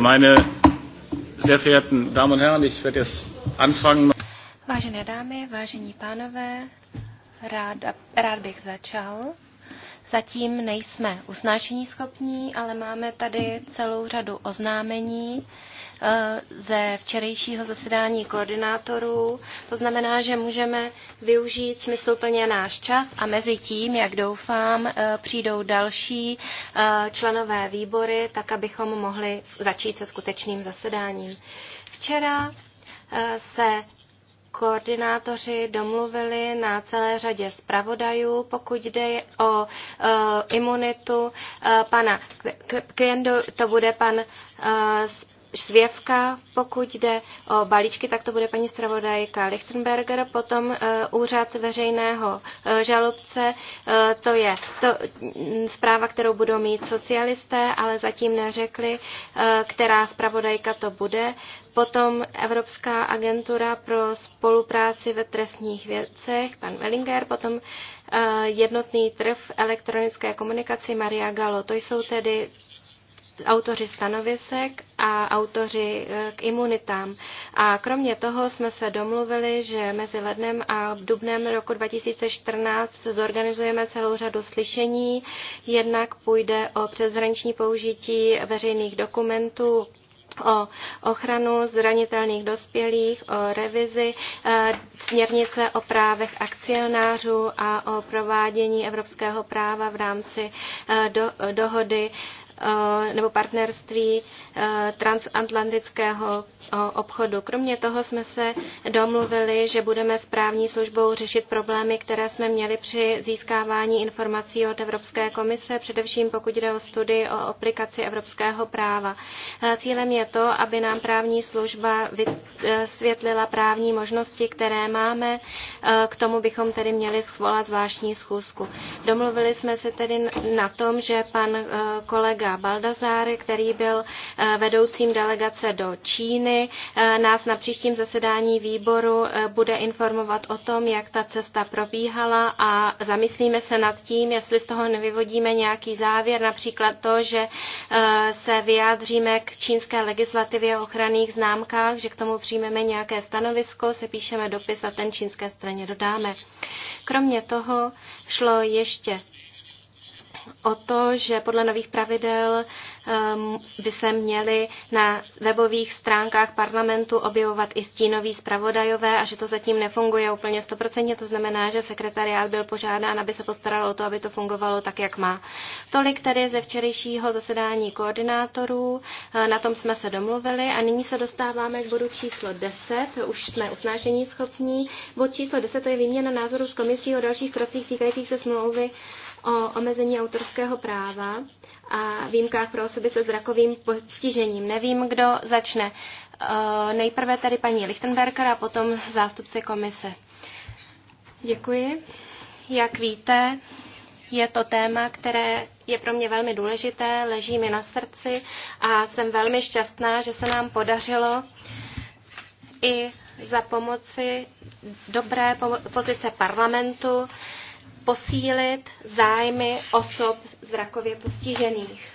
meine sehr verehrten Damen und Herren, ich werde jetzt anfangen. Vážené dámy, vážení pánové, rád, rád bych začal. Zatím nejsme usnášení schopní, ale máme tady celou řadu oznámení ze včerejšího zasedání koordinátorů. To znamená, že můžeme využít smysluplně náš čas a mezi tím, jak doufám, přijdou další členové výbory, tak abychom mohli začít se skutečným zasedáním. Včera se koordinátoři domluvili na celé řadě zpravodajů, pokud jde o uh, imunitu uh, pana Kviendo, to bude pan uh, Švěvka, pokud jde o balíčky, tak to bude paní zpravodajka Lichtenberger, potom eh, úřad veřejného eh, žalobce, eh, to je to mm, zpráva, kterou budou mít socialisté, ale zatím neřekli, která zpravodajka to bude. Potom Evropská agentura pro spolupráci ve trestních věcech, pan Wellinger, potom jednotný trh v elektronické komunikaci Maria Galo. To jsou tedy autoři stanovisek a autoři e, k imunitám. A kromě toho jsme se domluvili, že mezi lednem a dubnem roku 2014 zorganizujeme celou řadu slyšení. Jednak půjde o přeshraniční použití veřejných dokumentů o ochranu zranitelných dospělých, o revizi e, směrnice o právech akcionářů a o provádění evropského práva v rámci e, do, dohody Eh, nebo partnerství eh, transatlantického eh, obchodu. Kromě toho jsme se domluvili, že budeme s právní službou řešit problémy, které jsme měli při získávání informací od Evropské komise, především pokud jde o studii o aplikaci evropského práva. Cílem je to, aby nám právní služba vysvětlila právní možnosti, které máme. K tomu bychom tedy měli schvolat zvláštní schůzku. Domluvili jsme se tedy na tom, že pan kolega kolega Baldazáre, který byl eh, vedoucím delegace do Číny. Eh, nás na příštím zasedání výboru eh, bude informovat o tom, jak ta cesta probíhala a zamyslíme se nad tím, jestli z toho nevyvodíme nějaký závěr, například to, že se vyjádříme k čínské legislativě o ochranných známkách, že k tomu přijmeme nějaké stanovisko, se píšeme dopis a ten čínské straně dodáme. Kromě toho šlo ještě o to, že podle nových pravidel ehm, by se měly na webových stránkách parlamentu objevovat i stínoví zpravodajové a že to zatím nefunguje úplně stoprocentně. To znamená, že sekretariát byl požádán, aby se postaral o to, aby to fungovalo tak, jak má. Tolik tedy ze včerejšího zasedání koordinátorů. Eh, na tom jsme se domluvili a nyní se dostáváme k bodu číslo 10. Už jsme usnášení schopní. Bod číslo 10 to je výměna názoru s komisí o dalších krocích týkajících se smlouvy o omezení autorského práva a výjimkách pro osoby se zrakovým postižením. Nevím, kdo začne. Eh, nejprve tady paní Lichtenberger a potom zástupce komise. Děkuji. Jak víte, je to téma, které je pro mě velmi důležité, leží mi na srdci a jsem velmi šťastná, že se nám podařilo i za pomoci dobré pozice parlamentu posílit zájmy osob zrakově postižených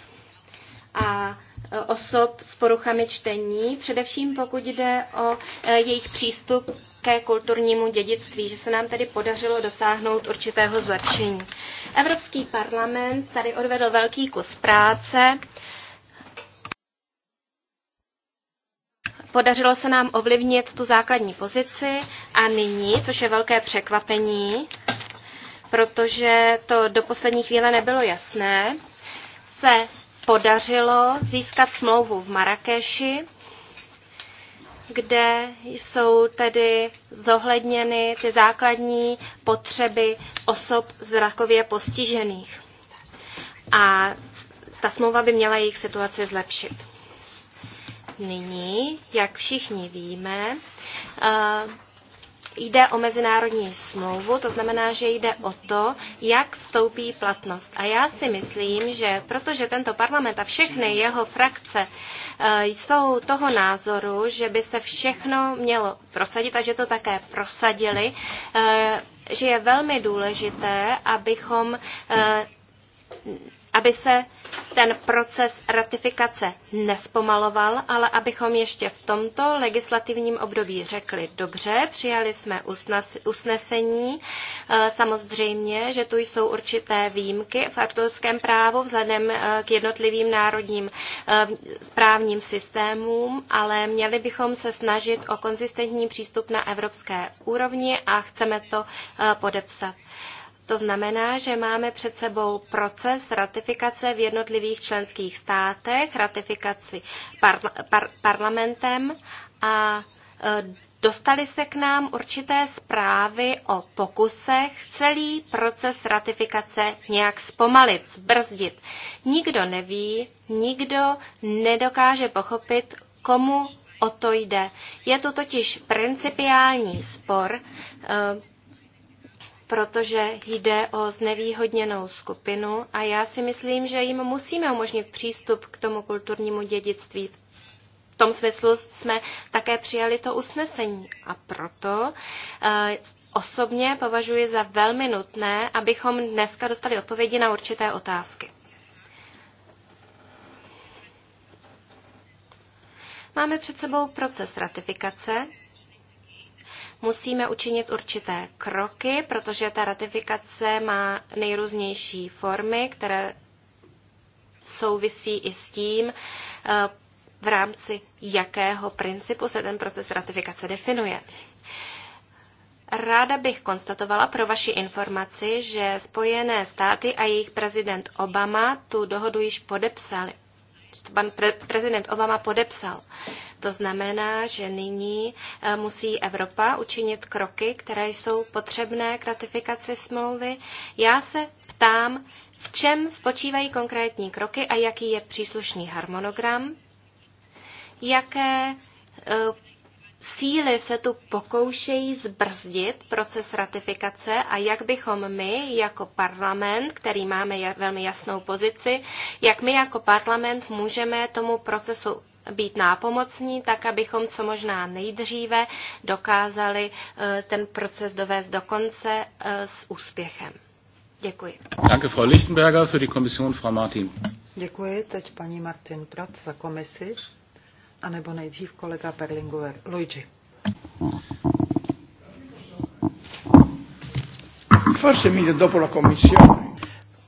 a e, osob s poruchami čtení, především pokud jde o e, jejich přístup ke kulturnímu dědictví, že se nám tedy podařilo dosáhnout určitého zlepšení. Evropský parlament tady odvedl velký kus práce. Podařilo se nám ovlivnit tu základní pozici a nyní, což je velké překvapení, protože to do poslední chvíle nebylo jasné, se podařilo získat smlouvu v Marrakeši, kde jsou tedy zohledněny ty základní potřeby osob zrakově postižených. A ta smlouva by měla jejich situaci zlepšit. Nyní, jak všichni víme, eh, jde o mezinárodní smlouvu, to znamená, že jde o to, jak vstoupí platnost. A já si myslím, že protože tento parlament a všechny jeho frakce eh, jsou toho názoru, že by se všechno mělo prosadit a že to také prosadili, eh, že je velmi důležité, abychom eh, aby se ten proces ratifikace nespomaloval, ale abychom ještě v tomto legislativním období řekli dobře, přijali jsme usnesení. E, samozřejmě, že tu jsou určité výjimky v autorském právu vzhledem e, k jednotlivým národním e, správním systémům, ale měli bychom se snažit o konzistentní přístup na evropské úrovni a chceme to podepsat. To znamená, že máme před sebou proces ratifikace v jednotlivých členských státech, ratifikaci parla, par, parlamentem a e, dostali se k nám určité zprávy o pokusech celý proces ratifikace nějak zpomalit, zbrzdit. Nikdo neví, nikdo nedokáže pochopit, komu o to jde. Je to totiž principiální spor, e, protože jde o znevýhodněnou skupinu a já si myslím, že jim musíme umožnit přístup k tomu kulturnímu dědictví. V tom smyslu jsme také přijali to usnesení a proto eh, osobně považuji za velmi nutné, abychom dneska dostali odpovědi na určité otázky. Máme před sebou proces ratifikace musíme učinit určité kroky, protože ta ratifikace má nejrůznější formy, které souvisí i s tím, eh, v rámci jakého principu se ten proces ratifikace definuje. Ráda bych konstatovala pro vaši informaci, že Spojené státy a jejich prezident Obama tu dohodu již podepsali pan pre- prezident Obama podepsal. To znamená, že nyní eh, musí Evropa učinit kroky, které jsou potřebné k ratifikaci smlouvy. Já se ptám, v čem spočívají konkrétní kroky a jaký je příslušný harmonogram, jaké eh, síly se tu pokoušejí zbrzdit proces ratifikace a jak bychom my jako parlament, který máme velmi jasnou pozici, jak my jako parlament můžeme tomu procesu být nápomocní, tak abychom co možná nejdříve dokázali eh, ten proces dovést do konce eh, s úspěchem. Děkuji. Danke, Frau Lichtenberger, für die Kommission, Frau Martin. Děkuji, teď paní Martin Prat za komisi anebo nejdřív kolega Berlinguer. Luigi.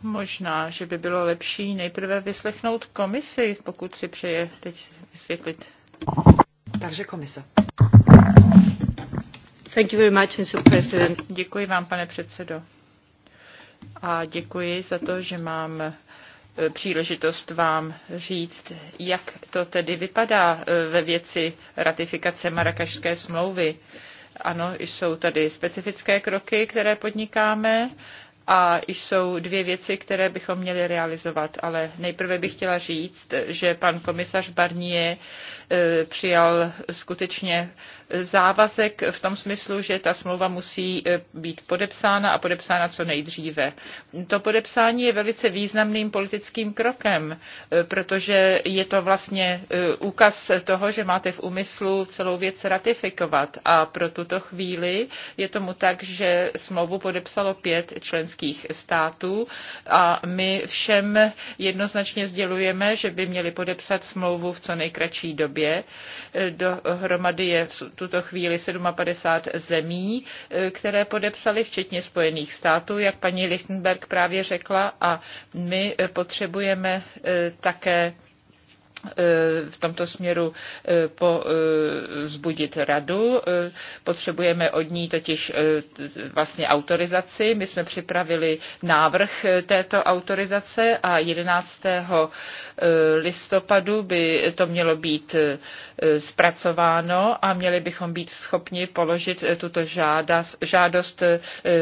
Možná, že by bylo lepší nejprve vyslechnout komisi, pokud si přeje teď vysvětlit. Takže komise. Thank you very much, Mr. President. Děkuji vám, pane předsedo. A děkuji za to, že mám E, příležitost vám říct, jak to tedy vypadá e, ve věci ratifikace Marakašské smlouvy. Ano, jsou tady specifické kroky, které podnikáme a jsou dvě věci, které bychom měli realizovat. Ale nejprve bych chtěla říct, že pan komisař Barnier e, přijal skutečně závazek v tom smyslu, že ta smlouva musí e, být podepsána a podepsána co nejdříve. To podepsání je velice významným politickým krokem, e, protože je to vlastně úkaz toho, že máte v úmyslu celou věc ratifikovat. A pro tuto chvíli je tomu tak, že smlouvu podepsalo pět členských členských států a my všem jednoznačně sdělujeme, že by měli podepsat smlouvu v co nejkratší době. Dohromady je v tuto chvíli 57 zemí, které podepsali, včetně Spojených států, jak paní Lichtenberg právě řekla, a my potřebujeme eh, také Eh, v tomto směru eh, po, eh, zbudit radu. Potřebujeme od ní totiž vlastně autorizaci. My jsme připravili návrh této autorizace a 11. listopadu by to mělo být zpracováno a měli bychom být schopni položit tuto žádost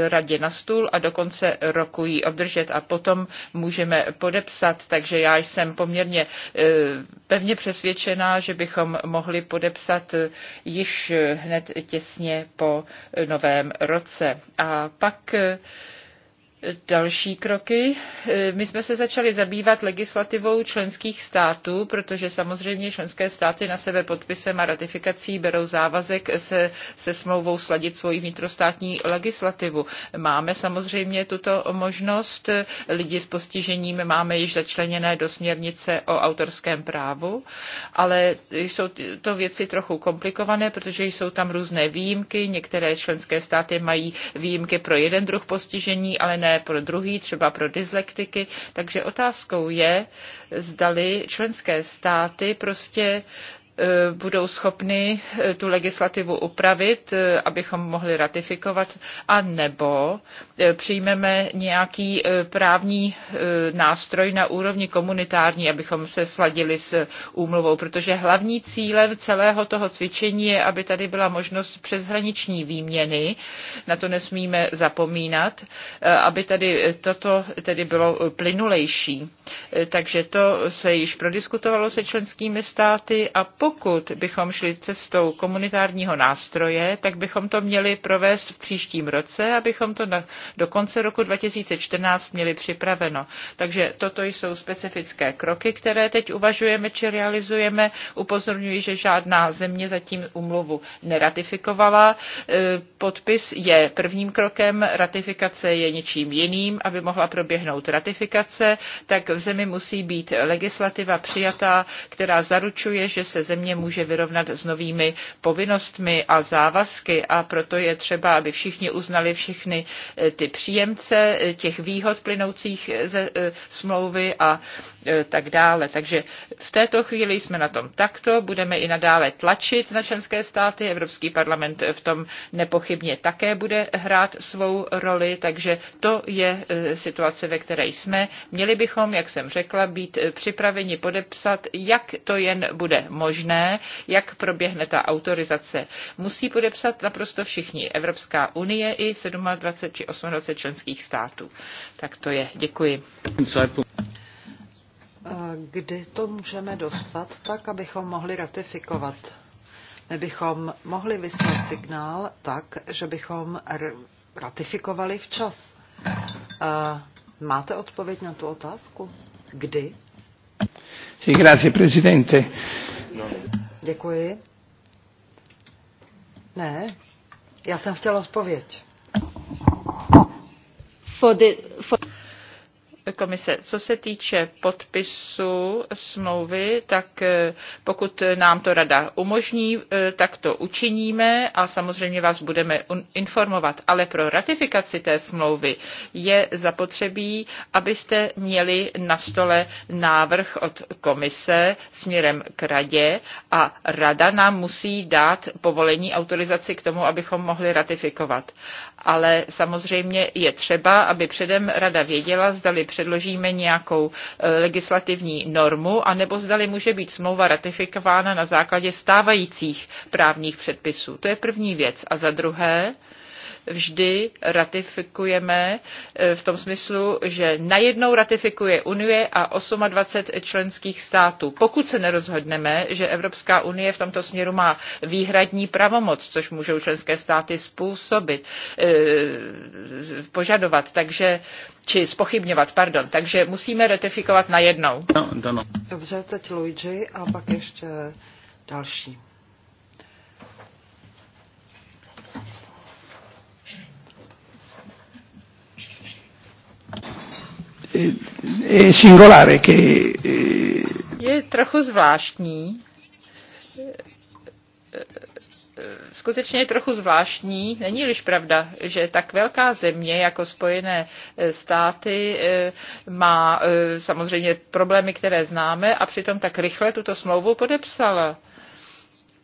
radě na stůl a do konce roku ji obdržet a potom můžeme podepsat. Takže já jsem poměrně pevně přesvědčená, že bychom mohli podepsat již hned těsně po novém roce. A pak další kroky. E, my jsme se začali zabývat legislativou členských států, protože samozřejmě členské státy na sebe podpisem a ratifikací berou závazek se, se smlouvou sladit svoji vnitrostátní legislativu. Máme samozřejmě tuto možnost. Lidi s postižením máme již začleněné do směrnice o autorském právu, ale jsou to věci trochu komplikované, protože jsou tam různé výjimky. Některé členské státy mají výjimky pro jeden druh postižení, ale ne pro druhý, třeba pro dyslektiky. Takže otázkou je, zdali členské státy prostě E, budou schopny e, tu legislativu upravit, e, abychom mohli ratifikovat, a nebo přijmeme nějaký právní nástroj na úrovni komunitární, abychom se sladili s úmluvou, protože hlavní cílem celého toho cvičení je, aby tady byla možnost přeshraniční výměny, na to nesmíme zapomínat, aby tady toto tedy bylo plynulejší. Takže to se již prodiskutovalo se členskými státy a pokud bychom šli cestou komunitárního nástroje, tak bychom to měli provést v příštím roce, abychom to na, do konce roku 2014 měli připraveno. Takže toto jsou specifické kroky, které teď uvažujeme či realizujeme. Upozorňuji, že žádná země zatím umluvu neratifikovala. E, podpis je prvním krokem, ratifikace je něčím jiným. Aby mohla proběhnout ratifikace, tak v zemi musí být legislativa přijatá, která zaručuje, že se země může vyrovnat s novými povinnostmi a závazky a proto je třeba, aby všichni uznali všechny eh, ty příjemce eh, těch výhod plynoucích ze eh, smlouvy a tak dále. Takže v této chvíli jsme na tom takto, budeme i nadále tlačit na členské státy, Evropský parlament v tom nepochybně také bude hrát svou roli, takže to je situace, ve které jsme. Měli bychom, jak jsem řekla, být připraveni podepsat, jak to jen bude možné možné, jak proběhne ta autorizace. Musí podepsat naprosto všichni, Evropská unie i 27 či 28 členských států. Tak to je. Děkuji. Kdy to můžeme dostat tak, abychom mohli ratifikovat? My bychom mohli vyslat signál tak, že bychom ratifikovali včas. Máte odpověď na tu otázku? Kdy? Sì, grazie Presidente. Děkuji. Ne, já jsem chtěla odpověď. For the, for komise. Co se týče podpisu smlouvy, tak eh, pokud nám to rada umožní, eh, tak to učiníme a samozřejmě vás budeme informovat. Ale pro ratifikaci té smlouvy je zapotřebí, abyste měli na stole návrh od komise směrem k radě a rada nám musí dát povolení autorizaci k tomu, abychom mohli ratifikovat ale samozřejmě je třeba, aby předem rada věděla, zdali předložíme nějakou eh, legislativní normu, anebo zdali může být smlouva ratifikována na základě stávajících právních předpisů. To je první věc. A za druhé, vždy ratifikujeme e, v tom smyslu, že najednou ratifikuje Unie a 28 členských států. Pokud se nerozhodneme, že Evropská unie v tomto směru má výhradní pravomoc, což můžou členské státy způsobit, e, požadovat, takže, či spochybňovat, pardon, takže musíme ratifikovat najednou. No, no, no. Dobře, teď Luigi a pak ještě další. Eh, eh, singolare che... Eh, je trochu zvláštní, skutečně je trochu zvláštní, není-liž pravda, že tak velká země jako Spojené státy má samozřejmě problémy, které známe a přitom tak rychle tuto smlouvu podepsala.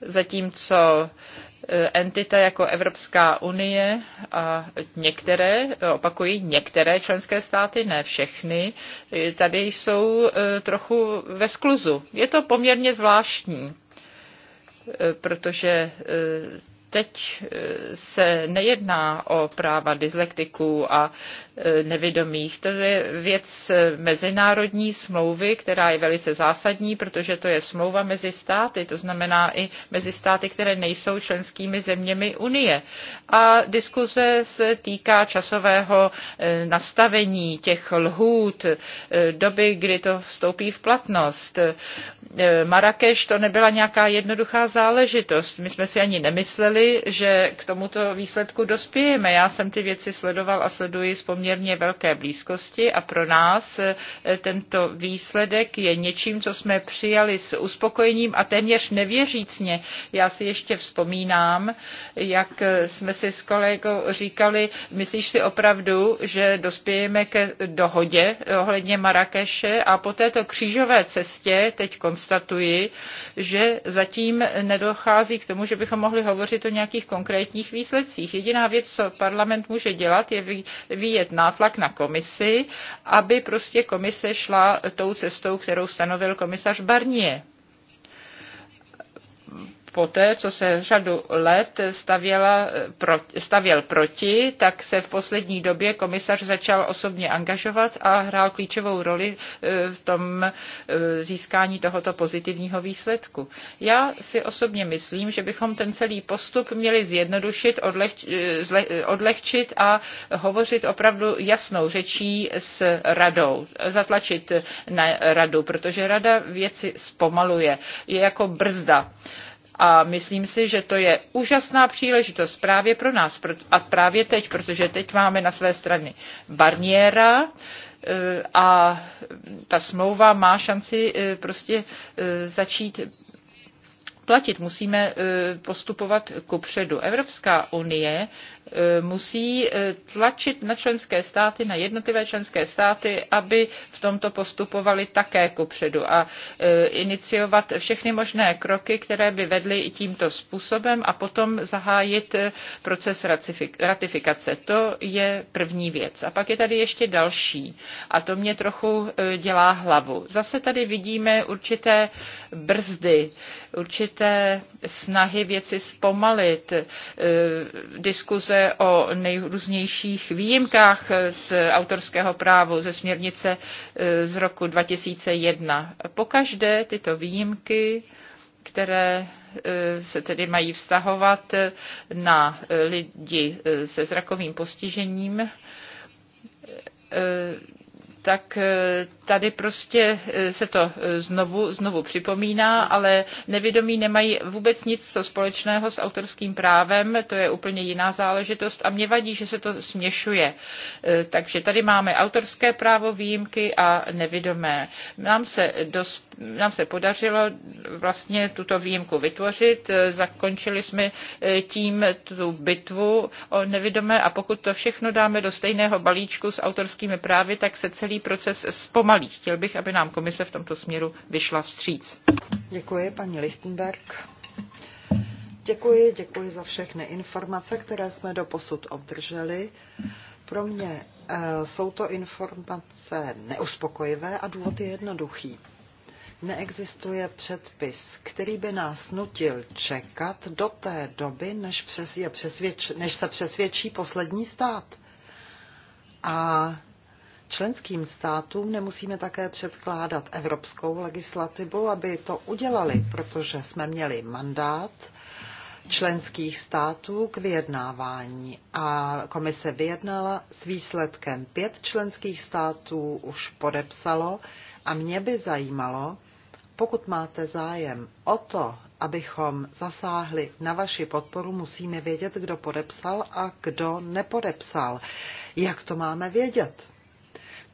Zatímco Eh, entita jako Evropská unie a některé, eh, opakují, některé členské státy, ne všechny, eh, tady jsou trochu ve skluzu. Je to poměrně zvláštní, protože teď eh, se nejedná o práva dyslektiků a eh, nevědomých. To je věc eh, mezinárodní smlouvy, která je velice zásadní, protože to je smlouva mezi státy, to znamená i mezi státy, které nejsou členskými zeměmi Unie. A diskuze se týká časového nastavení těch lhůt, doby, kdy to vstoupí v platnost. Marrakeš to nebyla nějaká jednoduchá záležitost. My jsme si ani nemysleli, doufali, že k tomuto výsledku dospějeme. Já jsem ty věci sledoval a sleduji z poměrně velké blízkosti a pro nás eh, tento výsledek je něčím, co jsme přijali s uspokojením a téměř nevěřícně. Já si ještě vzpomínám, jak eh, jsme si s kolegou říkali, myslíš si opravdu, že dospějeme ke dohodě ohledně Marrakeše a po této křížové cestě teď konstatuji, že zatím nedochází k tomu, že bychom mohli hovořit to nějakých konkrétních výsledcích. Jediná věc, co parlament může dělat, je vyjet nátlak na komisi, aby prostě komise šla tou cestou, kterou stanovil komisař Barnier poté, co se řadu let stavěla, stavěl proti, tak se v poslední době komisař začal osobně angažovat a hrál klíčovou roli eh, v tom eh, získání tohoto pozitivního výsledku. Já si osobně myslím, že bychom ten celý postup měli zjednodušit, eh, odlehčit a hovořit opravdu jasnou řečí s radou. Zatlačit na radu, protože rada věci zpomaluje. Je jako brzda. A myslím si, že to je úžasná příležitost právě pro nás a právě teď, protože teď máme na své straně Barniera, e, a ta smlouva má šanci e, prostě e, začít platit, musíme e, postupovat ku předu. Evropská unie e, musí e, tlačit na členské státy, na jednotlivé členské státy, aby v tomto postupovali také ku předu a iniciovat všechny možné kroky, které by vedly i tímto způsobem a potom zahájit proces ratifikace. To je první věc. A pak je tady ještě další a to mě trochu dělá hlavu. Zase tady vidíme určité brzdy, určité určité snahy věci zpomalit, e, diskuze o nejrůznějších výjimkách z autorského právu ze směrnice e, z roku 2001. Pokaždé tyto výjimky které e, se tedy mají vztahovat na lidi se zrakovým postižením, tak eh, tady prostě eh, se to eh, znovu, znovu připomíná, ale nevědomí nemají vůbec nic co společného s autorským právem, to je úplně jiná záležitost a mě vadí, že se to směšuje. Takže tady máme autorské právo, výjimky a nevědomé. Nám se, dos, nám se podařilo vlastně tuto výjimku vytvořit, zakončili jsme tím tu bitvu o nevědomé a pokud to všechno dáme do stejného balíčku s autorskými právy, tak se celý celý proces zpomalí. Chtěl bych, aby nám komise v tomto směru vyšla vstříc. Děkuji, paní Lichtenberg. Děkuji, děkuji za všechny informace, které jsme do posud obdrželi. Pro mě eh, jsou to informace neuspokojivé a důvod je jednoduchý. Neexistuje předpis, který by nás nutil čekat do té doby, než, přes, je přesvědč, než se přesvědčí poslední stát. A Členským státům nemusíme také předkládat evropskou legislativu, aby to udělali, protože jsme měli mandát členských států k vyjednávání a komise vyjednala s výsledkem pět členských států už podepsalo a mě by zajímalo, pokud máte zájem o to, abychom zasáhli na vaši podporu, musíme vědět, kdo podepsal a kdo nepodepsal. Jak to máme vědět?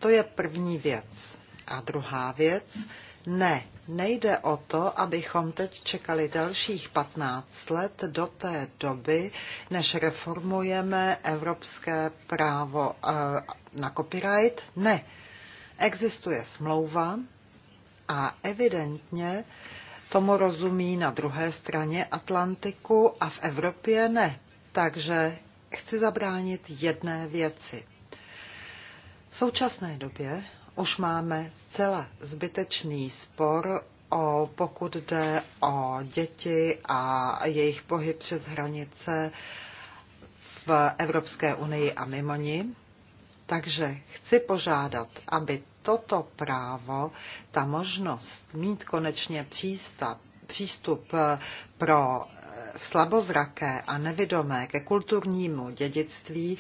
To je první věc. A druhá věc, ne, nejde o to, abychom teď čekali dalších 15 let do té doby, než reformujeme evropské právo eh, na copyright. Ne, existuje smlouva a evidentně tomu rozumí na druhé straně Atlantiku a v Evropě ne. Takže chci zabránit jedné věci. V současné době už máme zcela zbytečný spor o, pokud jde o děti a jejich pohyb přes hranice v Evropské unii a mimo ní. Takže chci požádat, aby toto právo, ta možnost mít konečně přístup, přístup pro eh, slabozraké a nevidomé ke kulturnímu dědictví,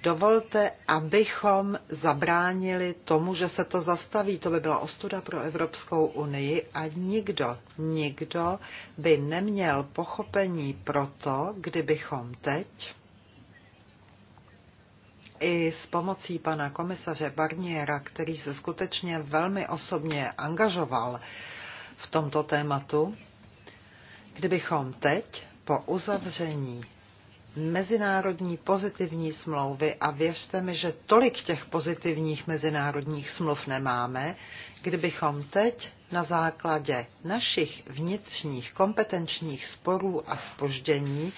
Dovolte, abychom zabránili tomu, že se to zastaví. To by byla ostuda pro Evropskou unii a nikdo, nikdo by neměl pochopení pro to, kdybychom teď i s pomocí pana komisaře Barniera, který se skutečně velmi osobně angažoval v tomto tématu, kdybychom teď po uzavření mezinárodní pozitivní smlouvy a věřte mi, že tolik těch pozitivních mezinárodních smluv nemáme, kdybychom teď na základě našich vnitřních kompetenčních sporů a spoždění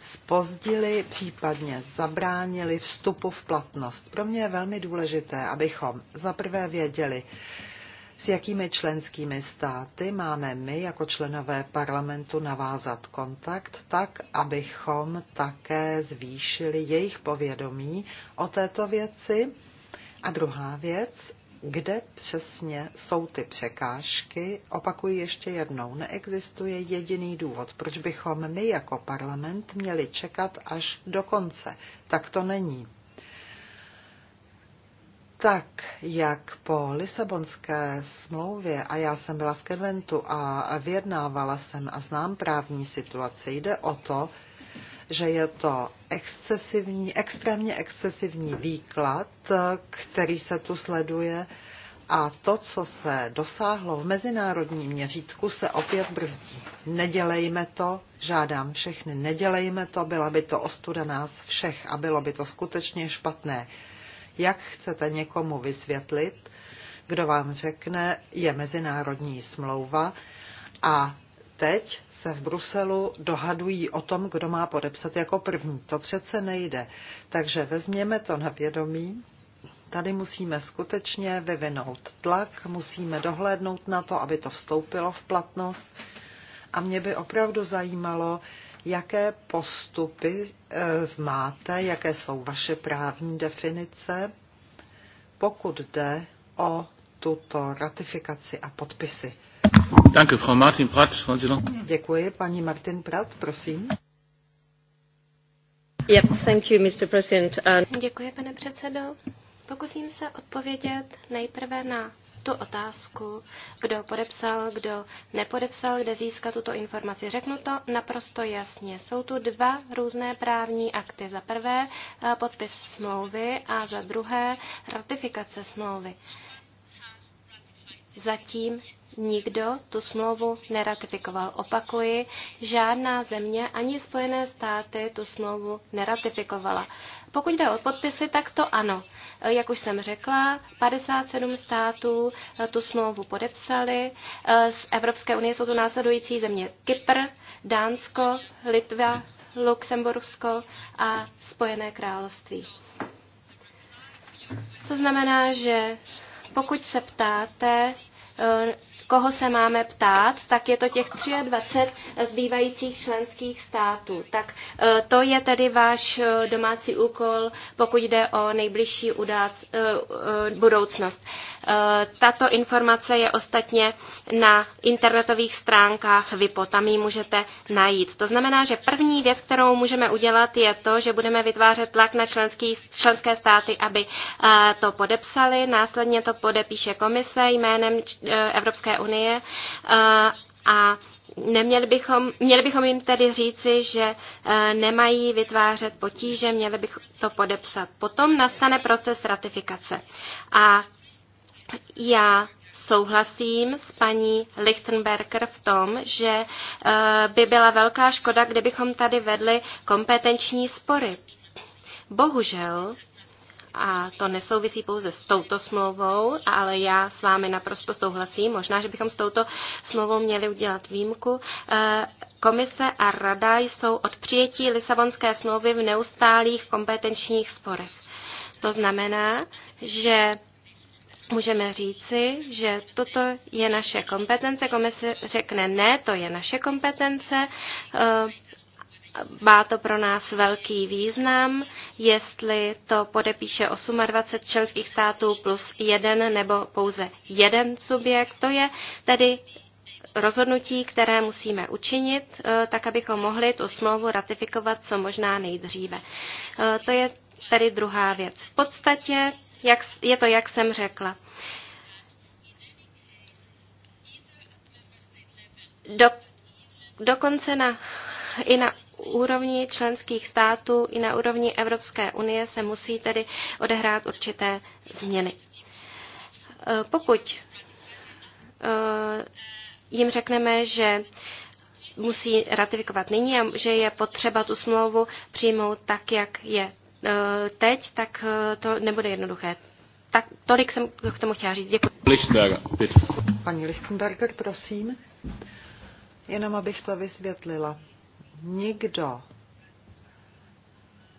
spozdili, případně zabránili vstupu v platnost. Pro mě je velmi důležité, abychom zaprvé věděli, s jakými členskými státy máme my jako členové parlamentu navázat kontakt tak, abychom také zvýšili jejich povědomí o této věci. A druhá věc, kde přesně jsou ty překážky, opakuji ještě jednou, neexistuje jediný důvod, proč bychom my jako parlament měli čekat až do konce. Tak to není tak, jak po Lisabonské smlouvě, a já jsem byla v Keventu a vyjednávala jsem a znám právní situaci, jde o to, že je to excesivní, extrémně excesivní výklad, který se tu sleduje a to, co se dosáhlo v mezinárodním měřítku, se opět brzdí. Nedělejme to, žádám všechny, nedělejme to, byla by to ostuda nás všech a bylo by to skutečně špatné. Jak chcete někomu vysvětlit, kdo vám řekne, je mezinárodní smlouva a teď se v Bruselu dohadují o tom, kdo má podepsat jako první. To přece nejde. Takže vezměme to na vědomí. Tady musíme skutečně vyvinout tlak, musíme dohlédnout na to, aby to vstoupilo v platnost. A mě by opravdu zajímalo, jaké postupy e, máte, jaké jsou vaše právní definice, pokud jde o tuto ratifikaci a podpisy. Danke, Frau Martin Pratt. Děkuji, paní Martin Pratt, prosím. Yep, thank you, Mr. President. Děkuji, pane předsedo. Pokusím se odpovědět nejprve na tu otázku, kdo podepsal, kdo nepodepsal, kde získat tuto informaci. Řeknu to naprosto jasně. Jsou tu dva různé právní akty. Za prvé eh, podpis smlouvy a za druhé ratifikace smlouvy zatím nikdo tu smlouvu neratifikoval. Opakuji, žádná země ani Spojené státy tu smlouvu neratifikovala. Pokud jde o podpisy, tak to ano. Jak už jsem řekla, 57 států eh, tu smlouvu podepsali. Eh, z Evropské unie jsou tu následující země Kypr, Dánsko, Litva, Luxembursko a Spojené království. To znamená, že pokud se ptáte eh, koho se máme ptát, tak je to těch 23 zbývajících členských států. Tak eh, to je tedy váš eh, domácí úkol, pokud jde o nejbližší udác, eh, budoucnost. Tato informace je ostatně na internetových stránkách VIPO, tam ji můžete najít. To znamená, že první věc, kterou můžeme udělat, je to, že budeme vytvářet tlak na členský, členské státy, aby to podepsali. Následně to podepíše komise jménem Evropské Evropské unie eh, a neměli bychom, měli bychom jim tedy říci, že eh, nemají vytvářet potíže, měli bych to podepsat. Potom nastane proces ratifikace. A já souhlasím s paní Lichtenberger v tom, že eh, by byla velká škoda, kdybychom tady vedli kompetenční spory. Bohužel a to nesouvisí pouze s touto smlouvou, ale já s vámi naprosto souhlasím. Možná, že bychom s touto smlouvou měli udělat výjimku. Eh, komise a rada jsou od přijetí Lisabonské smlouvy v neustálých kompetenčních sporech. To znamená, že můžeme říci, že toto je naše kompetence. Komise řekne ne, to je naše kompetence. Eh, má to pro nás velký význam, jestli to podepíše 28 členských států plus jeden nebo pouze jeden subjekt. To je tedy rozhodnutí, které musíme učinit, eh, tak abychom mohli tu smlouvu ratifikovat co možná nejdříve. Eh, to je tedy druhá věc. V podstatě jak, je to, jak jsem řekla. Do, dokonce na, i na úrovni členských států i na úrovni Evropské unie se musí tedy odehrát určité změny. Eh, pokud eh, jim řekneme, že musí ratifikovat nyní a že je potřeba tu smlouvu přijmout tak, jak je eh, teď, tak to nebude jednoduché. Tak tolik jsem k tomu chtěla říct. Děkuji. Lichtenberger, Paní Lichtenberger, prosím. Jenom abych to vysvětlila nikdo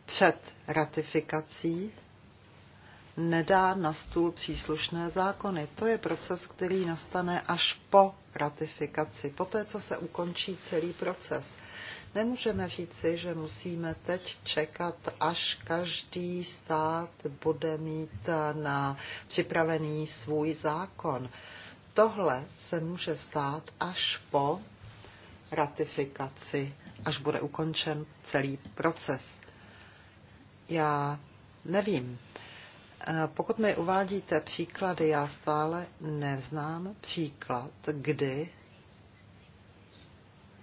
před ratifikací nedá na stůl příslušné zákony. To je proces, který nastane až po ratifikaci, po té, co se ukončí celý proces. Nemůžeme říci, že musíme teď čekat, až každý stát bude mít na připravený svůj zákon. Tohle se může stát až po ratifikaci až bude ukončen celý proces. Já nevím. Eh, pokud mi uvádíte příklady, já stále neznám příklad, kdy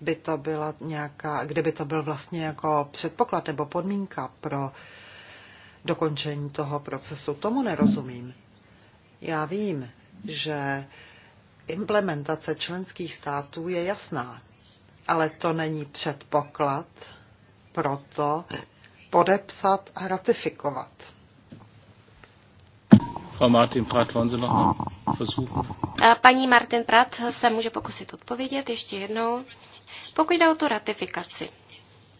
by to byla nějaká, kde by to byl vlastně jako předpoklad nebo podmínka pro dokončení toho procesu. Tomu nerozumím. Já vím, že implementace členských států je jasná ale to není předpoklad pro to podepsat a ratifikovat. Frau Martin Prat, wollen Sie noch versuchen? Paní Martin Prat se může pokusit odpovědět ještě jednou. Pokud jde o tu ratifikaci,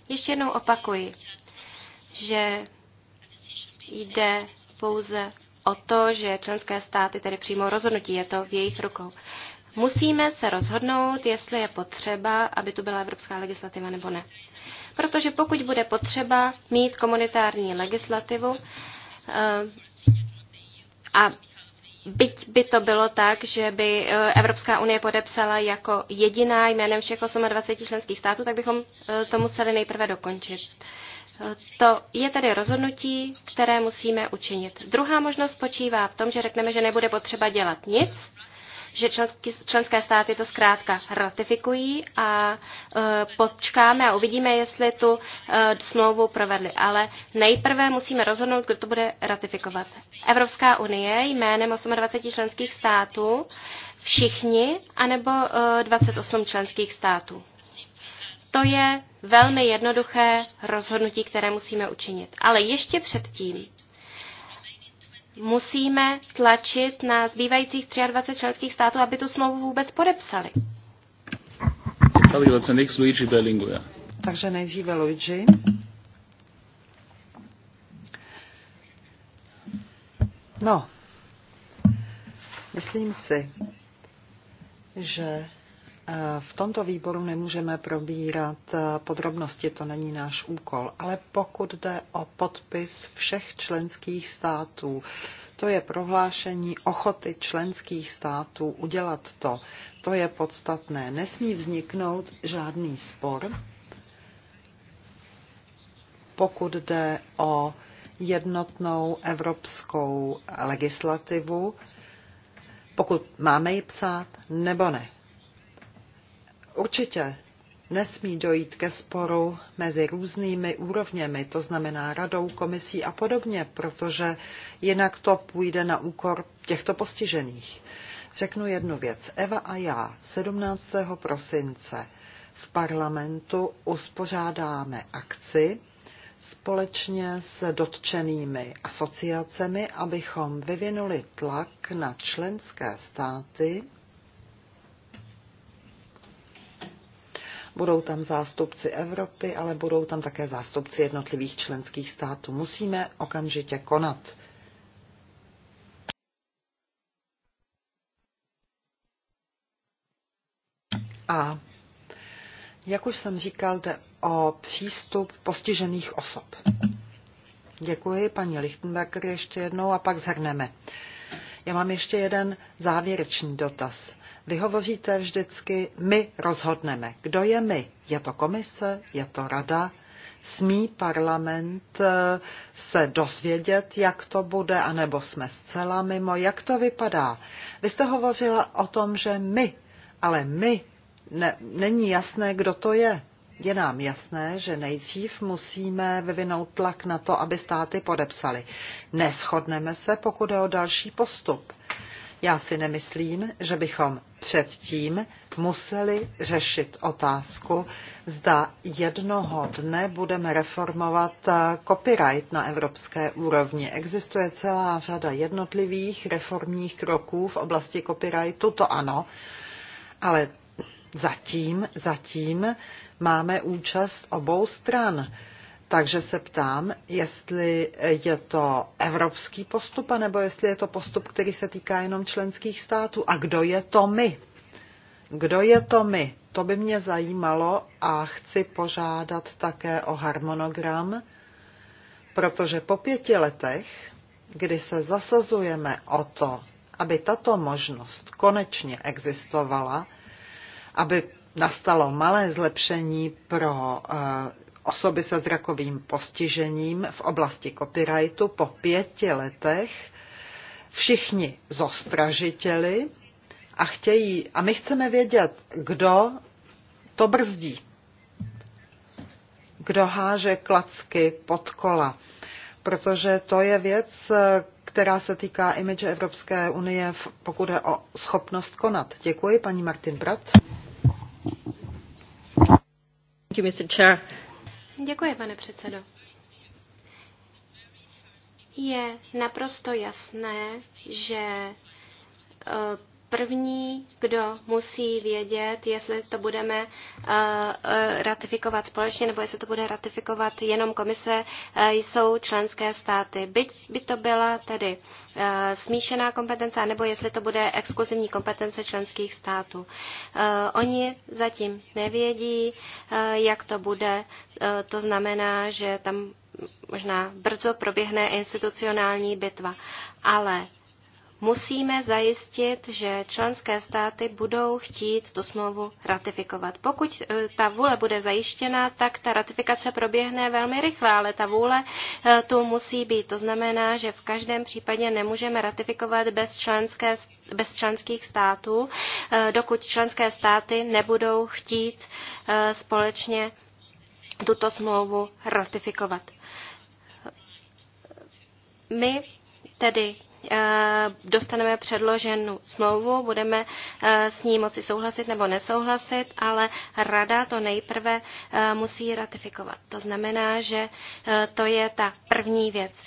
ještě jednou opakuji, že jde pouze o to, že členské státy tedy přijmou rozhodnutí, je to v jejich rukou. Musíme se rozhodnout, jestli je potřeba, aby tu byla evropská legislativa nebo ne. Protože pokud bude potřeba mít komunitární legislativu, eh, a byť by to bylo tak, že by eh, Evropská unie podepsala jako jediná jménem všech 28 členských států, tak bychom eh, to museli nejprve dokončit. To je tedy rozhodnutí, které musíme učinit. Druhá možnost počívá v tom, že řekneme, že nebude potřeba dělat nic že členský, členské státy to zkrátka ratifikují a e, počkáme a uvidíme, jestli tu e, smlouvu provedli. Ale nejprve musíme rozhodnout, kdo to bude ratifikovat. Evropská unie jménem 28 členských států, všichni, anebo e, 28 členských států. To je velmi jednoduché rozhodnutí, které musíme učinit. Ale ještě předtím musíme tlačit na zbývajících 23 členských států, aby tu smlouvu vůbec podepsali. Vlastně Takže nejdříve Luigi. No, myslím si, že v tomto výboru nemůžeme probírat eh, podrobnosti, to není náš úkol, ale pokud jde o podpis všech členských států, to je prohlášení ochoty členských států udělat to. To je podstatné. Nesmí vzniknout žádný spor, pokud jde o jednotnou evropskou legislativu, pokud máme ji psát nebo ne. Určitě nesmí dojít ke sporu mezi různými úrovněmi, to znamená radou, komisí a podobně, protože jinak to půjde na úkor těchto postižených. Řeknu jednu věc. Eva a já 17. prosince v parlamentu uspořádáme akci společně s dotčenými asociacemi, abychom vyvinuli tlak na členské státy, Budou tam zástupci Evropy, ale budou tam také zástupci jednotlivých členských států. Musíme okamžitě konat. A jak už jsem říkal, jde o přístup postižených osob. Děkuji, paní Lichtenberger, ještě jednou a pak zhrneme. Uh, já mám ještě jeden závěrečný dotaz. Vy hovoříte vždycky, my rozhodneme. Kdo je my? Je to komise? Je to rada? Smí parlament eh, se dozvědět, jak to bude, anebo jsme zcela mimo? Jak to vypadá? Vy jste hovořila o tom, že my, ale my, ne, není jasné, kdo to je. Je nám jasné, že nejdřív musíme vyvinout tlak na to, aby státy podepsali. Neschodneme se, pokud je o další postup. Já si nemyslím, že bychom předtím museli řešit otázku, zda jednoho dne budeme reformovat eh, copyright na evropské úrovni. Existuje celá řada jednotlivých reformních kroků v oblasti copyrightu, to ano, ale Zatím, zatím máme účast obou stran. Takže se ptám, jestli je to evropský postup, anebo jestli je to postup, který se týká jenom členských států. A kdo je to my? Kdo je to my? To by mě zajímalo a chci požádat také o harmonogram, protože po pěti letech, kdy se zasazujeme o to, aby tato možnost konečně existovala, aby nastalo malé zlepšení pro eh, osoby se zrakovým postižením v oblasti copyrightu po pěti letech. Všichni zostražiteli a chtějí, a my chceme vědět, kdo to brzdí, kdo háže klacky pod kola, protože to je věc, která se týká image Evropské unie, pokud je o schopnost konat. Děkuji, paní Martin Brat. Děkuji, pane předsedo. Je naprosto jasné, že eh, první, kdo musí vědět, jestli to budeme eh, eh, ratifikovat společně nebo jestli to bude ratifikovat jenom komise, eh, jsou členské státy. Byť by to byla tedy smíšená kompetence, nebo jestli to bude exkluzivní kompetence členských států. Oni zatím nevědí, jak to bude. To znamená, že tam možná brzo proběhne institucionální bitva. Ale musíme zajistit, že členské státy budou chtít tu smlouvu ratifikovat. Pokud eh, ta vůle bude zajištěna, tak ta ratifikace proběhne velmi rychle, ale ta vůle eh, tu musí být. To znamená, že v každém případě nemůžeme ratifikovat bez, členské, bez členských států, eh, dokud členské státy nebudou chtít společně tuto smlouvu ratifikovat. My tedy Eh, dostaneme předloženou smlouvu, budeme eh, s ní moci souhlasit nebo nesouhlasit, ale rada to nejprve eh, musí ratifikovat. To znamená, že to je ta první věc.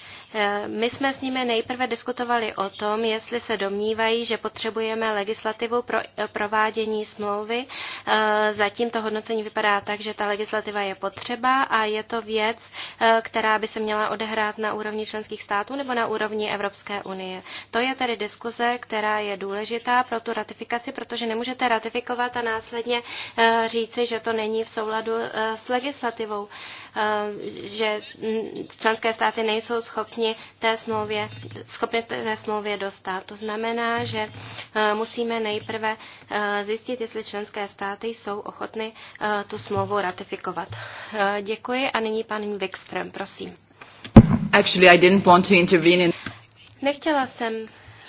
My jsme s nimi nejprve diskutovali o tom, jestli se domnívají, že potřebujeme legislativu pro eh, provádění smlouvy. Eh, zatím to hodnocení vypadá tak, že ta legislativa je potřeba a je to věc, eh, která by se měla odehrát na úrovni členských států nebo na úrovni Evropské unie. To je tedy diskuze, která je důležitá pro tu ratifikaci, protože nemůžete ratifikovat a následně říci, že to není v souladu s legislativou, že mm, členské státy nejsou schopny schopni té smlouvě, schopni té smlouvě dostat. To znamená, že eh, musíme nejprve eh, zjistit, jestli členské státy jsou ochotny eh, tu smlouvu ratifikovat. Děkuji a nyní pan Wikström, prosím. Actually, I didn't want to intervene in... Nechtěla jsem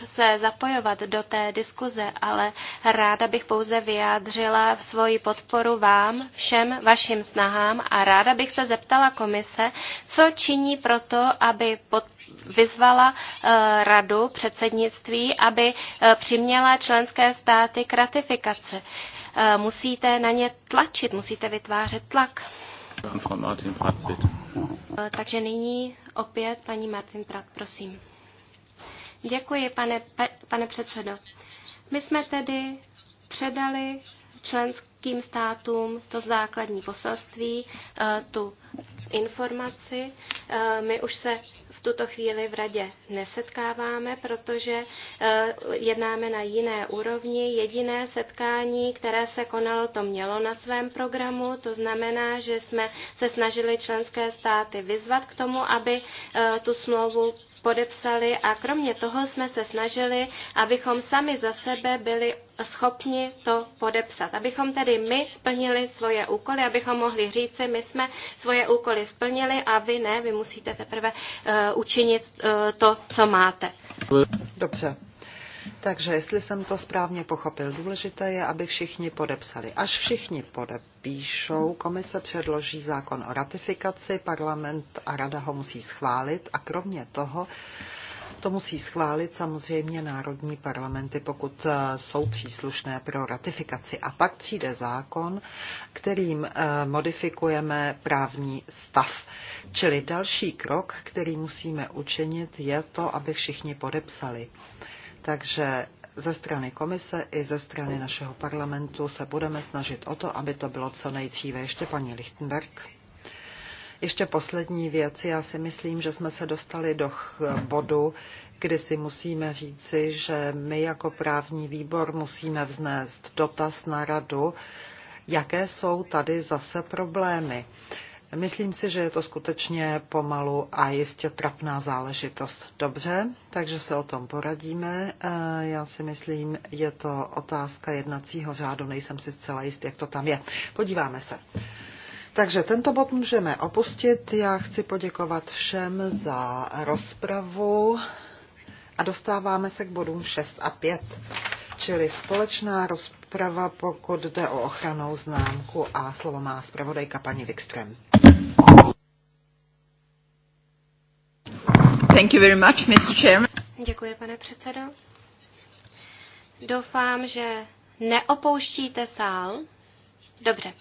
se zapojovat do té diskuze, ale ráda bych pouze vyjádřila svoji podporu vám, všem vašim snahám a ráda bych se zeptala komise, co činí proto, aby pod vyzvala eh, radu předsednictví, aby eh, přiměla členské státy k ratifikaci. Eh, musíte na ně tlačit, musíte vytvářet tlak. Uh, Takže nyní opět paní Martin Prat, prosím. Děkuji, pane, pane předsedo. My jsme tedy předali členským státům to základní poselství, eh, tu informaci. Eh, my už se v tuto chvíli v radě nesetkáváme, protože eh, jednáme na jiné úrovni. Jediné setkání, které se konalo, to mělo na svém programu. To znamená, že jsme se snažili členské státy vyzvat k tomu, aby tu smlouvu podepsali a kromě toho jsme se snažili, abychom sami za sebe byli schopni to podepsat. Abychom tedy my splnili svoje úkoly, abychom mohli říci, my jsme svoje úkoly splnili a vy ne, vy musíte teprve uh, učinit uh, to, co máte. Dobře, takže jestli jsem to správně pochopil, důležité je, aby všichni podepsali. Až všichni podepíšou, komise předloží zákon o ratifikaci, parlament a rada ho musí schválit a kromě toho to musí schválit samozřejmě národní parlamenty, pokud eh, jsou příslušné pro ratifikaci. A pak přijde zákon, kterým eh, modifikujeme právní stav. Čili další krok, který musíme učinit, je to, aby všichni podepsali. Takže ze strany komise i ze strany našeho parlamentu se budeme snažit o to, aby to bylo co nejdříve. Ještě paní Lichtenberg. Ještě poslední věc. Já si myslím, že jsme se dostali do bodu, kdy si musíme říci, že my jako právní výbor musíme vznést dotaz na radu, jaké jsou tady zase problémy. Uh, Myslím si, že je to skutečně pomalu a jistě trapná záležitost. Dobře, takže se o tom poradíme. E, já si myslím, je to otázka jednacího řádu, nejsem si zcela jist, jak to tam je. Podíváme se. Takže tento bod můžeme opustit. Já chci poděkovat všem za rozpravu a dostáváme se k bodům 6 a 5 čili společná rozprava, pokud jde o ochranou známku a slovo má zpravodajka paní Wikström. Thank you very much, Mr. Chairman. Děkuji, pane předsedo. Doufám, že neopouštíte sál. Dobře,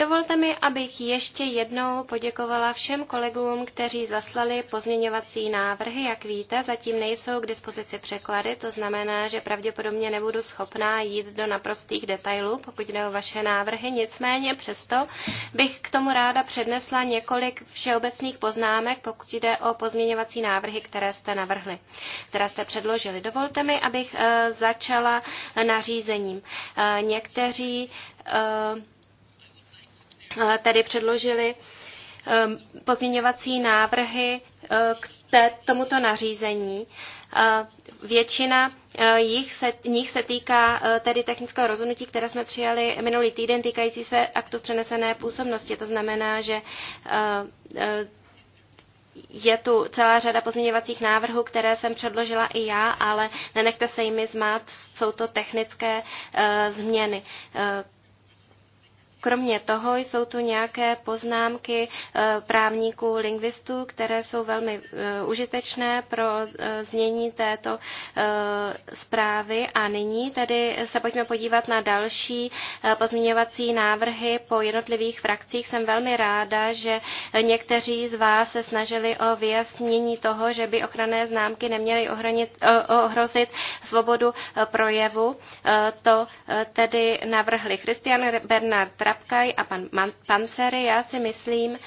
Dovolte mi, abych ještě jednou poděkovala všem kolegům, kteří zaslali pozměňovací návrhy. Jak víte, zatím nejsou k dispozici překlady, to znamená, že pravděpodobně nebudu schopná jít do naprostých detailů, pokud jde o vaše návrhy. Nicméně přesto bych k tomu ráda přednesla několik všeobecných poznámek, pokud jde o pozměňovací návrhy, které jste navrhli, které jste předložili. Dovolte mi, abych eh, začala nařízením. Eh, někteří eh, Eh, tedy předložili eh, pozměňovací návrhy eh, k tomuto nařízení. Většina jich se, nich se týká tedy technického rozhodnutí, které jsme přijali minulý týden, týkající se aktu přenesené působnosti. To znamená, že je tu celá řada pozměňovacích návrhů, které jsem předložila i já, ale nenechte se jimi zmát, jsou to technické změny, Kromě toho jsou tu nějaké poznámky eh, právníků, lingvistů, které jsou velmi eh, užitečné pro eh, znění této zprávy. A nyní tedy se pojďme podívat na další pozměňovací návrhy po jednotlivých frakcích. Jsem velmi ráda, že někteří z vás se snažili o vyjasnění toho, že by ochranné známky neměly ohranit, ohrozit svobodu projevu. To tedy navrhli Christian Bernard Rabkaj a pan Pancery. Já si myslím,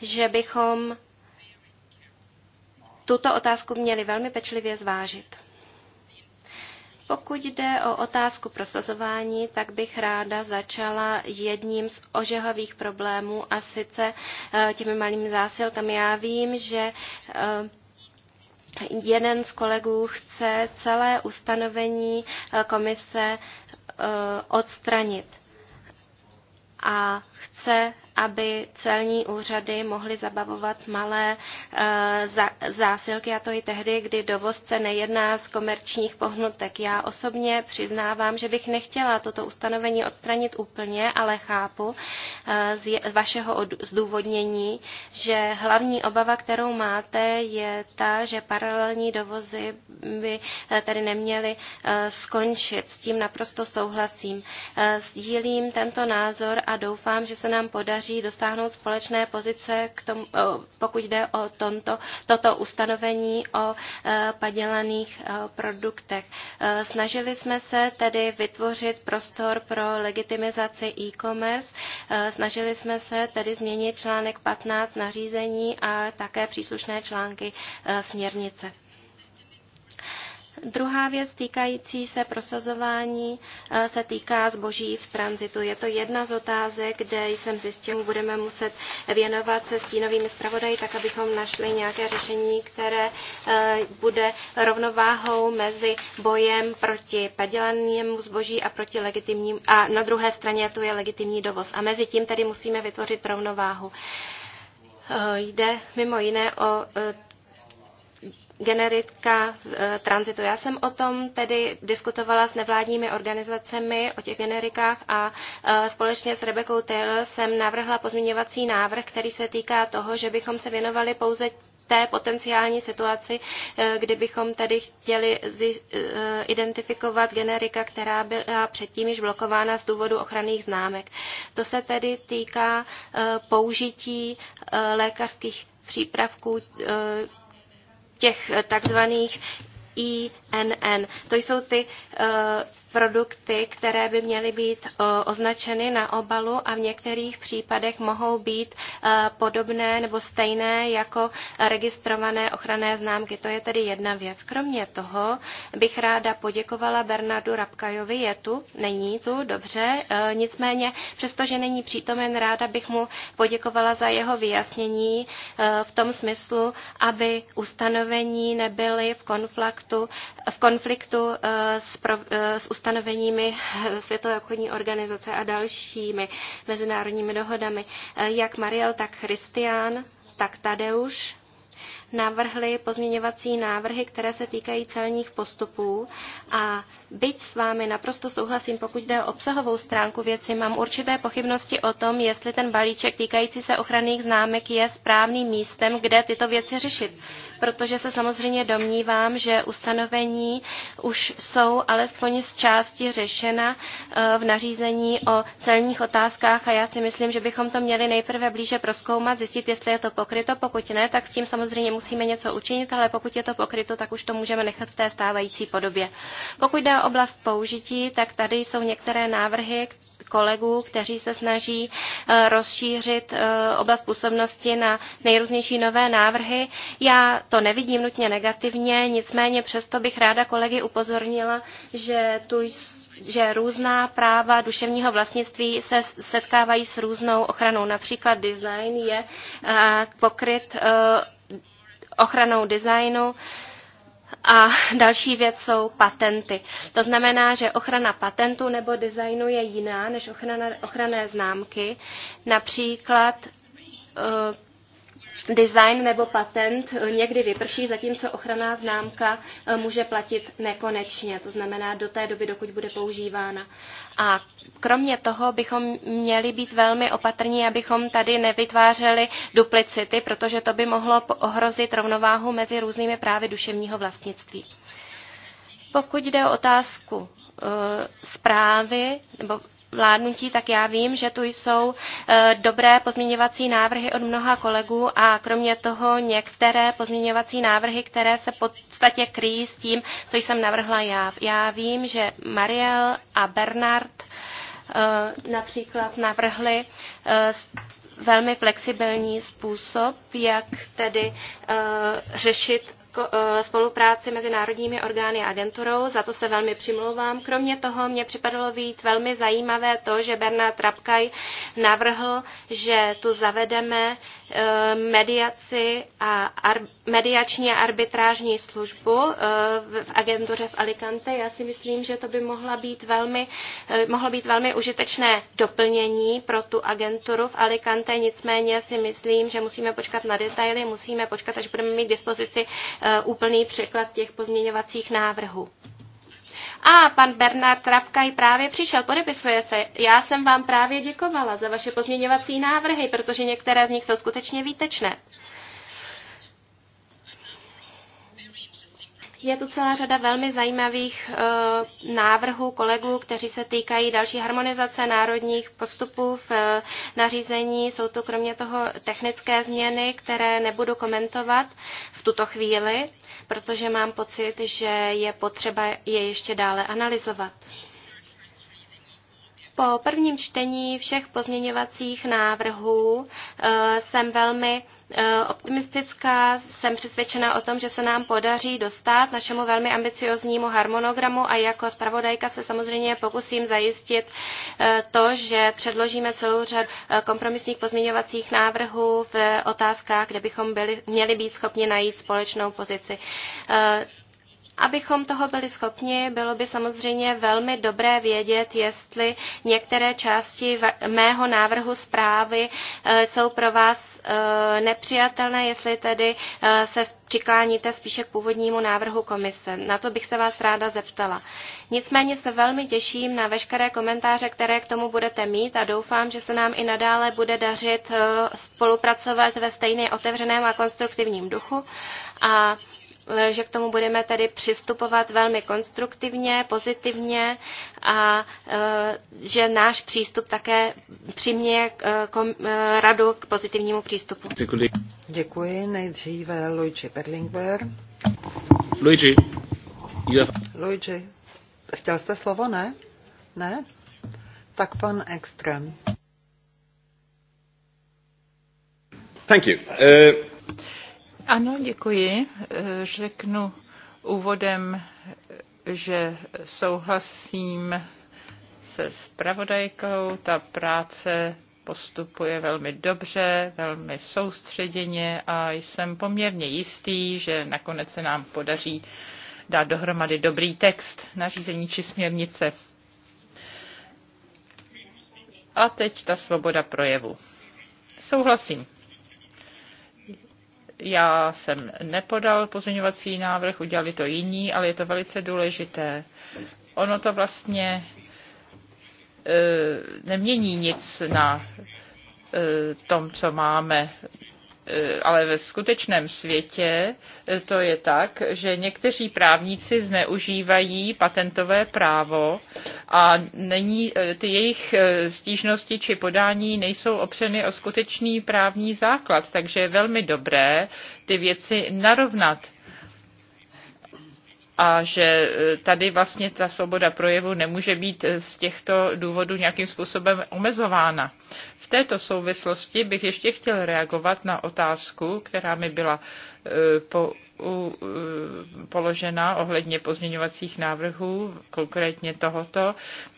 že bychom tuto otázku měli velmi pečlivě zvážit. Pokud jde o otázku prosazování, tak bych ráda začala jedním z ožehavých problémů a sice eh, těmi malými zásilkami. Já vím, že eh, jeden z kolegů chce celé ustanovení eh, komise odstranit a chce, aby celní úřady mohly zabavovat malé eh, zásilky, a to i tehdy, kdy dovozce nejedná z komerčních pohnutek. Já osobně přiznávám, že bych nechtěla toto ustanovení odstranit úplně, ale chápu eh, z vašeho zdůvodnění, že hlavní obava, kterou máte, je ta, že paralelní dovozy by eh, tady neměly skončit. S tím naprosto souhlasím. Sdílím tento názor a doufám, že že se nám podaří dosáhnout společné pozice, k tomu, eh, pokud jde o tomto, toto ustanovení o eh, padělaných eh, produktech. Snažili jsme se tedy vytvořit prostor pro legitimizaci e-commerce, snažili jsme se tedy změnit článek 15 nařízení a také příslušné články směrnice. Druhá věc týkající se prosazování eh, se týká zboží v tranzitu. Je to jedna z otázek, kde jsem zjistil, budeme muset věnovat se stínovými zpravodaji, tak abychom našli nějaké řešení, které eh, bude rovnováhou mezi bojem proti padělanému zboží a proti legitimním a na druhé straně tu je legitimní dovoz. A mezi tím tedy musíme vytvořit rovnováhu. Eh, jde mimo jiné o generika v e, tranzitu. Já jsem o tom tedy diskutovala s nevládními organizacemi, o těch generikách a e, společně s Rebekou Taylor jsem navrhla pozměňovací návrh, který se týká toho, že bychom se věnovali pouze té potenciální situaci, e, kdybychom tedy chtěli identifikovat generika, která byla předtím již blokována z důvodu ochranných známek. To se tedy týká použití lékařských přípravků těch eh, takzvaných INN. E to jsou ty uh, produkty, které by měly být označeny na obalu a v některých případech mohou být e, podobné nebo stejné jako registrované ochranné známky. To je tedy jedna věc. Kromě toho bych ráda poděkovala Bernardu Rabkajovi. Je tu? Není tu? Dobře. E, nicméně, přestože není přítomen, ráda bych mu poděkovala za jeho vyjasnění e, v tom smyslu, aby ustanovení nebyly v konfliktu, v konfliktu s, pro, s ustanoveními Světové obchodní organizace a dalšími mezinárodními dohodami. Eh, jak Mariel, tak Christian, tak Tadeusz navrhli pozměňovací návrhy, které se týkají celních postupů a byť s vámi naprosto souhlasím, pokud jde o obsahovou stránku věci, mám určité pochybnosti o tom, jestli ten balíček týkající se ochranných známek je správným místem, kde tyto věci řešit, protože se samozřejmě domnívám, že ustanovení už jsou alespoň z části řešena eh, v nařízení o celních otázkách a já si myslím, že bychom to měli nejprve blíže proskoumat, zjistit, jestli je to pokryto, pokud ne, tak s tím samozřejmě musíme něco učinit, ale pokud je to pokryto, tak už to můžeme nechat v té stávající podobě. Pokud jde o oblast použití, tak tady jsou některé návrhy kolegů, kteří se snaží eh, rozšířit eh, oblast působnosti na nejrůznější nové návrhy. Já to nevidím nutně negativně, nicméně přesto bych ráda kolegy upozornila, že tu že různá práva duševního vlastnictví se setkávají s různou ochranou. Například design je eh, pokryt ochranou designu. A další věc jsou patenty. To znamená, že ochrana patentu nebo designu je jiná než ochrana, ochranné známky. Například eh, design nebo patent eh, někdy vyprší, zatímco ochranná známka eh, může platit nekonečně, to znamená do té doby, dokud bude používána. A kromě toho bychom měli být velmi opatrní, abychom tady nevytvářeli duplicity, protože to by mohlo ohrozit rovnováhu mezi různými právy duševního vlastnictví. Pokud jde o otázku eh, zprávy nebo vládnutí, tak já vím, že tu jsou eh, dobré pozměňovací návrhy od mnoha kolegů a kromě toho některé pozměňovací návrhy, které se v podstatě kryjí s tím, co jsem navrhla já. Já vím, že Mariel a Bernard eh, například navrhli eh, velmi flexibilní způsob, jak tedy řešit Eh, spolupráci mezi národními orgány a agenturou. Za to se velmi přimlouvám. Kromě toho mě připadalo být velmi zajímavé to, že Bernard Rapkaj navrhl, že tu zavedeme eh, mediaci a ar- mediační a arbitrážní službu eh, v agentuře v Alicante. Já si myslím, že to by mohla být velmi, mohlo být velmi užitečné doplnění pro tu agenturu v Alicante. Nicméně si myslím, že musíme počkat na detaily, musíme počkat, až budeme mít k dispozici Eh, úplný překlad těch pozměňovacích návrhů. A pan Bernard Trapkaj právě přišel, podepisuje se. Já jsem vám právě děkovala za vaše pozměňovací návrhy, protože některé z nich jsou skutečně výtečné. Je tu celá řada velmi zajímavých eh, návrhů kolegů, kteří se týkají další harmonizace národních postupů v eh, nařízení. Jsou tu kromě toho technické změny, které nebudu komentovat v tuto chvíli, protože mám pocit, že je potřeba je ještě dále analyzovat. Po prvním čtení všech pozměňovacích návrhů eh, jsem velmi Eh, optimistická, jsem přesvědčena o tom, že se nám podaří dostat našemu velmi ambicioznímu harmonogramu a jako zpravodajka se samozřejmě pokusím zajistit eh, to, že předložíme celou řadu eh, kompromisních pozměňovacích návrhů v otázkách, kde bychom byli, měli být schopni najít společnou pozici. Abychom toho byli schopni, bylo by samozřejmě velmi dobré vědět, jestli některé části mého návrhu zprávy eh, jsou pro vás eh, nepřijatelné, jestli tedy eh, se přikláníte spíše k původnímu návrhu komise. Na to bych se vás ráda zeptala. Nicméně se velmi těším na veškeré komentáře, které k tomu budete mít a doufám, že se nám i nadále bude dařit spolupracovat ve stejně otevřeném a konstruktivním duchu. A že k tomu budeme tedy přistupovat velmi konstruktivně, pozitivně a e, že náš přístup také přiměje e, e, radu k pozitivnímu přístupu. Děkuji. Nejdříve Luigi Berlingwer. Luigi. Luigi. Chtěl jste slovo, ne? Ne? Tak pan Ekstrem. Thank you. Uh... Ano, děkuji. Řeknu úvodem, že souhlasím se spravodajkou. Ta práce postupuje velmi dobře, velmi soustředěně a jsem poměrně jistý, že nakonec se nám podaří dát dohromady dobrý text řízení či směrnice. A teď ta svoboda projevu. Souhlasím já jsem nepodal pozměňovací návrh, udělali to jiní, ale je to velice důležité. Ono to vlastně e, nemění nic na e, tom, co máme. Eh, ale ve skutečném světě eh, to je tak, že někteří právníci zneužívají patentové právo a není, eh, ty jejich stížnosti či podání nejsou opřeny o skutečný právní základ, takže je velmi dobré ty věci narovnat a že eh, tady vlastně ta svoboda projevu nemůže být eh, z těchto důvodů nějakým způsobem omezována. V této souvislosti bych ještě chtěl reagovat na otázku, která mi byla eh, po, u, položena ohledně pozměňovacích návrhů, konkrétně tohoto.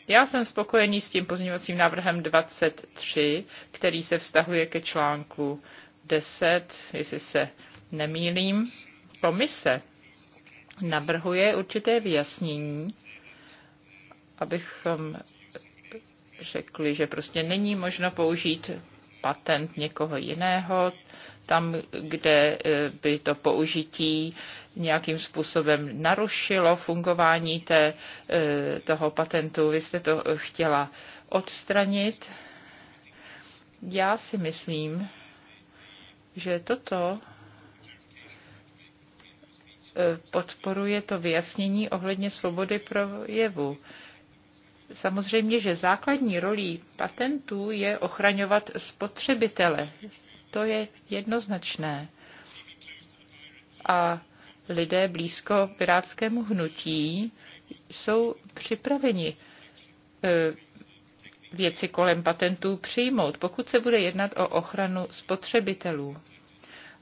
Já jsem spokojený s tím pozměňovacím návrhem 23, který se vztahuje ke článku 10, jestli se nemýlím, komise navrhuje určité vyjasnění, abychom řekli, že prostě není možno použít patent někoho jiného, tam, kde eh, by to použití nějakým způsobem narušilo fungování té, eh, toho patentu. Vy jste to chtěla odstranit. Já si myslím, že toto Eh, podporuje to vyjasnění ohledně svobody projevu. Samozřejmě, že základní rolí patentů je ochraňovat spotřebitele. To je jednoznačné. A lidé blízko pirátskému hnutí jsou připraveni eh, věci kolem patentů přijmout, pokud se bude jednat o ochranu spotřebitelů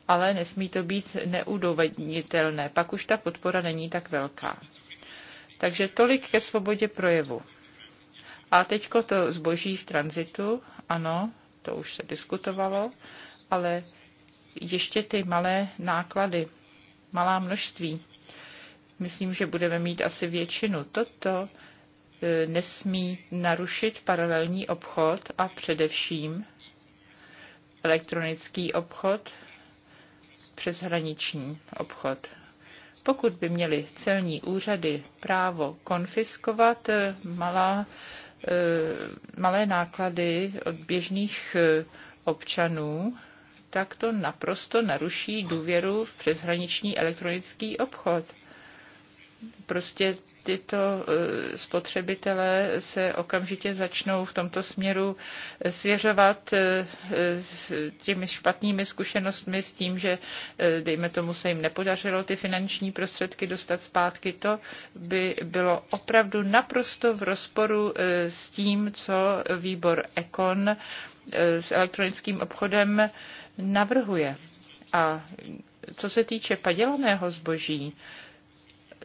ale nesmí to být neudovednitelné. Pak už ta podpora není tak velká. Takže tolik ke svobodě projevu. A teďko to zboží v tranzitu, ano, to už se diskutovalo, ale ještě ty malé náklady, malá množství. Myslím, že budeme mít asi většinu. Toto e, nesmí narušit paralelní obchod a především elektronický obchod, přeshraniční obchod. Pokud by měly celní úřady právo konfiskovat eh, malá, eh, malé náklady od běžných eh, občanů, tak to naprosto naruší důvěru v přeshraniční elektronický obchod prostě tyto eh, spotřebitelé se okamžitě začnou v tomto směru eh, svěřovat eh, těmi špatnými zkušenostmi s tím, že dejme tomu se jim nepodařilo ty finanční prostředky dostat zpátky. To by bylo opravdu naprosto v rozporu s tím, co výbor Econ s elektronickým obchodem navrhuje. A co se týče padělaného zboží,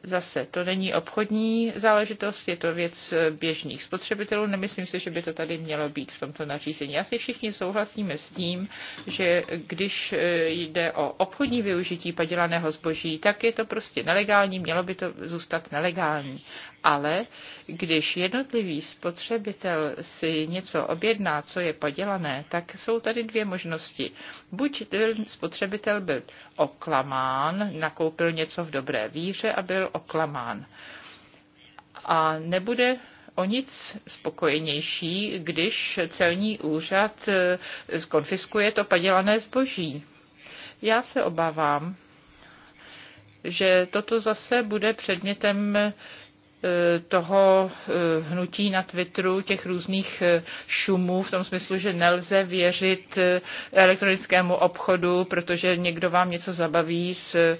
Zase to není obchodní záležitost, je to věc eh, běžných spotřebitelů. Nemyslím si, že by to tady mělo být v tomto nařízení. Asi všichni souhlasíme s tím, že když eh, jde o obchodní využití padělaného zboží, tak je to prostě nelegální, mělo by to zůstat nelegální ale když jednotlivý spotřebitel si něco objedná, co je podělané, tak jsou tady dvě možnosti. Buď ten spotřebitel byl oklamán, nakoupil něco v dobré víře a byl oklamán. A nebude o nic spokojenější, když celní úřad skonfiskuje eh, to padělané zboží. Já se obávám, že toto zase bude předmětem E, toho e, hnutí na Twitteru, těch různých e, šumů, v tom smyslu, že nelze věřit elektronickému obchodu, protože někdo vám něco zabaví s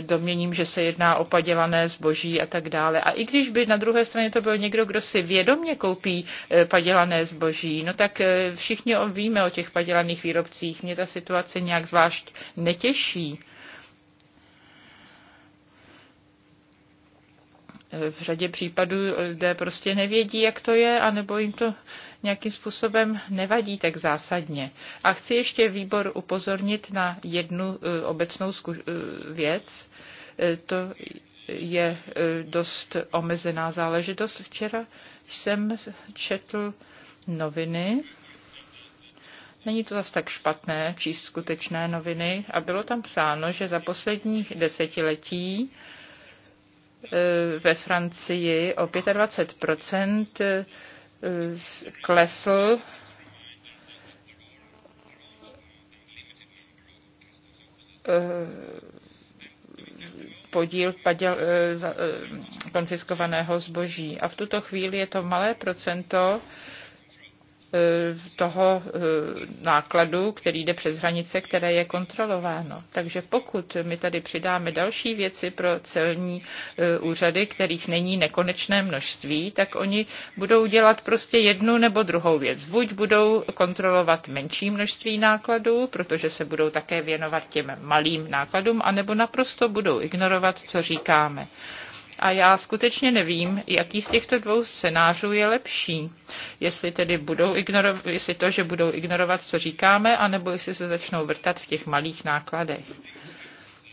doměním, že se jedná o padělané zboží a tak dále. A i když by na druhé straně to byl někdo, kdo si vědomně koupí padělané zboží, no tak všichni víme o těch padělaných výrobcích. Mě ta situace nějak zvlášť netěší v řadě případů lidé prostě nevědí, jak to je, anebo jim to nějakým způsobem nevadí tak zásadně. A chci ještě výbor upozornit na jednu e, obecnou e, věc. E, to je dost omezená záležitost. Včera jsem četl noviny. Není to zase tak špatné číst skutečné noviny. A bylo tam psáno, že za posledních desetiletí Eh, ve Francii o 25 eh, klesl eh, podíl paděl, konfiskovaného zboží. A v tuto chvíli je to malé procento E, toho e, nákladu, který jde přes hranice, které je kontrolováno. Takže pokud my tady přidáme další věci pro celní e, úřady, kterých není nekonečné množství, tak oni budou dělat prostě jednu nebo druhou věc. Buď budou kontrolovat menší množství nákladů, protože se budou také věnovat těm malým nákladům, anebo naprosto budou ignorovat, co říkáme. A já skutečně nevím, jaký z těchto dvou scénářů je lepší. Jestli tedy budou ignorovat, jestli to, že budou ignorovat, co říkáme, anebo jestli se začnou vrtat v těch malých nákladech.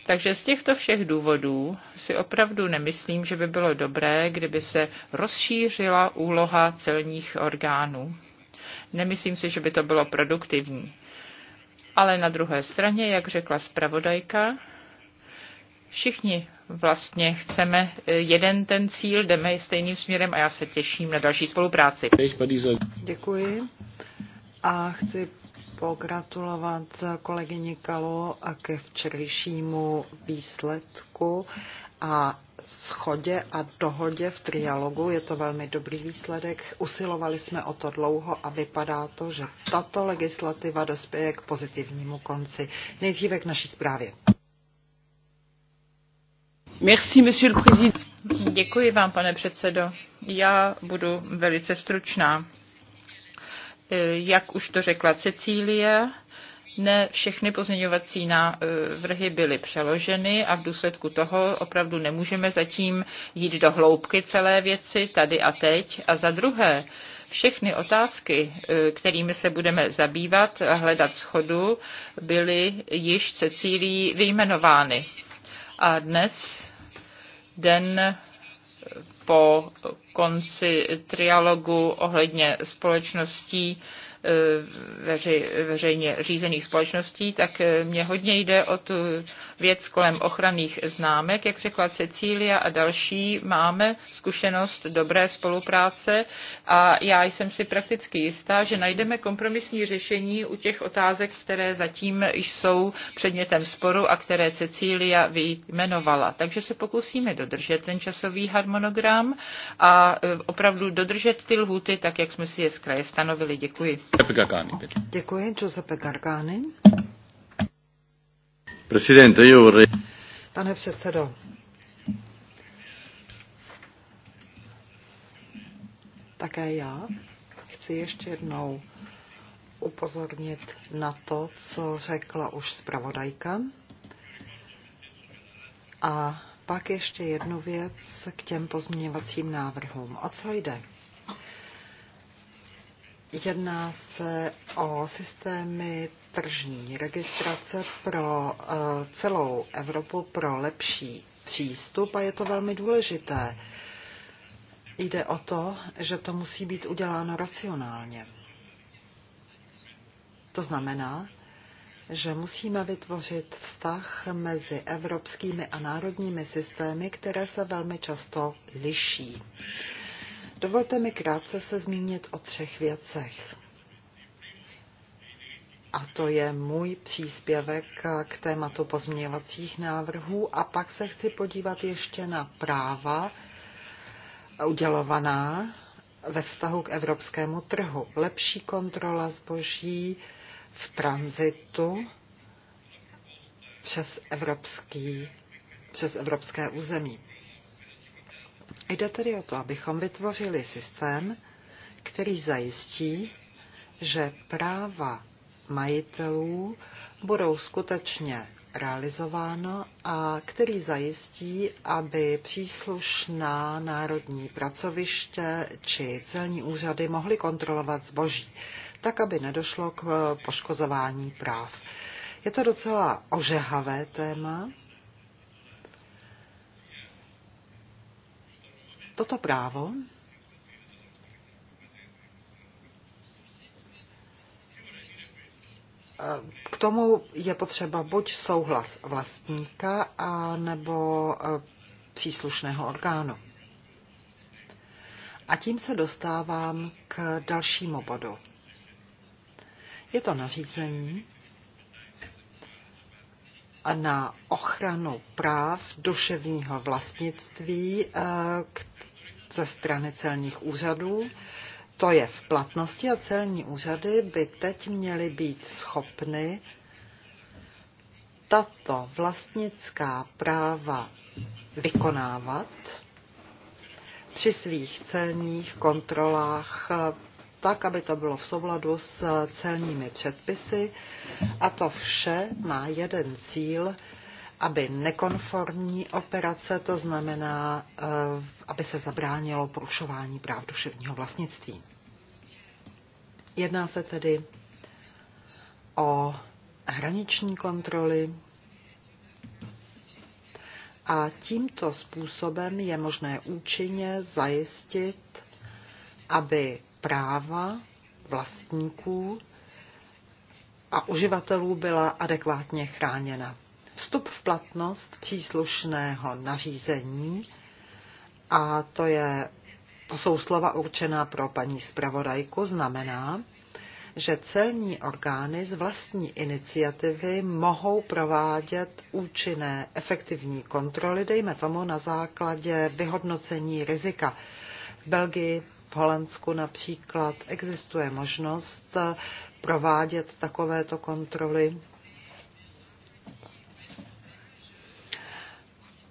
Takže z těchto všech důvodů si opravdu nemyslím, že by bylo dobré, kdyby se rozšířila úloha celních orgánů. Nemyslím si, že by to bylo produktivní. Ale na druhé straně, jak řekla zpravodajka, všichni vlastně chceme eh, jeden ten cíl, jdeme stejným směrem a já se těším na další spolupráci. Děkuji a chci pogratulovat kolegyni Kalo a ke včerejšímu výsledku a schodě a dohodě v trialogu. Je to velmi dobrý výsledek. Usilovali jsme o to dlouho a vypadá to, že tato legislativa dospěje k pozitivnímu konci. Nejdříve k naší zprávě. Děkuji vám, pane předsedo. Já budu velice stručná. E, jak už to řekla Cecílie, ne všechny pozměňovací návrhy e, byly přeloženy a v důsledku toho opravdu nemůžeme zatím jít do hloubky celé věci tady a teď. A za druhé, všechny otázky, e, kterými se budeme zabývat a hledat schodu, byly již Cecílí vyjmenovány. A dnes den po konci trialogu ohledně společností Eh, veři, veřejně řízených společností, tak eh, mě hodně jde o tu věc kolem ochranných známek. Jak řekla Cecília a další, máme zkušenost dobré spolupráce a já jsem si prakticky jistá, že najdeme kompromisní řešení u těch otázek, které zatím jsou předmětem sporu a které Cecília vyjmenovala. Takže se pokusíme dodržet ten časový harmonogram a eh, opravdu dodržet ty lhuty, tak jak jsme si je z kraje stanovili. Děkuji. Děkuji, Giuseppe Gargani. Presidente, io vorrei... Pane předsedo, také já chci ještě jednou upozornit na to, co řekla už zpravodajka. A pak ještě jednu věc k těm pozměňovacím návrhům. O co jde? Jedná se o systémy tržní registrace pro eh, celou Evropu pro lepší přístup a je to velmi důležité. Jde o to, že to musí být uděláno racionálně. To znamená, že musíme vytvořit vztah mezi evropskými a národními systémy, které se velmi často liší. Dovolte mi krátce se zmínit o třech věcech. A to je můj příspěvek k tématu pozměňovacích návrhů. A pak se chci podívat ještě na práva udělovaná ve vztahu k evropskému trhu. Lepší kontrola zboží v tranzitu přes, evropský, přes evropské území. Jde tedy o to, abychom vytvořili systém, který zajistí, že práva majitelů budou skutečně realizováno a který zajistí, aby příslušná národní pracoviště či celní úřady mohly kontrolovat zboží, tak aby nedošlo k poškozování práv. Je to docela ožehavé téma, toto právo K tomu je potřeba buď souhlas vlastníka, a nebo e, příslušného orgánu. A tím se dostávám k dalšímu bodu. Je to nařízení na ochranu práv duševního vlastnictví, e, ze strany celních úřadů. To je v platnosti a celní úřady by teď měly být schopny tato vlastnická práva vykonávat při svých celních kontrolách eh, tak, aby to bylo v souladu s celními předpisy. A to vše má jeden cíl, aby nekonformní operace, to znamená, eh, aby se zabránilo porušování práv duševního vlastnictví. Jedná se tedy o hraniční kontroly a tímto způsobem je možné účinně zajistit, aby práva vlastníků a uživatelů byla adekvátně chráněna vstup v platnost příslušného nařízení a to, je, to jsou slova určená pro paní zpravodajku, znamená, že celní orgány z vlastní iniciativy mohou provádět účinné efektivní kontroly, dejme tomu na základě vyhodnocení rizika. V Belgii, v Holandsku například existuje možnost provádět takovéto kontroly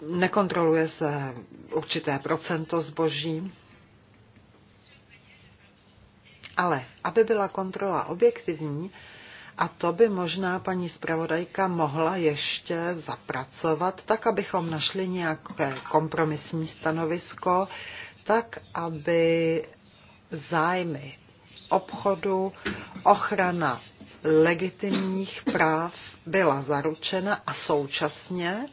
nekontroluje se určité procento zboží, ale aby byla kontrola objektivní, a to by možná paní zpravodajka mohla ještě zapracovat, tak abychom našli nějaké kompromisní stanovisko, tak aby zájmy obchodu, ochrana legitimních práv byla zaručena a současně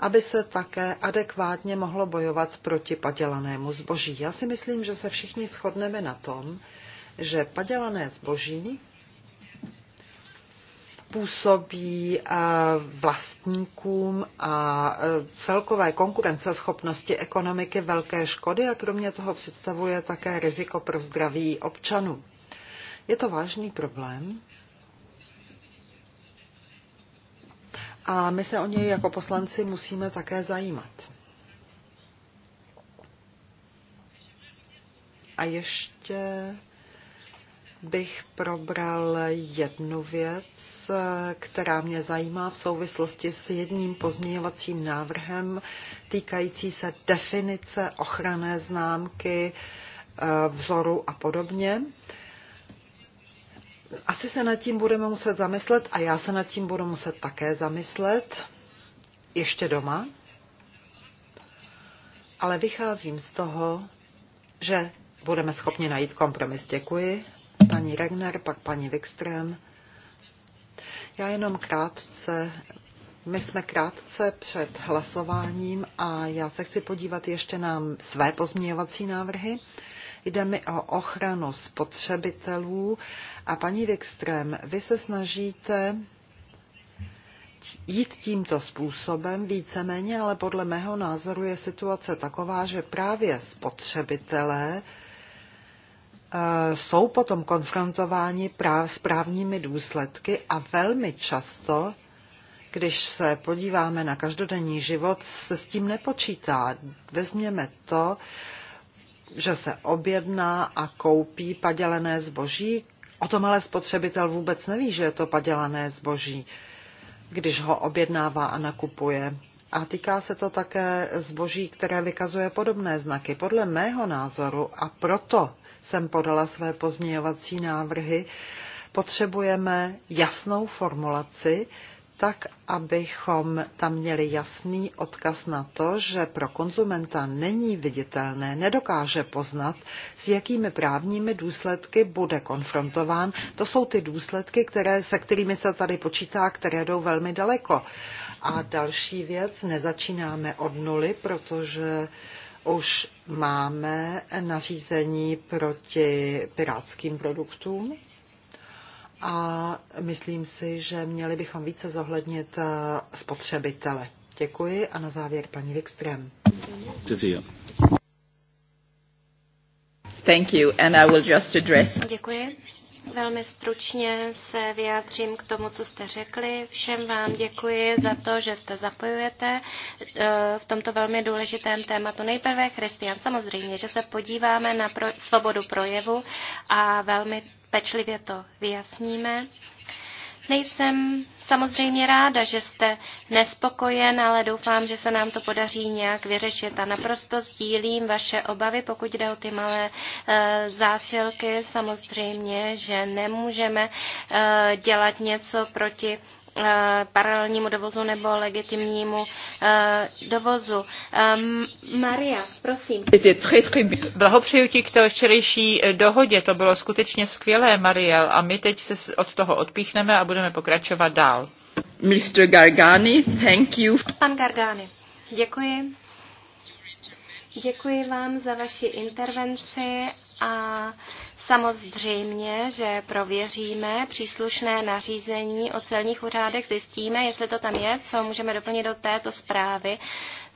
aby se také adekvátně mohlo bojovat proti padělanému zboží. Já si myslím, že se všichni shodneme na tom, že padělané zboží působí eh, vlastníkům a eh, celkové konkurenceschopnosti ekonomiky velké škody a kromě toho představuje také riziko pro zdraví občanů. Je to vážný problém, a my se o něj jako poslanci musíme také zajímat. A ještě bych probral jednu věc, která mě zajímá v souvislosti s jedním pozměňovacím návrhem týkající se definice ochranné známky, eh, vzoru a podobně. Asi se nad tím budeme muset zamyslet a já se nad tím budu muset také zamyslet, ještě doma, ale vycházím z toho, že budeme schopni najít kompromis. Děkuji. Paní Regner, pak paní Wikström. Já jenom krátce my jsme krátce před hlasováním a já se chci podívat ještě na své pozměňovací návrhy. Jde mi o ochranu spotřebitelů a paní Wikström, vy se snažíte jít tímto způsobem víceméně, ale podle mého názoru je situace taková, že právě spotřebitelé eh, jsou potom konfrontováni práv s právními důsledky a velmi často, když se podíváme na každodenní život, se s tím nepočítá. Vezměme to, že se objedná a koupí padělené zboží. O tom ale spotřebitel vůbec neví, že je to padělané zboží, když ho objednává a nakupuje. A týká se to také zboží, které vykazuje podobné znaky. Podle mého názoru, a proto jsem podala své pozměňovací návrhy, potřebujeme jasnou formulaci, tak, abychom tam měli jasný odkaz na to, že pro konzumenta není viditelné, nedokáže poznat, s jakými právními důsledky bude konfrontován. To jsou ty důsledky, které, se kterými se tady počítá, které jdou velmi daleko. A další věc, nezačínáme od nuly, protože už máme nařízení proti pirátským produktům a myslím si, že měli bychom více zohlednit eh, spotřebitele. Děkuji a na závěr paní Wikström. Thank you and I will just address. Děkuji. Velmi stručně se vyjádřím k tomu, co jste řekli. Všem vám děkuji za to, že jste zapojujete eh, v tomto velmi důležitém tématu. Nejprve Christian, samozřejmě, že se podíváme na pro, svobodu projevu a velmi pečlivě to vyjasníme. Nejsem samozřejmě ráda, že jste nespokojen, ale doufám, že se nám to podaří nějak vyřešit. A naprosto sdílím vaše obavy, pokud jde o ty malé e, zásilky. Samozřejmě, že nemůžeme e, dělat něco proti Eh, paralelnímu dovozu nebo legitimnímu eh, dovozu. Maria, prosím. Blahopřeju ti k té včerejší eh, dohodě. To bylo skutečně skvělé, Mariel. A my teď se od toho odpíchneme a budeme pokračovat dál. Mr. Gargani, thank you. Pan Gargani, děkuji. Děkuji vám za vaši intervenci a Samozřejmě, že prověříme příslušné nařízení o celních úřádech, zjistíme, jestli to tam je, co můžeme doplnit do této zprávy.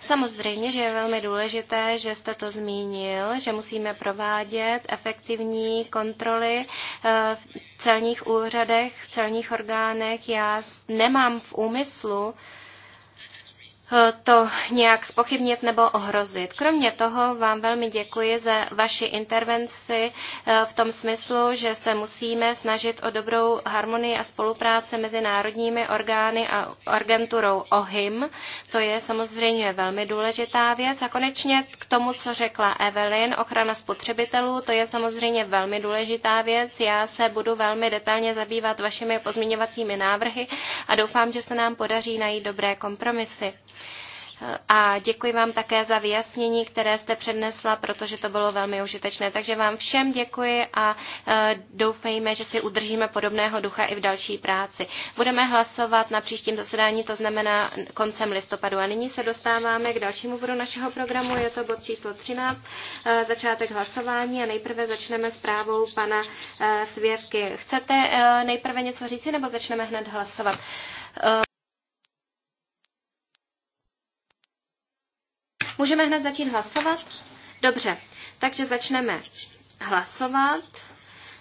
Samozřejmě, že je velmi důležité, že jste to zmínil, že musíme provádět efektivní kontroly eh, v celních úřadech, v celních orgánech. Já nemám v úmyslu to nějak spochybnit nebo ohrozit. Kromě toho vám velmi děkuji za vaši intervenci eh, v tom smyslu, že se musíme snažit o dobrou harmonii a spolupráci mezi národními orgány a agenturou OHIM. To je samozřejmě velmi důležitá věc. A konečně k tomu, co řekla Evelyn, ochrana spotřebitelů, to je samozřejmě velmi důležitá věc. Já se budu velmi detailně zabývat vašimi pozměňovacími návrhy a doufám, že se nám podaří najít dobré kompromisy a děkuji vám také za vyjasnění, které jste přednesla, protože to bylo velmi užitečné. Takže vám všem děkuji a e, doufejme, že si udržíme podobného ducha i v další práci. Budeme hlasovat na příštím zasedání, to znamená koncem listopadu. A nyní se dostáváme k dalšímu bodu našeho programu, je to bod číslo 13, e, začátek hlasování a nejprve začneme s zprávou pana e, Svěvky. Chcete nejprve něco říci nebo začneme hned hlasovat? Můžeme hned začít hlasovat? Dobře, takže začneme hlasovat.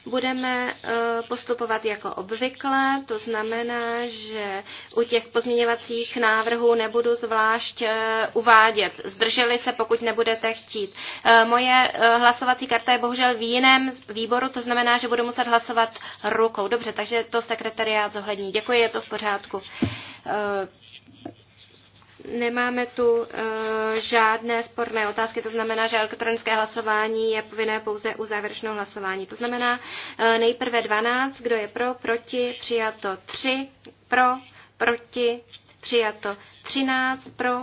Budeme eh, postupovat jako obvykle, to znamená, že u těch pozměňovacích návrhů nebudu zvlášť eh, uvádět. Zdrželi se, pokud nebudete chtít. Eh, moje hlasovací karta je bohužel v jiném výboru, to znamená, že budu muset hlasovat rukou. Dobře, takže to sekretariát zohlední. Děkuji, je to v pořádku nemáme tu eh, žádné sporné otázky, to znamená, že elektronické hlasování je povinné pouze u závěrečného hlasování. To znamená eh, nejprve 12, kdo je pro, proti, přijato 3, pro, proti, přijato 13, pro,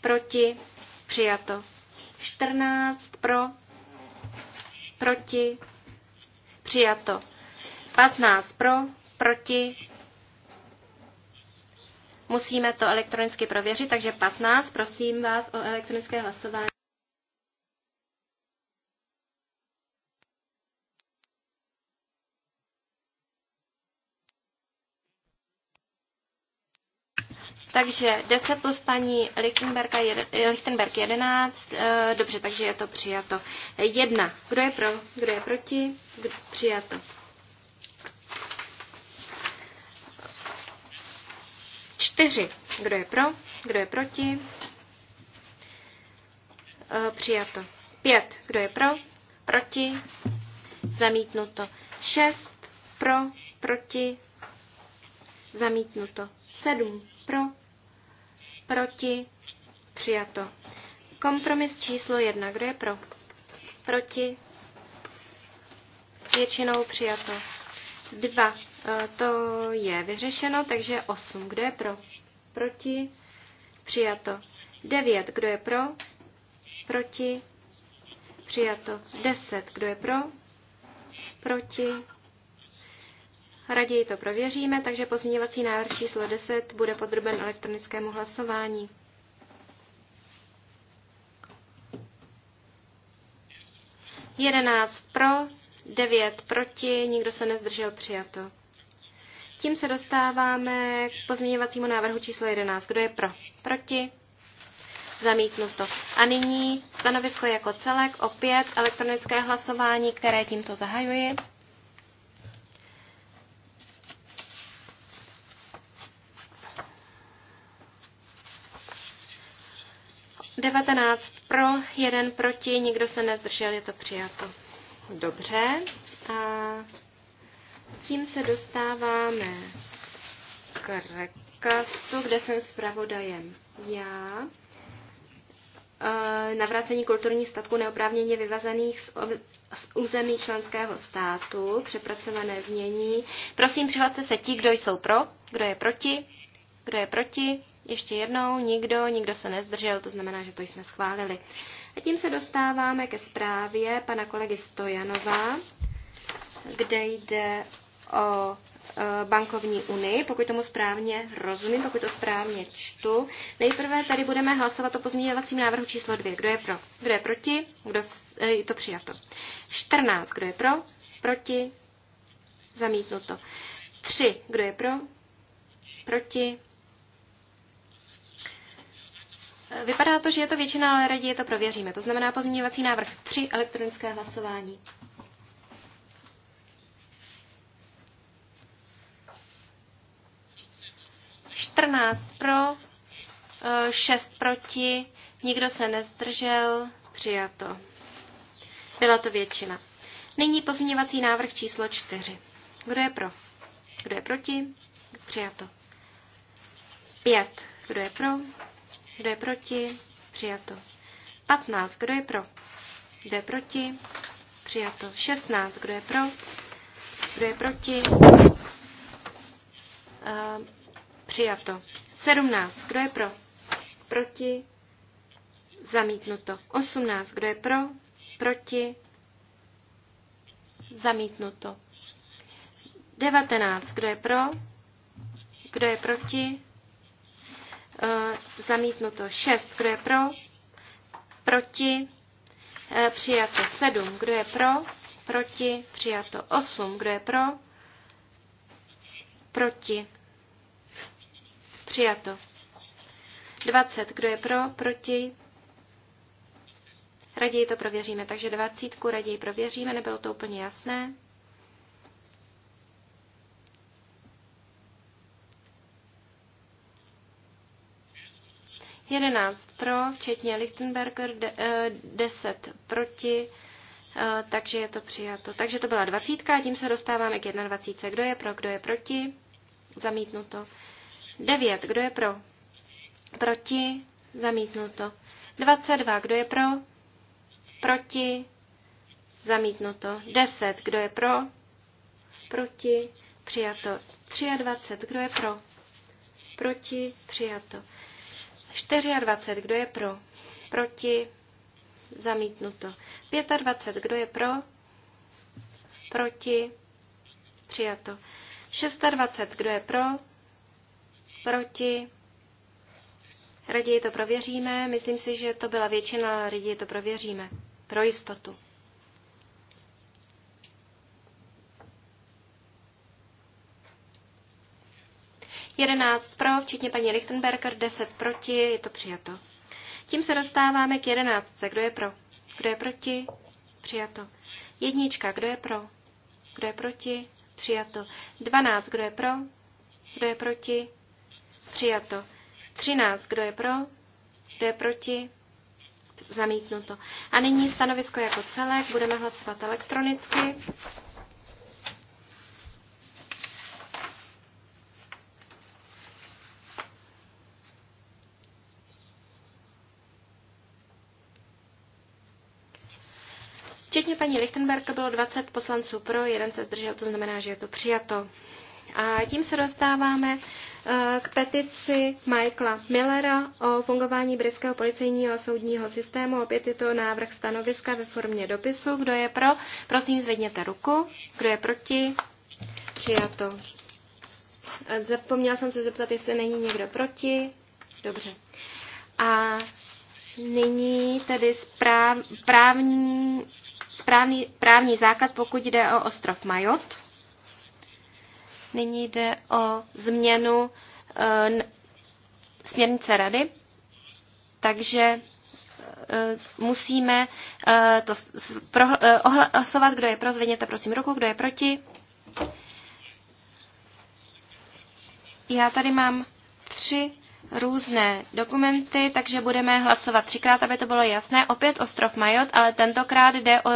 proti, přijato 14, pro, proti, přijato 15, pro, proti, Musíme to elektronicky prověřit, takže 15, prosím vás o elektronické hlasování. Takže 10 plus paní Lichtenberg, Lichtenberg 11, eh, dobře, takže je to přijato. Jedna. Kdo je pro, kdo je proti, přijato. 4. Kdo je pro? Kdo je proti? E, přijato. 5. Kdo je pro? Proti? Zamítnuto. 6. Pro? Proti? Zamítnuto. 7. Pro? Proti? Přijato. Kompromis číslo 1. Kdo je pro? Proti? Většinou přijato. 2. E, to je vyřešeno, takže 8. Kdo je pro? Proti? Přijato. 9. Kdo je pro? Proti? Přijato. 10. Kdo je pro? Proti? Raději to prověříme, takže pozměňovací návrh číslo 10 bude podroben elektronickému hlasování. Jedenáct pro, devět proti, nikdo se nezdržel přijato. Tím se dostáváme k pozměňovacímu návrhu číslo 11. Kdo je pro? Proti? Zamítnuto. A nyní stanovisko jako celek, opět elektronické hlasování, které tímto zahajuji. Devatenáct pro, jeden proti, nikdo se nezdržel, je to přijato. Dobře. A tím se dostáváme k rekastu, kde jsem zpravodajem já. E, navrácení kulturních statků neoprávněně vyvazených z z území členského státu, přepracované změní. Prosím, přihlaste se ti, kdo jsou pro, kdo je proti, kdo je proti, ještě jednou, nikdo, nikdo se nezdržel, to znamená, že to jsme schválili. A tím se dostáváme ke zprávě pana kolegy Stojanova kde jde o e, bankovní unii, pokud tomu správně rozumím, pokud to správně čtu. Nejprve tady budeme hlasovat o pozměňovacím návrhu číslo 2. Kdo je pro? Kdo je proti? Kdo e, je to přijato? 14. Kdo je pro? Proti? Zamítnuto. 3. Kdo je pro? Proti? Vypadá to, že je to většina, ale raději to prověříme. To znamená pozměňovací návrh 3, elektronické hlasování. 14 pro, 6 e, proti, nikdo se nezdržel, přijato. Byla to většina. Nyní pozměňovací návrh číslo 4. Kdo je pro? Kdo je proti? Přijato. 5. Kdo je pro? Kdo je proti? Přijato. 15. Kdo je pro? Kdo je proti? Přijato. 16. Kdo je pro? Kdo je proti? Uh, Přijato. 17. Kdo je pro? Proti? Zamítnuto. 18. Kdo je pro? Proti? Zamítnuto. 19. Kdo je pro? Kdo je proti? E, zamítnuto. 6. Kdo je pro? Proti? E, přijato. 7. Kdo je pro? Proti? Přijato. 8. Kdo je pro? Proti? Přijato. 20. Kdo je pro? Proti? Raději to prověříme. Takže 20. Raději prověříme. Nebylo to úplně jasné. Jedenáct pro, včetně Lichtenberger, eh, deset proti, eh, takže je to přijato. Takže to byla dvacítka a tím se dostáváme k jednadvacítce. Kdo je pro, kdo je proti? Zamítnuto. 9. Kdo je pro? Proti? Zamítnuto. 22. Kdo je pro? Proti? Zamítnuto. 10. Kdo je pro? Proti? Přijato. 23. Kdo je pro? Proti? Přijato. 24. Kdo je pro? Proti? Zamítnuto. 25. Kdo je pro? Proti? Přijato. 26. Kdo je pro? proti. Raději to prověříme. Myslím si, že to byla většina, ale raději to prověříme. Pro jistotu. Jedenáct pro, včetně paní Lichtenberger, deset proti, je to přijato. Tím se dostáváme k jedenáctce. Kdo je pro? Kdo je proti? Přijato. Jednička, kdo je pro? Kdo je proti? Přijato. Dvanáct, kdo je pro? Kdo je proti? Přijato. 13. Kdo je pro? Kdo je proti? Zamítnuto. A nyní stanovisko jako celek. Budeme hlasovat elektronicky. Včetně paní Lichtenberka bylo 20 poslanců pro, jeden se zdržel, to znamená, že je to přijato. A tím se dostáváme k petici Michaela Millera o fungování britského policejního a soudního systému. Opět je to návrh stanoviska ve formě dopisu. Kdo je pro? Prosím, zvedněte ruku. Kdo je proti? Přijato. Zapomněla jsem se zeptat, jestli není někdo proti. Dobře. A nyní tedy správ, právní, správný, právní základ, pokud jde o ostrov Majot. Nyní jde o změnu eh, směrnice rady, takže eh, musíme eh, to ohlasovat, kdo je pro, zvedněte prosím ruku, kdo je proti. Já tady mám tři různé dokumenty, takže budeme hlasovat třikrát, aby to bylo jasné. Opět ostrov Majot, ale tentokrát jde o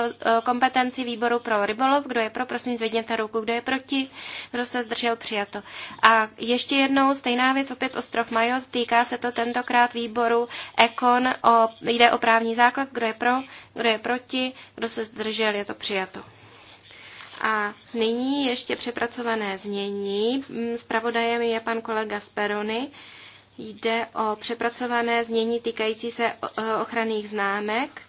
kompetenci výboru pro rybolov. Kdo je pro, prosím zvedněte ruku. Kdo je proti, kdo se zdržel, přijato. A ještě jednou stejná věc, opět ostrov Majot, týká se to tentokrát výboru Ekon, o, jde o právní základ, kdo je pro, kdo je proti, kdo se zdržel, je to přijato. A nyní ještě přepracované znění. Spravodajem je pan kolega Sperony. Jde o přepracované znění týkající se eh, ochranných známek.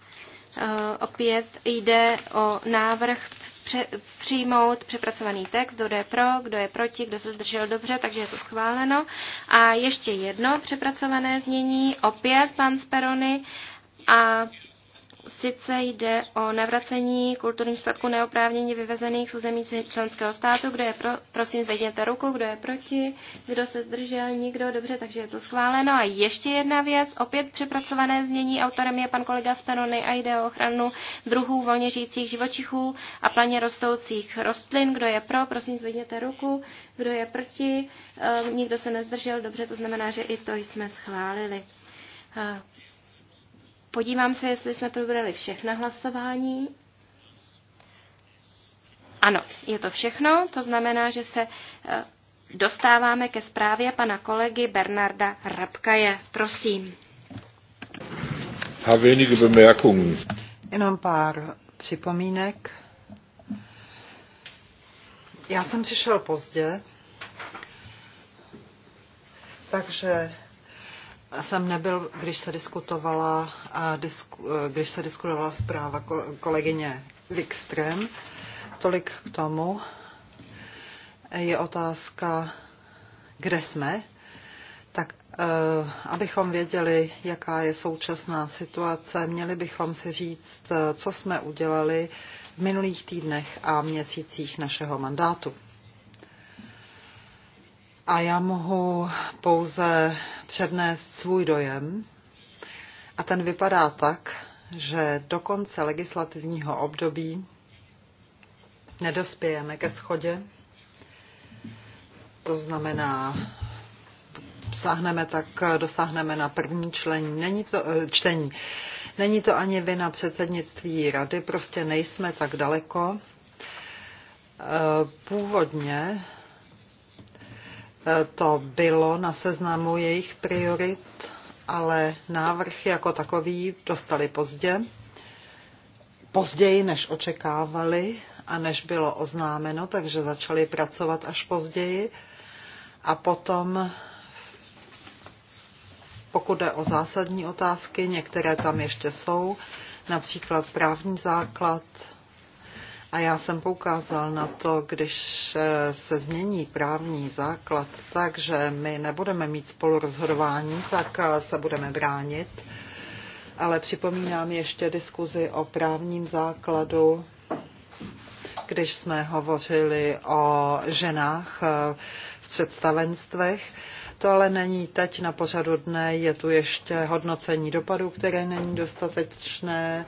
Eh, opět jde o návrh pře- přijmout přepracovaný text, kdo je pro, kdo je proti, kdo se zdržel dobře, takže je to schváleno. A ještě jedno přepracované znění, opět pan Sperony a sice jde o navracení kulturních statků neoprávněně vyvezených z území členského státu, kdo je pro, prosím zvedněte ruku, kdo je proti, kdo se zdržel, nikdo, dobře, takže je to schváleno. A ještě jedna věc, opět přepracované změní. autorem je pan kolega Sperony a jde o ochranu druhů volně žijících živočichů a planě rostoucích rostlin, kdo je pro, prosím zvedněte ruku, kdo je proti, ehm, nikdo se nezdržel, dobře, to znamená, že i to jsme schválili. Eh, Podívám se, jestli jsme probrali všechna hlasování. Ano, je to všechno, to znamená, že se eh, dostáváme ke zprávě pana kolegy Bernarda Rabkaje. Prosím. Jenom pár připomínek. Já jsem přišel pozdě, takže jsem nebyl, když se diskutovala, disku, e, když se diskutovala zpráva kolegyně Wikström. Tolik k tomu. Je otázka, kde jsme. Tak e, abychom věděli, jaká je současná situace, měli bychom si říct, e, co jsme udělali v minulých týdnech a měsících našeho mandátu a já mohu pouze přednést svůj dojem. A ten vypadá tak, že do konce legislativního období nedospějeme ke schodě. To znamená, dosáhneme tak, dosáhneme na první člení. Není to, eh, čtení. Není to ani vina předsednictví rady, prostě nejsme tak daleko. Eh, původně to bylo na seznamu jejich priorit, ale návrh jako takový dostali pozdě, později než očekávali a než bylo oznámeno, takže začali pracovat až později. A potom, pokud jde o zásadní otázky, některé tam ještě jsou, například právní základ, a já jsem poukázal na to, když eh, se změní právní základ tak, že my nebudeme mít spolurozhodování, tak eh, se budeme bránit. Ale připomínám ještě diskuzi o právním základu, když jsme hovořili o ženách eh, v představenstvech. To ale není teď na pořadu dne, je tu ještě hodnocení dopadů, které není dostatečné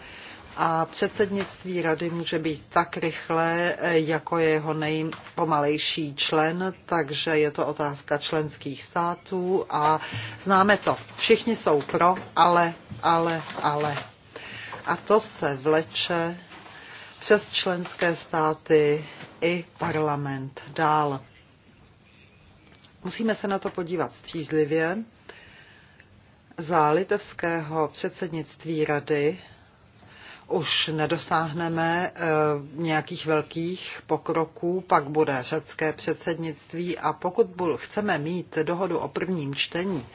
a předsednictví rady může být tak rychlé, eh, jako je jeho nejpomalejší člen, takže je to otázka členských států a známe to. Všichni jsou pro, ale, ale, ale. A to se vleče přes členské státy i parlament dál. Musíme se na to podívat střízlivě. Za litevského předsednictví rady už nedosáhneme eh, nějakých velkých pokroků, pak bude řecké předsednictví a pokud chceme mít dohodu o prvním čtení,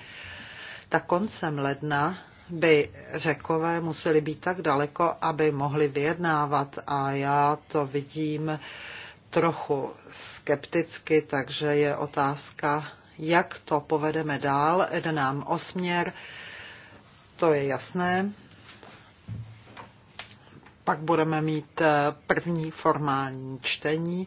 tak koncem ledna by řekové museli být tak daleko, aby mohli vyjednávat a já to vidím trochu skepticky, takže je otázka, jak to povedeme dál, jde nám o směr, to je jasné, pak budeme mít eh, první formální čtení,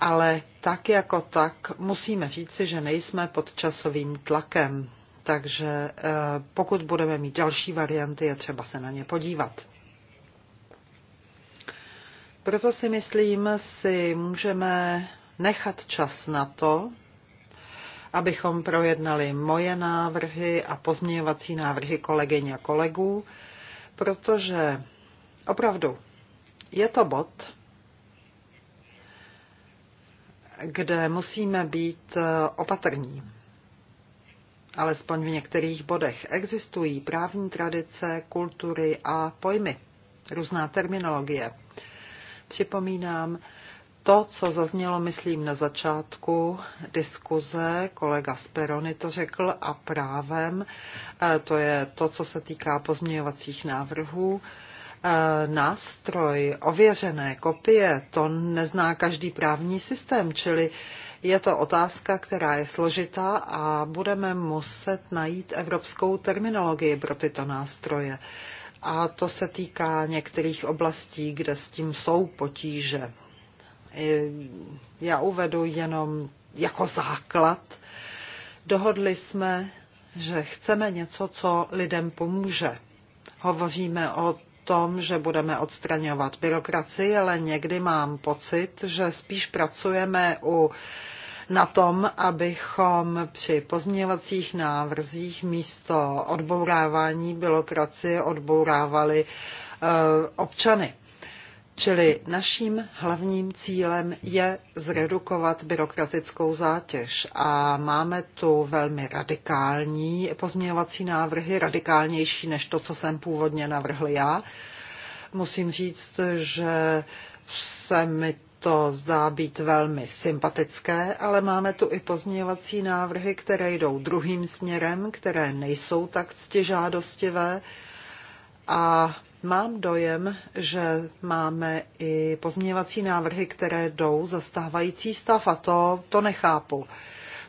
ale tak jako tak musíme říci, že nejsme pod časovým tlakem. Takže eh, pokud budeme mít další varianty, je třeba se na ně podívat. Proto si myslím, si můžeme nechat čas na to, abychom projednali moje návrhy a pozměňovací návrhy kolegyň a kolegů, protože Opravdu. Je to bod, kde musíme být eh, opatrní. Alespoň v některých bodech existují právní tradice, kultury a pojmy, různá terminologie. Připomínám, to, co zaznělo, myslím, na začátku diskuze, kolega Sperony to řekl a právem, eh, to je to, co se týká pozměňovacích návrhů. Eh, nástroj, ověřené kopie, to nezná každý právní systém, čili je to otázka, která je složitá a budeme muset najít evropskou terminologii pro tyto nástroje. A to se týká některých oblastí, kde s tím jsou potíže. Eh, já uvedu jenom jako základ. Dohodli jsme, že chceme něco, co lidem pomůže. Hovoříme o tom, že budeme odstraňovat byrokracii, ale někdy mám pocit, že spíš pracujeme u na tom, abychom při pozměňovacích návrzích místo odbourávání byrokracie odbourávali eh, občany. Čili naším hlavním cílem je zredukovat byrokratickou zátěž a máme tu velmi radikální pozměňovací návrhy, radikálnější než to, co jsem původně navrhl já. Musím říct, že se mi to zdá být velmi sympatické, ale máme tu i pozměňovací návrhy, které jdou druhým směrem, které nejsou tak ctižádostivé a Mám dojem, že máme i pozměňovací návrhy, které jdou za stávající stav a to, to nechápu.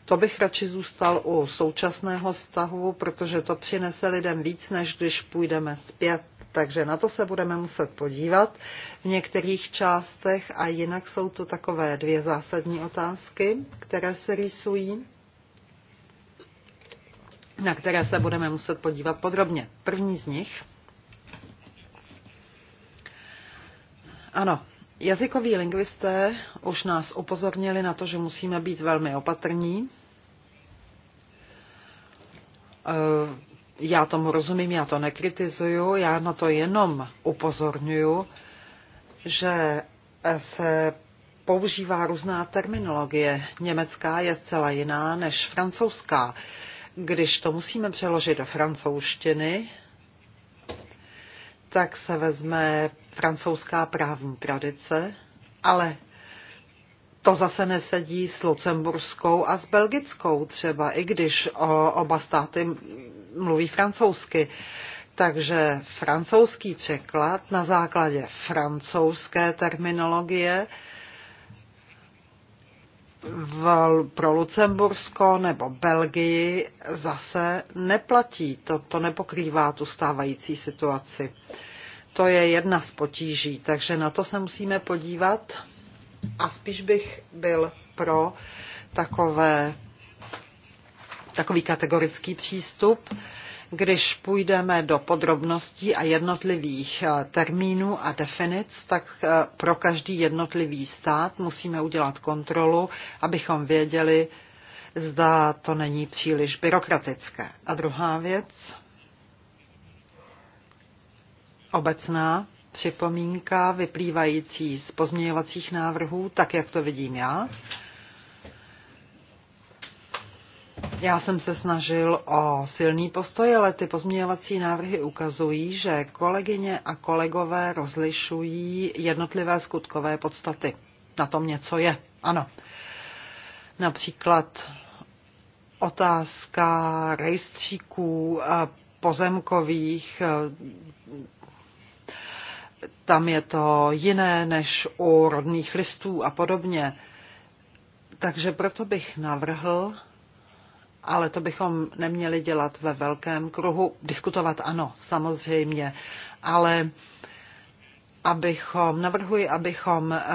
To bych radši zůstal u současného stavu, protože to přinese lidem víc, než když půjdeme zpět. Takže na to se budeme muset podívat v některých částech a jinak jsou to takové dvě zásadní otázky, které se rýsují na které se budeme muset podívat podrobně. První z nich Ano, jazykoví lingvisté už nás upozornili na to, že musíme být velmi opatrní. Eh, já tomu rozumím, já to nekritizuju, já na to jenom upozorňuju, že se používá různá terminologie. Německá je zcela jiná než francouzská. Když to musíme přeložit do francouzštiny, tak se vezme francouzská právní tradice, ale to zase nesedí s lucemburskou a s belgickou třeba, i když oba státy mluví francouzsky. Takže francouzský překlad na základě francouzské terminologie v, pro Lucembursko nebo Belgii zase neplatí. To, to nepokrývá tu stávající situaci. To je jedna z potíží, takže na to se musíme podívat a spíš bych byl pro takové, takový kategorický přístup. Uh, když půjdeme do podrobností a jednotlivých eh, termínů a definic, tak eh, pro každý jednotlivý stát musíme udělat kontrolu, abychom věděli, zda to není příliš byrokratické. A druhá věc, obecná připomínka vyplývající z pozměňovacích návrhů, tak jak to vidím já, Já jsem se snažil o silný postoj, ale ty pozměňovací návrhy ukazují, že kolegyně a kolegové rozlišují jednotlivé skutkové podstaty. Na tom něco je, ano. Například otázka rejstříků eh, pozemkových, eh, tam je to jiné než u rodných listů a podobně. Takže proto bych navrhl, ale to bychom neměli dělat ve velkém kruhu. Diskutovat ano, samozřejmě, ale abychom, navrhuji, abychom eh,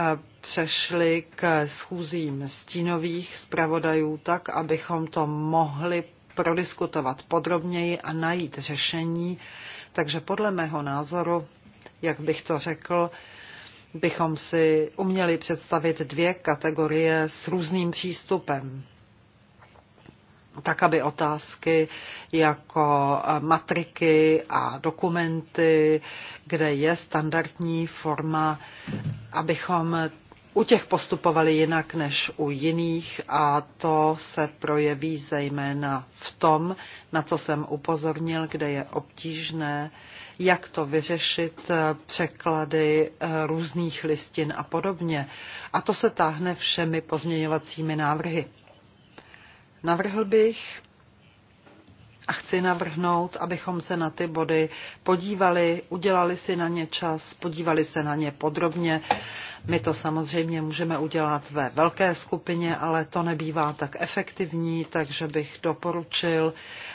přešli k schůzím stínových zpravodajů tak, abychom to mohli prodiskutovat podrobněji a najít řešení. Takže podle mého názoru, jak bych to řekl, bychom si uměli představit dvě kategorie s různým přístupem tak aby otázky jako eh, matriky a dokumenty, kde je standardní forma, abychom u těch postupovali jinak než u jiných a to se projeví zejména v tom, na co jsem upozornil, kde je obtížné, jak to vyřešit, eh, překlady eh, různých listin a podobně. A to se táhne všemi pozměňovacími návrhy. Navrhl bych a chci navrhnout, abychom se na ty body podívali, udělali si na ně čas, podívali se na ně podrobně. My to samozřejmě můžeme udělat ve velké skupině, ale to nebývá tak efektivní, takže bych doporučil,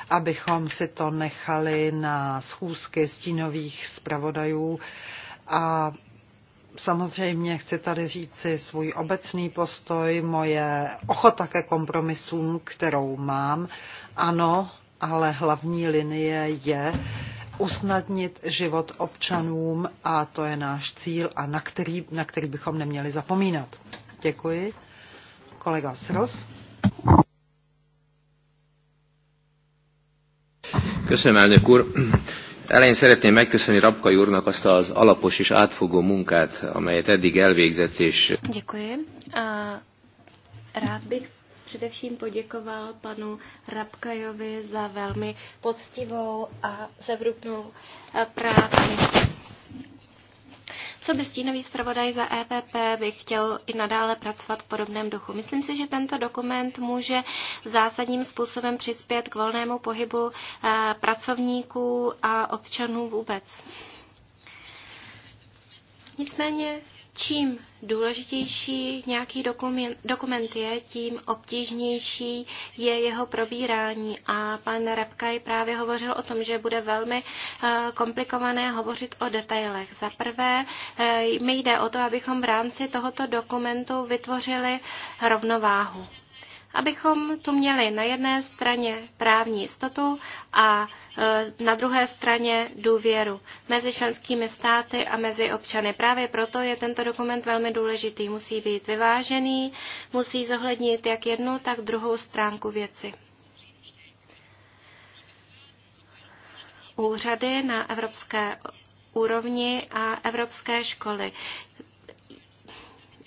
abychom si to nechali na schůzky stínových zpravodajů a Samozřejmě chci tady říci svůj obecný postoj, moje ochota ke kompromisům, kterou mám. Ano, ale hlavní linie je usnadnit život občanům a to je náš cíl a na který, na který bychom neměli zapomínat. Děkuji. Kolega Sros. Děkuji Elején szeretném megköszönni Rabkai úrnak azt az alapos és átfogó munkát, amelyet eddig elvégzett, és... Děkuji. A rád bych především poděkoval panu Rabkajovi za velmi poctivou a zevrubnou eh, práci co by stínový zpravodaj za EPP by chtěl i nadále pracovat v podobném duchu. Myslím si, že tento dokument může zásadním způsobem přispět k volnému pohybu eh, pracovníků a občanů vůbec. Nicméně čím důležitější nějaký dokument, dokument je, tím obtížnější je jeho probírání. A pan Repkaj právě hovořil o tom, že bude velmi eh, komplikované hovořit o detailech. Za prvé eh, mi jde o to, abychom v rámci tohoto dokumentu vytvořili rovnováhu abychom tu měli na jedné straně právní jistotu a e, na druhé straně důvěru mezi členskými státy a mezi občany. Právě proto je tento dokument velmi důležitý. Musí být vyvážený, musí zohlednit jak jednu, tak druhou stránku věci. Úřady na evropské úrovni a evropské školy.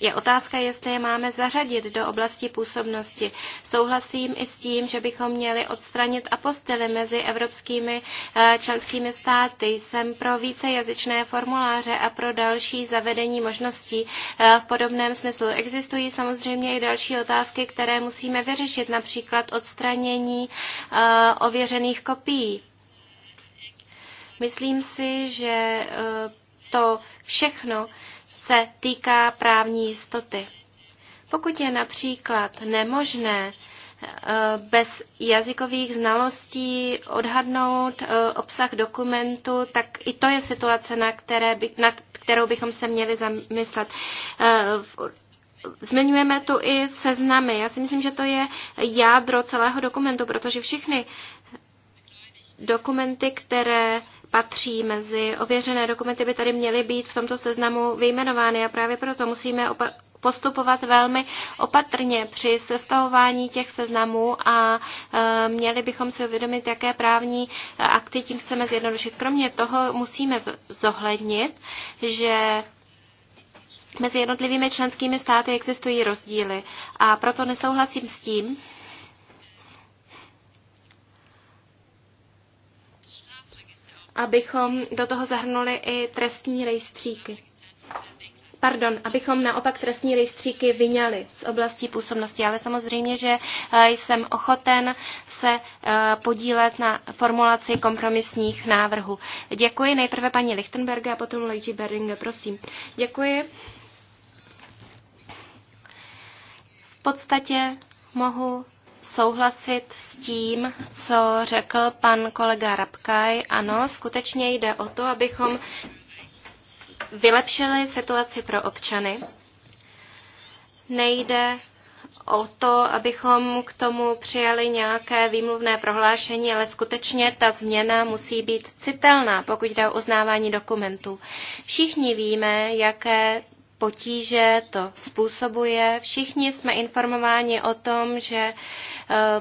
Je otázka, jestli je máme zařadit do oblasti působnosti. Souhlasím i s tím, že bychom měli odstranit apostily mezi evropskými eh, členskými státy. Jsem pro vícejazyčné formuláře a pro další zavedení možností eh, v podobném smyslu. Existují samozřejmě i další otázky, které musíme vyřešit, například odstranění eh, ověřených kopií. Myslím si, že to všechno, se týká právní jistoty. Pokud je například nemožné eh, bez jazykových znalostí odhadnout eh, obsah dokumentu, tak i to je situace, na, které by, na kterou bychom se měli zamyslet. Eh, zmiňujeme tu i seznamy. Já si myslím, že to je jádro celého dokumentu, protože všechny Dokumenty, které patří mezi ověřené dokumenty, by tady měly být v tomto seznamu vyjmenovány a právě proto musíme postupovat velmi opatrně při sestavování těch seznamů a e, měli bychom si uvědomit, jaké právní akty tím chceme zjednodušit. Kromě toho musíme zohlednit, že mezi jednotlivými členskými státy existují rozdíly a proto nesouhlasím s tím, abychom do toho zahrnuli i trestní rejstříky. Pardon, abychom naopak trestní rejstříky vyňali z oblasti působnosti, ale samozřejmě, že eh, jsem ochoten se eh, podílet na formulaci kompromisních návrhů. Děkuji nejprve paní Lichtenberga a potom Luigi Beringe, prosím. Děkuji. V podstatě mohu souhlasit s tím, co řekl pan kolega Rabkaj. Ano, skutečně jde o to, abychom vylepšili situaci pro občany. Nejde o to, abychom k tomu přijali nějaké výmluvné prohlášení, ale skutečně ta změna musí být citelná, pokud jde o uznávání dokumentů. Všichni víme, jaké potíže to způsobuje. Všichni jsme informováni o tom, že eh,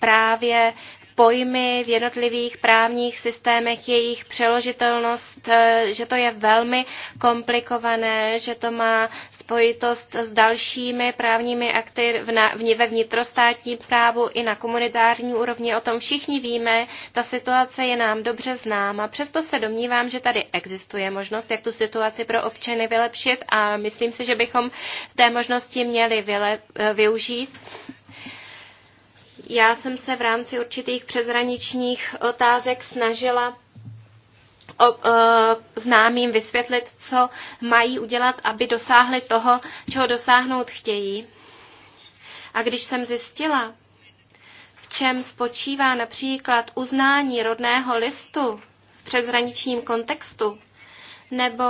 právě pojmy v jednotlivých právních systémech, jejich přeložitelnost, eh, že to je velmi komplikované, že to má spojitost s dalšími právními akty v ve vnitrostátním právu i na komunitární úrovni. O tom všichni víme, ta situace je nám dobře známa. Přesto se domnívám, že tady existuje možnost, jak tu situaci pro občany vylepšit a myslím si, že bychom té možnosti měli eh, využít. Já jsem se v rámci určitých přezraničních otázek snažila o, o, e, známým vysvětlit, co mají udělat, aby dosáhli toho, čeho dosáhnout chtějí. A když jsem zjistila, v čem spočívá například uznání rodného listu v přezraničním kontextu, nebo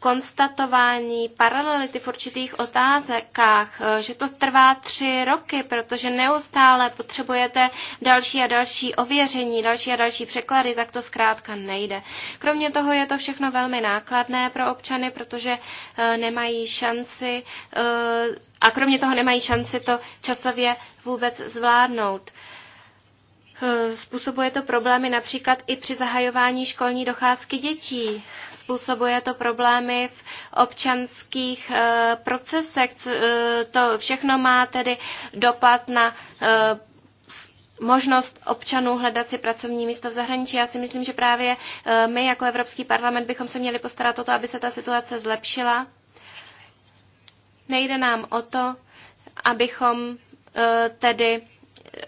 konstatování paralelity v určitých otázkách, eh, že to trvá tři roky, protože neustále potřebujete další a další ověření, další a další překlady, tak to zkrátka nejde. Kromě toho je to všechno velmi nákladné pro občany, protože eh, nemají šanci eh, a kromě toho nemají šanci to časově vůbec zvládnout. Eh, způsobuje to problémy například i při zahajování školní docházky dětí. Způsobuje to problémy v občanských eh, procesech. Eh, to všechno má tedy dopad na možnost občanů hledat si pracovní místo v zahraničí. Já si myslím, že právě my jako Evropský parlament bychom se měli postarat o to, aby se ta situace zlepšila. Nejde nám o to, abychom tedy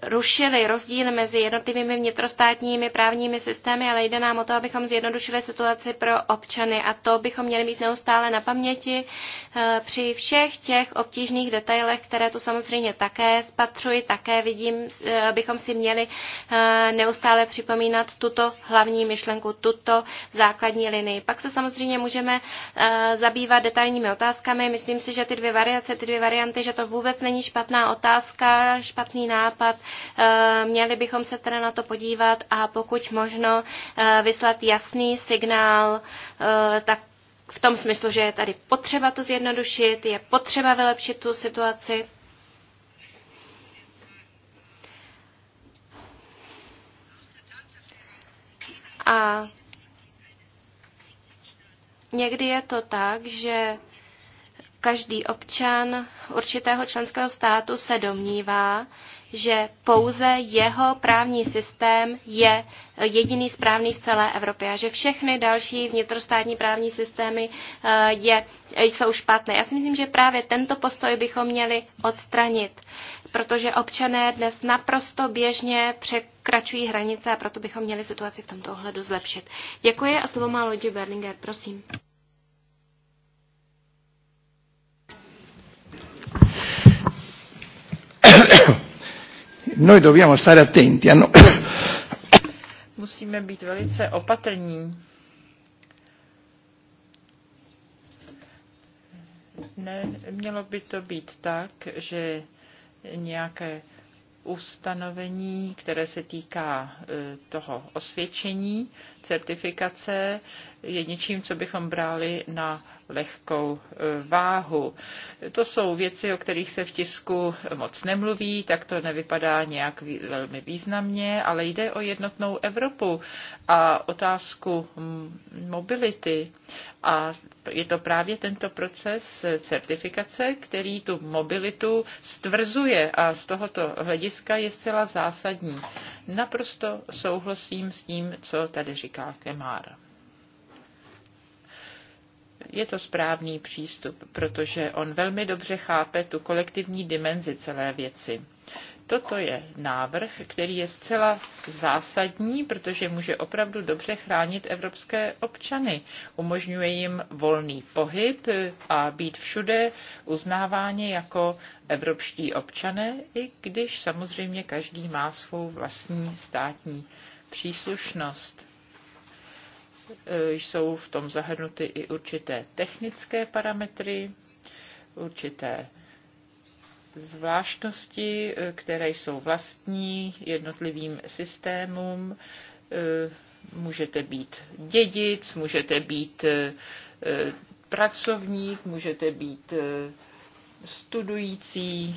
rušili rozdíl mezi jednotlivými vnitrostátními právními systémy, ale jde nám o to, abychom zjednodušili situaci pro občany a to bychom měli mít neustále na paměti eh, při všech těch obtížných detailech, které tu samozřejmě také spatřuji, také vidím, eh, abychom si měli eh, neustále připomínat tuto hlavní myšlenku, tuto základní linii. Pak se samozřejmě můžeme zabývat detailními otázkami. Myslím si, že ty dvě variace, ty dvě varianty, že to vůbec není špatná otázka, špatný nápad. Eh, měli bychom se teda na to podívat a pokud možno eh, vyslat jasný signál, eh, tak v tom smyslu, že je tady potřeba to zjednodušit, je potřeba vylepšit tu situaci. A někdy je to tak, že každý občan určitého členského státu se domnívá, že pouze jeho právní systém je jediný správný v celé Evropě a že všechny další vnitrostátní právní systémy eh, je, jsou špatné. Já si myslím, že právě tento postoj bychom měli odstranit, protože občané dnes naprosto běžně překračují hranice a proto bychom měli situaci v tomto ohledu zlepšit. Děkuji a slovo má Luigi Berlinger, prosím. noi dobbiamo stare attenti a no- Musíme být velice opatrní. Ne, mělo by to být tak, že nějaké ustanovení, které se týká e, toho osvědčení, certifikace, je něčím, co bychom brali na lehkou eh, váhu. To jsou věci, o kterých se v tisku moc nemluví, tak to nevypadá nějak velmi významně, ale jde o jednotnou Evropu a otázku mobility. A je to právě tento proces certifikace, který tu mobilitu stvrzuje a z tohoto hlediska je zcela zásadní. Naprosto souhlasím s tím, co tady říká Kemára je to správný přístup, protože on velmi dobře chápe tu kolektivní dimenzi celé věci. Toto je návrh, který je zcela zásadní, protože může opravdu dobře chránit evropské občany. Umožňuje jim volný pohyb a být všude uznáváni jako evropští občané, i když samozřejmě každý má svou vlastní státní příslušnost. Eh, jsou v tom zahrnuty i určité technické parametry, určité zvláštnosti, eh, které jsou vlastní jednotlivým systémům. Eh, můžete být dědic, můžete být pracovník, můžete být studující,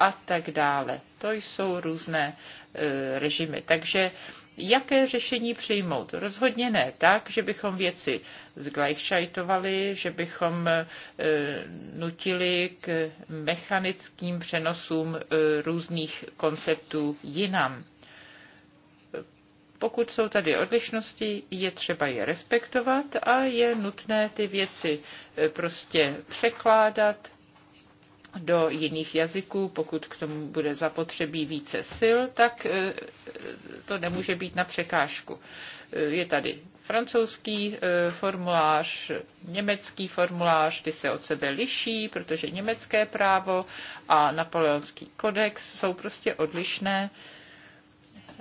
a tak dále. To jsou různé e, režimy. Takže jaké řešení přijmout? Rozhodně ne tak, že bychom věci zglajšajtovali, že bychom e, nutili k mechanickým přenosům e, různých konceptů jinam. Pokud jsou tady odlišnosti, je třeba je respektovat a je nutné ty věci e, prostě překládat, do jiných jazyků, pokud k tomu bude zapotřebí více sil, tak eh, to nemůže být na překážku. Eh, je tady francouzský eh, formulář, německý formulář, ty se od sebe liší, protože německé právo a napoleonský kodex jsou prostě odlišné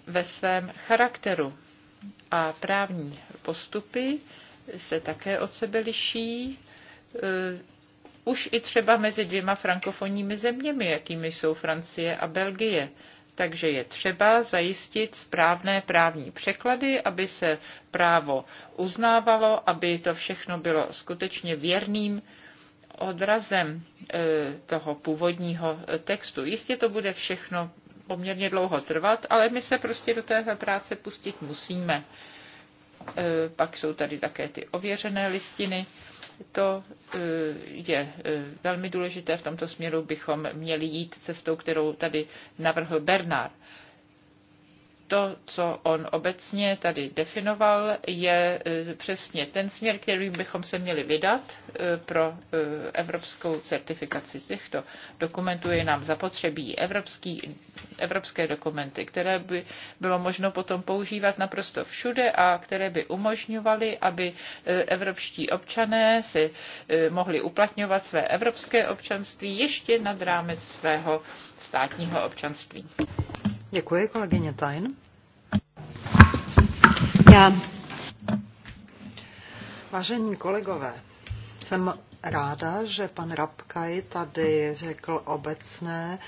ve svém charakteru. A právní postupy se také od sebe liší už i třeba mezi dvěma frankofonními zeměmi, jakými jsou Francie a Belgie. Takže je třeba zajistit správné právní překlady, aby se právo uznávalo, aby to všechno bylo skutečně věrným odrazem e, toho původního textu. Jistě to bude všechno poměrně dlouho trvat, ale my se prostě do téhle práce pustit musíme. E, pak jsou tady také ty ověřené listiny to eh, je eh, velmi důležité. V tomto směru bychom měli jít cestou, kterou tady navrhl Bernard to, co on obecně tady definoval, je e, přesně ten směr, kterým bychom se měli vydat e, pro e, evropskou certifikaci těchto dokumentů. Je nám zapotřebí evropský, evropské dokumenty, které by bylo možno potom používat naprosto všude a které by umožňovaly, aby evropští občané si mohli uplatňovat své evropské občanství ještě nad rámec svého státního občanství. Děkuji, kolegyně Tajn. Já. Vážení kolegové, jsem ráda, že pan Rabkaj tady řekl obecné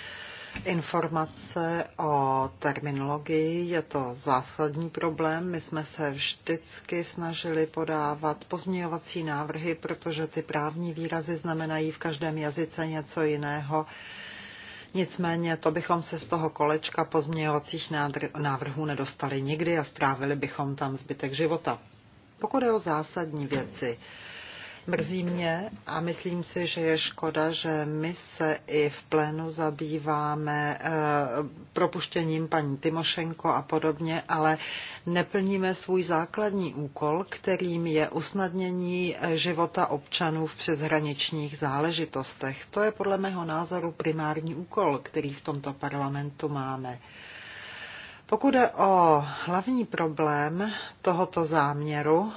informace o terminologii. Je to zásadní problém. My jsme se vždycky snažili podávat pozměňovací návrhy, protože ty právní výrazy znamenají v každém jazyce něco jiného. Nicméně to bychom se z toho kolečka pozměňovacích návrhů nedostali nikdy a strávili bychom tam zbytek života. Pokud je o zásadní věci, Mrzí mě a myslím si, že je škoda, že my se i v plénu zabýváme eh, propuštěním paní Timošenko a podobně, ale neplníme svůj základní úkol, kterým je usnadnění eh, života občanů v přeshraničních záležitostech. To je podle mého názoru primární úkol, který v tomto parlamentu máme. Pokud je o hlavní problém tohoto záměru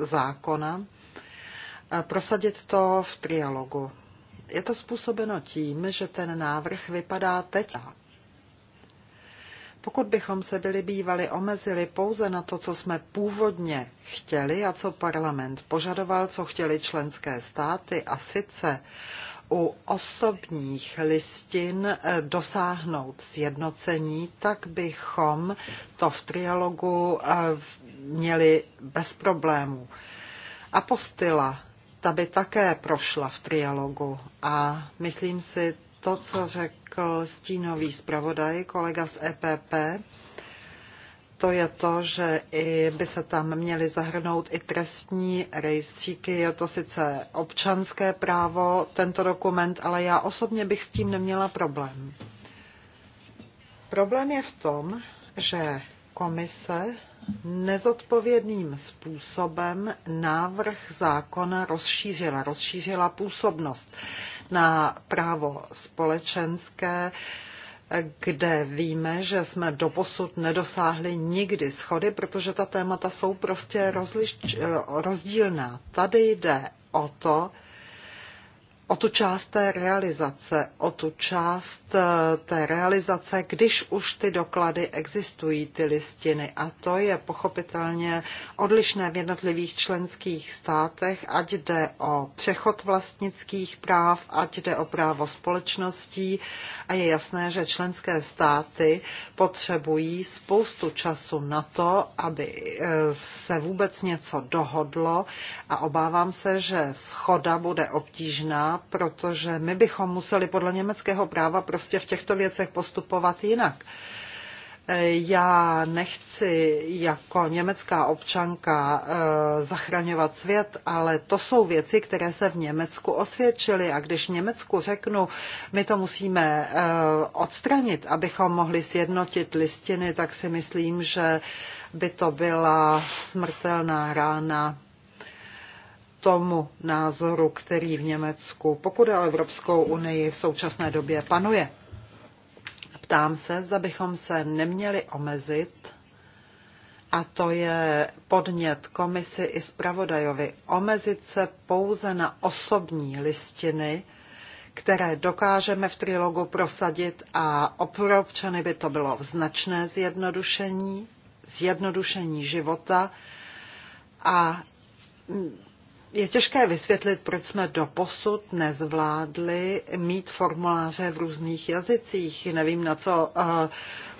eh, zákona, prosadit to v trialogu. Je to způsobeno tím, že ten návrh vypadá teď. Pokud bychom se byli bývali omezili pouze na to, co jsme původně chtěli a co parlament požadoval, co chtěli členské státy, a sice u osobních listin eh, dosáhnout sjednocení, tak bychom to v trialogu eh, měli bez problémů. Apostila ta by také prošla v trialogu. A myslím si, to, co řekl stínový zpravodaj, kolega z EPP, to je to, že i by se tam měly zahrnout i trestní rejstříky. Je to sice občanské právo, tento dokument, ale já osobně bych s tím neměla problém. Problém je v tom, že komise nezodpovědným způsobem návrh zákona rozšířila. Rozšířila působnost na právo společenské, kde víme, že jsme doposud nedosáhli nikdy schody, protože ta témata jsou prostě rozliš- rozdílná. Tady jde o to, o tu část té realizace, o tu část eh, té realizace, když už ty doklady existují, ty listiny. A to je pochopitelně odlišné v jednotlivých členských státech, ať jde o přechod vlastnických práv, ať jde o právo společností. A je jasné, že členské státy potřebují spoustu času na to, aby eh, se vůbec něco dohodlo a obávám se, že schoda bude obtížná, protože my bychom museli podle německého práva prostě v těchto věcech postupovat jinak. Já nechci jako německá občanka eh, zachraňovat svět, ale to jsou věci, které se v Německu osvědčily. A když v Německu řeknu, my to musíme eh, odstranit, abychom mohli sjednotit listiny, tak si myslím, že by to byla smrtelná rána tomu názoru, který v Německu, pokud je o Evropskou unii, v současné době panuje. Ptám se, zda bychom se neměli omezit, a to je podnět komisi i zpravodajovi, omezit se pouze na osobní listiny, které dokážeme v trilogu prosadit a pro občany by to bylo značné zjednodušení, zjednodušení života a je těžké vysvětlit, proč jsme doposud nezvládli mít formuláře v různých jazycích. Nevím, na co eh,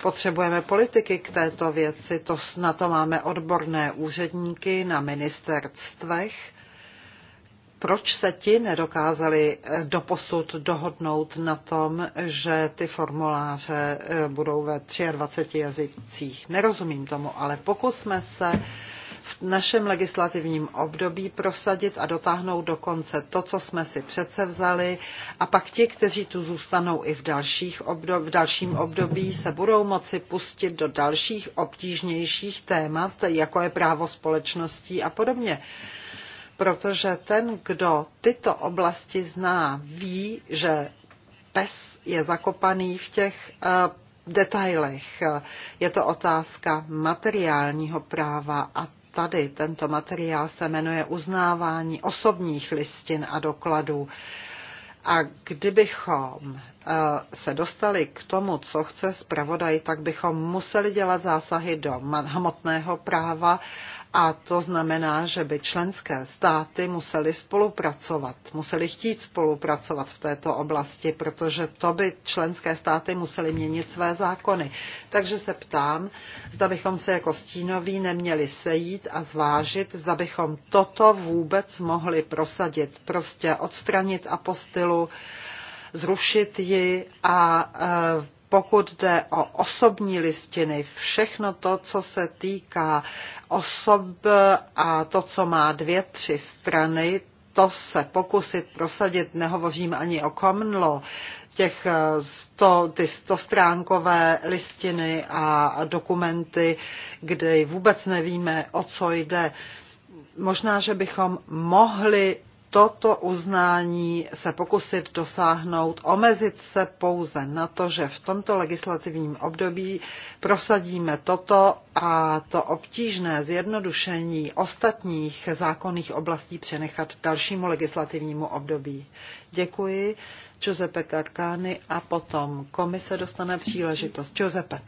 potřebujeme politiky k této věci. To, na to máme odborné úředníky na ministerstvech. Proč se ti nedokázali eh, doposud dohodnout na tom, že ty formuláře eh, budou ve 23 jazycích? Nerozumím tomu, ale pokusme se v našem legislativním období prosadit a dotáhnout do konce to, co jsme si přece vzali a pak ti, kteří tu zůstanou i v, dalších období, v dalším období, se budou moci pustit do dalších obtížnějších témat, jako je právo společností a podobně protože ten, kdo tyto oblasti zná, ví, že pes je zakopaný v těch eh, detailech. Je to otázka materiálního práva a tady. Tento materiál se jmenuje Uznávání osobních listin a dokladů. A kdybychom eh, se dostali k tomu, co chce zpravodaj, tak bychom museli dělat zásahy do hmotného práva a to znamená, že by členské státy musely spolupracovat, musely chtít spolupracovat v této oblasti, protože to by členské státy musely měnit své zákony. Takže se ptám, zda bychom se jako stínoví neměli sejít a zvážit, zda bychom toto vůbec mohli prosadit, prostě odstranit apostilu, zrušit ji a eh, pokud jde o osobní listiny, všechno to, co se týká osob a to, co má dvě, tři strany, to se pokusit prosadit, nehovořím ani o common law, těch eh, sto, ty stostránkové listiny a dokumenty, kde vůbec nevíme, o co jde. Možná, že bychom mohli toto uznání se pokusit dosáhnout, omezit se pouze na to, že v tomto legislativním období prosadíme toto a to obtížné zjednodušení ostatních zákonných oblastí přenechat dalšímu legislativnímu období. Děkuji. Giuseppe Karkány a potom komise dostane příležitost. Giuseppe.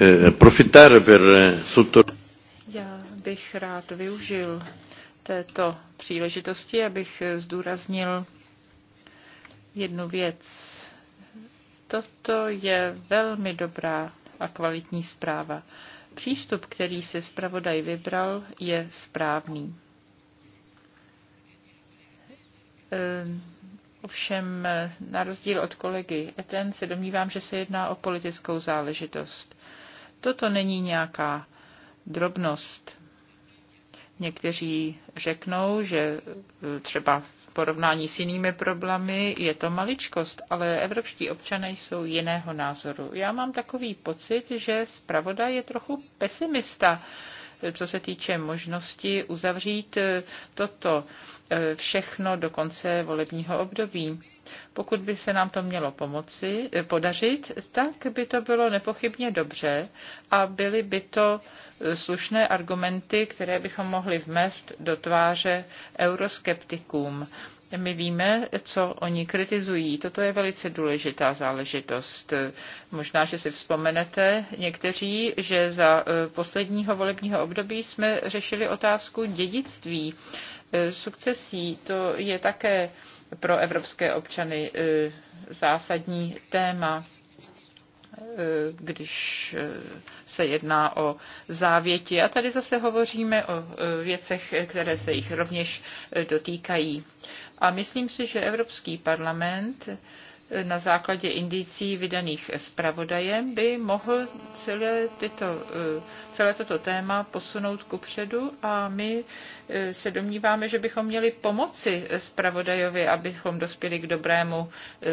Eh, eh, Já bych rád využil této příležitosti, abych zdůraznil jednu věc. Toto je velmi dobrá a kvalitní zpráva. Přístup, který si zpravodaj vybral, je správný. Ehm, ovšem, na rozdíl od kolegy Eten, se domnívám, že se jedná o politickou záležitost. Toto není nějaká drobnost. Někteří řeknou, že e, třeba v porovnání s jinými problémy je to maličkost, ale evropští občané jsou jiného názoru. Já mám takový pocit, že zpravoda je trochu pesimista e, co se týče možnosti uzavřít e, toto všechno do konce volebního období. Pokud by se nám to mělo pomoci, eh, podařit, tak by to bylo nepochybně dobře a byly by to eh, slušné argumenty, které bychom mohli vmést do tváře euroskeptikům. My víme, co oni kritizují. Toto je velice důležitá záležitost. Možná, že si vzpomenete někteří, že za eh, posledního volebního období jsme řešili otázku dědictví Eh, sukcesí. To je také pro evropské občany eh, zásadní téma eh, když se jedná o závěti. A tady zase hovoříme o věcech, které se jich rovněž dotýkají. A myslím si, že Evropský parlament na základě indicí vydaných zpravodajem by mohl celé, tyto, eh, celé toto téma posunout ku předu a my eh, se domníváme, že bychom měli pomoci zpravodajovi, abychom dospěli k dobrému eh,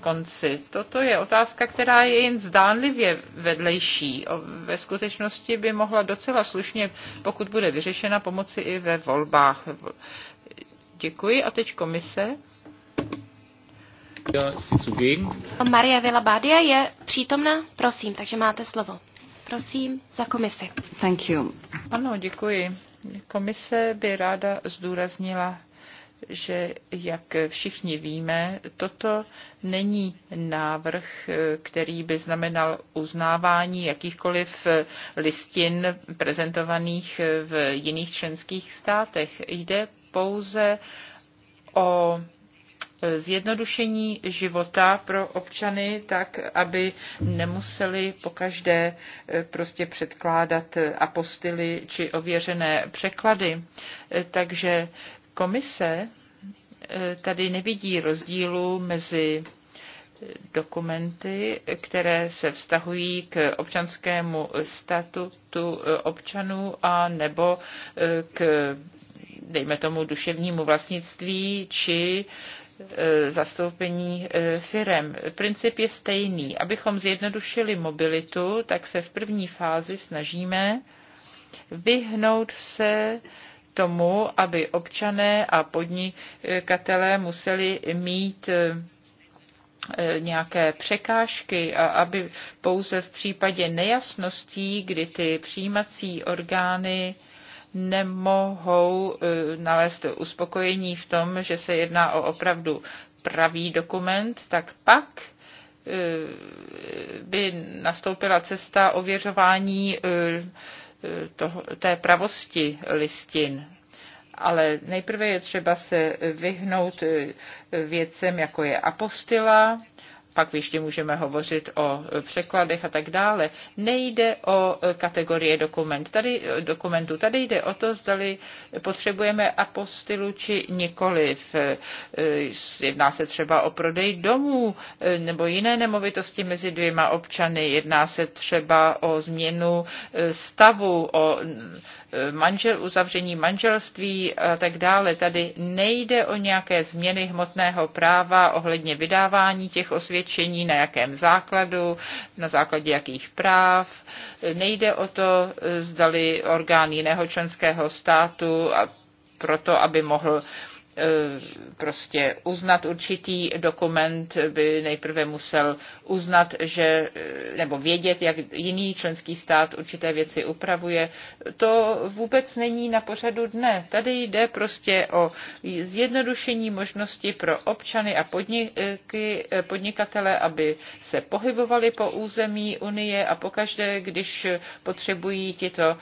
konci. Toto je otázka, která je jen zdánlivě vedlejší. Ve skutečnosti by mohla docela slušně, pokud bude vyřešena, pomoci i ve volbách. Děkuji a teď komise. Maria Vilabádia je přítomna? Prosím, takže máte slovo. Prosím, za komisi. Thank you. Ano, děkuji. Komise by ráda zdůraznila že, jak všichni víme, toto není návrh, který by znamenal uznávání jakýchkoliv listin prezentovaných v jiných členských státech. Jde pouze o zjednodušení života pro občany tak, aby nemuseli pokaždé eh, prostě předkládat eh, apostily či ověřené překlady. Eh, takže komise tady nevidí rozdílu mezi dokumenty, které se vztahují k občanskému statutu občanů a nebo k, dejme tomu, duševnímu vlastnictví či E, zastoupení e, firem. Princip je stejný. Abychom zjednodušili mobilitu, tak se v první fázi snažíme vyhnout se tomu, aby občané a podnikatelé museli mít e, nějaké překážky a aby pouze v případě nejasností, kdy ty přijímací orgány nemohou eh, nalézt uspokojení v tom, že se jedná o opravdu pravý dokument, tak pak eh, by nastoupila cesta ověřování eh, toho, té pravosti listin. Ale nejprve je třeba se vyhnout věcem, jako je apostila, pak ještě můžeme hovořit o e, překladech a tak dále. Nejde o e, kategorie dokument. Tady, e, dokumentů. Tady jde o to, zdali potřebujeme apostilu či nikoliv. Jedná se třeba o prodej domů nebo jiné nemovitosti mezi dvěma občany. Jedná se třeba o změnu stavu, o manžel, uzavření manželství a tak dále. Tady nejde o nějaké změny hmotného práva ohledně vydávání těch osvědčení přesvědčení, na jakém základu, na základě jakých práv. Nejde o to, zdali orgán jiného členského státu a proto, aby mohl Eh, prostě uznat určitý dokument, by nejprve musel uznat, že, eh, nebo vědět, jak jiný členský stát určité věci upravuje. To vůbec není na pořadu dne. Tady jde prostě o zjednodušení možnosti pro občany a podniky, eh, podnikatele, aby se pohybovali po území Unie a pokaždé, když potřebují tyto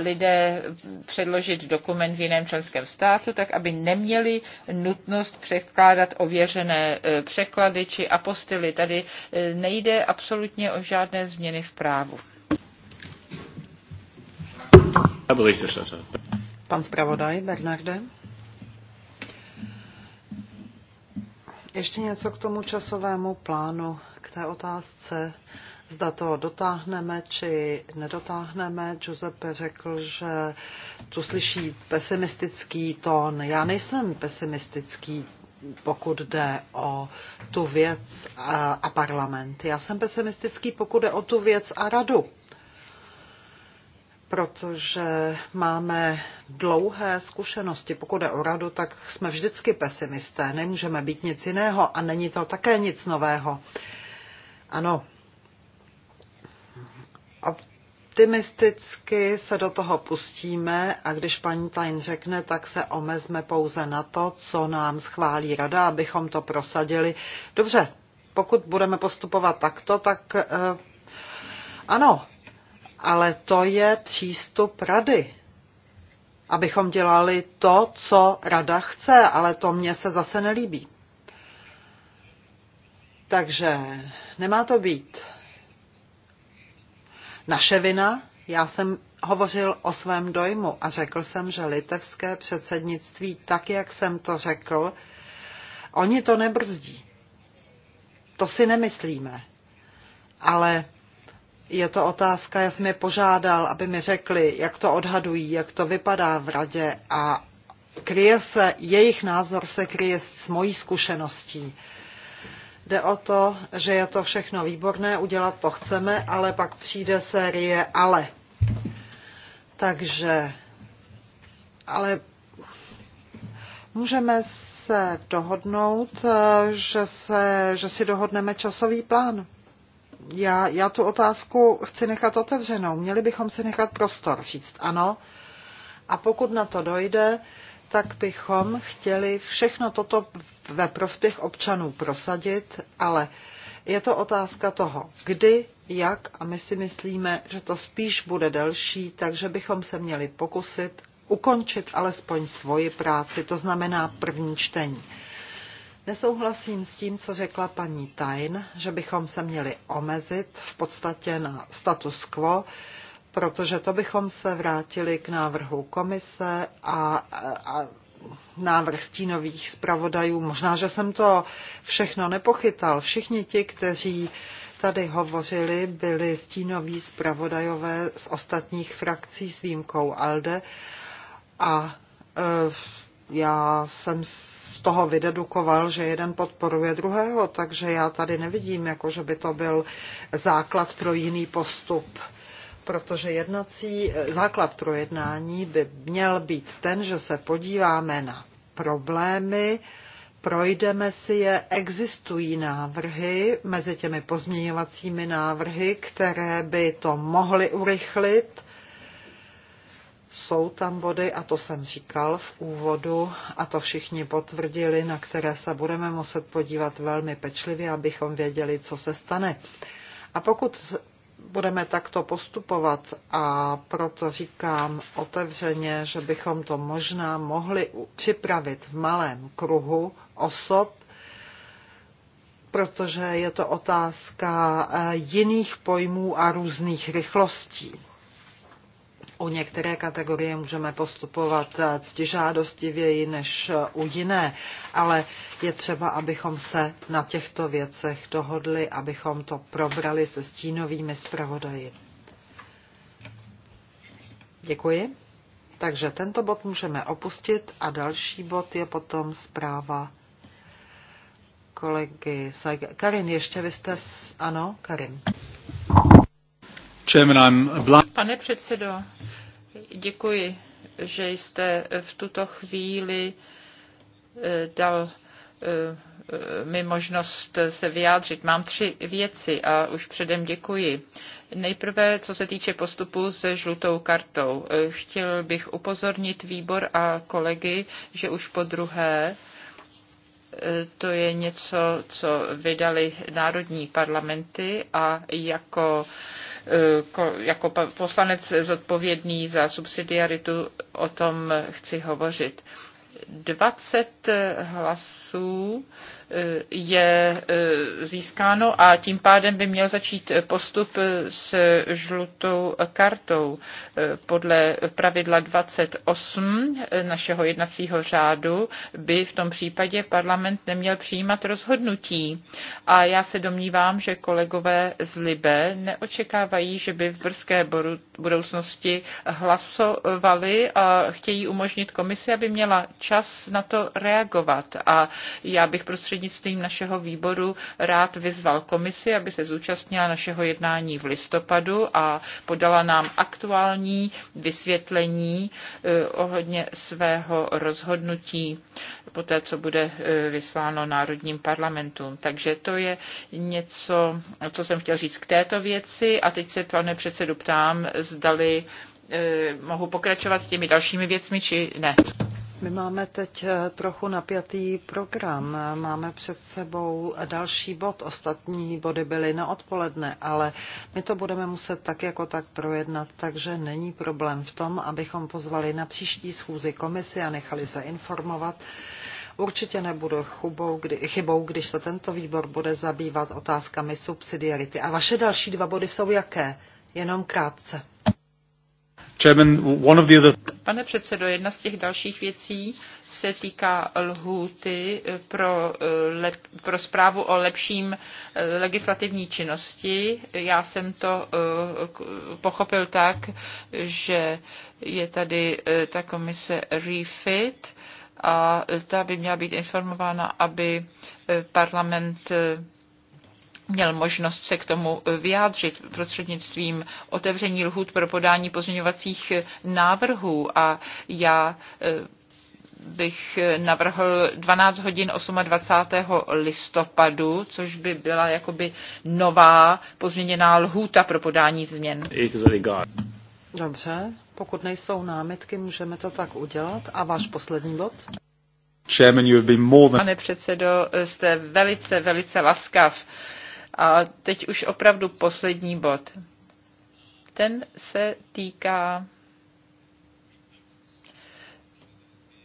lidé předložit dokument v jiném členském státu, tak aby by neměli nutnost předkládat ověřené e, překlady či apostily. Tady e, nejde absolutně o žádné změny v právu. Pan zpravodaj Bernarde. Ještě něco k tomu časovému plánu, k té otázce zda to dotáhneme či nedotáhneme. Giuseppe řekl, že tu slyší pesimistický tón. Já nejsem pesimistický pokud jde o tu věc a parlament. Já jsem pesimistický, pokud jde o tu věc a radu protože máme dlouhé zkušenosti. Pokud je o radu, tak jsme vždycky pesimisté. Nemůžeme být nic jiného a není to také nic nového. Ano, optimisticky se do toho pustíme a když paní Tajn řekne, tak se omezme pouze na to, co nám schválí rada, abychom to prosadili. Dobře, pokud budeme postupovat takto, tak eh, ano, ale to je přístup rady abychom dělali to, co rada chce, ale to mně se zase nelíbí. Takže nemá to být naše vina. Já jsem hovořil o svém dojmu a řekl jsem, že litevské předsednictví, tak jak jsem to řekl, oni to nebrzdí. To si nemyslíme. Ale je to otázka, já jsem je požádal, aby mi řekli, jak to odhadují, jak to vypadá v radě a kryje se, jejich názor se kryje s mojí zkušeností. Jde o to, že je to všechno výborné, udělat to chceme, ale pak přijde série ale. Takže, ale můžeme se dohodnout, eh, že, se, že si dohodneme časový plán. Já, já tu otázku chci nechat otevřenou. Měli bychom si nechat prostor říct ano. A pokud na to dojde, tak bychom chtěli všechno toto ve prospěch občanů prosadit, ale je to otázka toho, kdy, jak a my si myslíme, že to spíš bude delší, takže bychom se měli pokusit ukončit alespoň svoji práci, to znamená první čtení. Nesouhlasím s tím, co řekla paní Tain, že bychom se měli omezit v podstatě na status quo protože to bychom se vrátili k návrhu komise a, a návrh stínových zpravodajů. Možná, že jsem to všechno nepochytal. Všichni ti, kteří tady hovořili, byli stínoví zpravodajové z ostatních frakcí s výjimkou ALDE a e, já jsem z toho vydedukoval, že jeden podporuje druhého, takže já tady nevidím, jako že by to byl základ pro jiný postup protože jednací eh, základ pro jednání by měl být ten, že se podíváme na problémy, projdeme si je, existují návrhy mezi těmi pozměňovacími návrhy, které by to mohly urychlit. Jsou tam body, a to jsem říkal v úvodu, a to všichni potvrdili, na které se budeme muset podívat velmi pečlivě, abychom věděli, co se stane. A pokud budeme takto postupovat a proto říkám otevřeně, že bychom to možná mohli připravit v malém kruhu osob, protože je to otázka eh, jiných pojmů a různých rychlostí u některé kategorie můžeme postupovat ctižádostivěji než u jiné, ale je třeba, abychom se na těchto věcech dohodli, abychom to probrali se stínovými zpravodaji. Děkuji. Takže tento bod můžeme opustit a další bod je potom zpráva kolegy Karin, ještě vy jste... S... Ano, Karin. Chairman, I'm Pane předsedo, děkuji, že jste v tuto chvíli eh, dal eh, mi možnost se vyjádřit. Mám tři věci a už předem děkuji. Nejprve, co se týče postupu se žlutou kartou. Eh, chtěl bych upozornit výbor a kolegy, že už po druhé to je něco, co vydali národní parlamenty a jako jako poslanec zodpovědný za subsidiaritu o tom chci hovořit. 20 hlasů je eh, získáno a tím pádem by měl začít postup s žlutou kartou. Eh, podle pravidla 28 eh, našeho jednacího řádu by v tom případě parlament neměl přijímat rozhodnutí. A já se domnívám, že kolegové z Libe neočekávají, že by v brzké budoucnosti hlasovali a chtějí umožnit komisi, aby měla čas na to reagovat. A já bych prostřednictvím prostřednictvím našeho výboru rád vyzval komisi, aby se zúčastnila našeho jednání v listopadu a podala nám aktuální vysvětlení eh, ohledně svého rozhodnutí po té, co bude eh, vysláno národním parlamentům. Takže to je něco, co jsem chtěl říct k této věci a teď se, pane předsedu, ptám, zdali eh, mohu pokračovat s těmi dalšími věcmi, či ne. My máme teď eh, trochu napjatý program. Máme před sebou další bod. Ostatní body byly na odpoledne, ale my to budeme muset tak jako tak projednat, takže není problém v tom, abychom pozvali na příští schůzi komisi a nechali se informovat. Určitě nebudu chybou, kdy, chybou, když se tento výbor bude zabývat otázkami subsidiarity. A vaše další dva body jsou jaké? Jenom krátce. Pane předsedo, jedna z těch dalších věcí se týká lhůty pro, eh, lep, pro zprávu o lepším eh, legislativní činnosti. Já jsem to eh, pochopil tak, že je tady ta komise REFIT a ta by měla být informována, aby parlament měl možnost se k tomu eh, vyjádřit prostřednictvím otevření lhůt pro podání pozměňovacích eh, návrhů a já eh, bych navrhl 12 hodin 28. listopadu, což by byla jakoby nová pozměněná lhůta pro podání změn. Dobře, pokud nejsou námitky, můžeme to tak udělat. A váš poslední bod? Chairman, you have been more than... Pane předsedo, jste velice, velice laskav. A teď už opravdu poslední bod. Ten se týká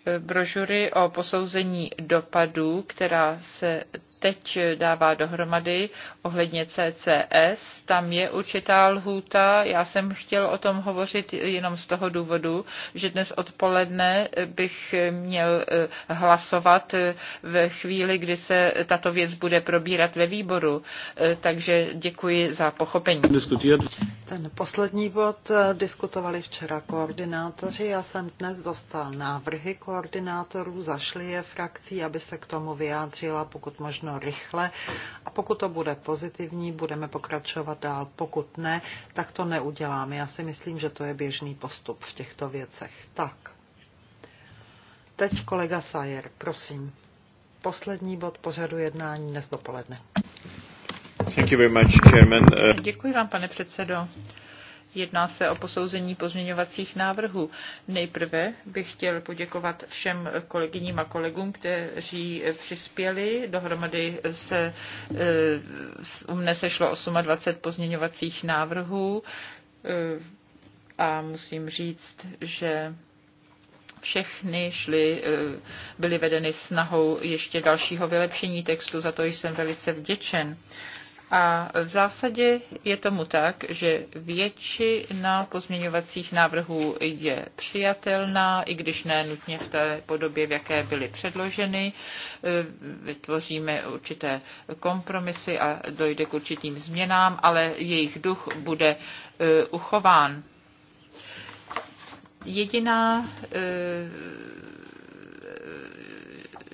eh, brožury o posouzení dopadů, která se teď dává dohromady ohledně CCS. Tam je určitá lhůta. Já jsem chtěl o tom hovořit jenom z toho důvodu, že dnes odpoledne bych měl eh, hlasovat eh, ve chvíli, kdy se tato věc bude probírat ve výboru. Eh, takže děkuji za pochopení. Ten poslední bod diskutovali včera koordinátoři. Já jsem dnes dostal návrhy koordinátorů, zašli je frakcí, aby se k tomu vyjádřila, pokud možno všechno rychle a pokud to bude pozitivní, budeme pokračovat dál. Pokud ne, tak to neuděláme. Já si myslím, že to je běžný postup v těchto věcech. Tak. Teď kolega Sajer, prosím. Poslední bod pořadu jednání dnes dopoledne. Thank you very much, chairman. Děkuji vám, pane předsedo. Jedná se o posouzení pozměňovacích návrhů. Nejprve bych chtěl poděkovat všem kolegyním a kolegům, kteří přispěli. Dohromady se eh, u mne sešlo 28 pozměňovacích návrhů eh, a musím říct, že všechny šly, eh, byly vedeny snahou ještě dalšího vylepšení textu, za to jsem velice vděčen. A v zásadě je tomu tak, že většina pozměňovacích návrhů je přijatelná, i když ne nutně v té podobě, v jaké byly předloženy. E, vytvoříme určité kompromisy a dojde k určitým změnám, ale jejich duch bude e, uchován. Jediná e,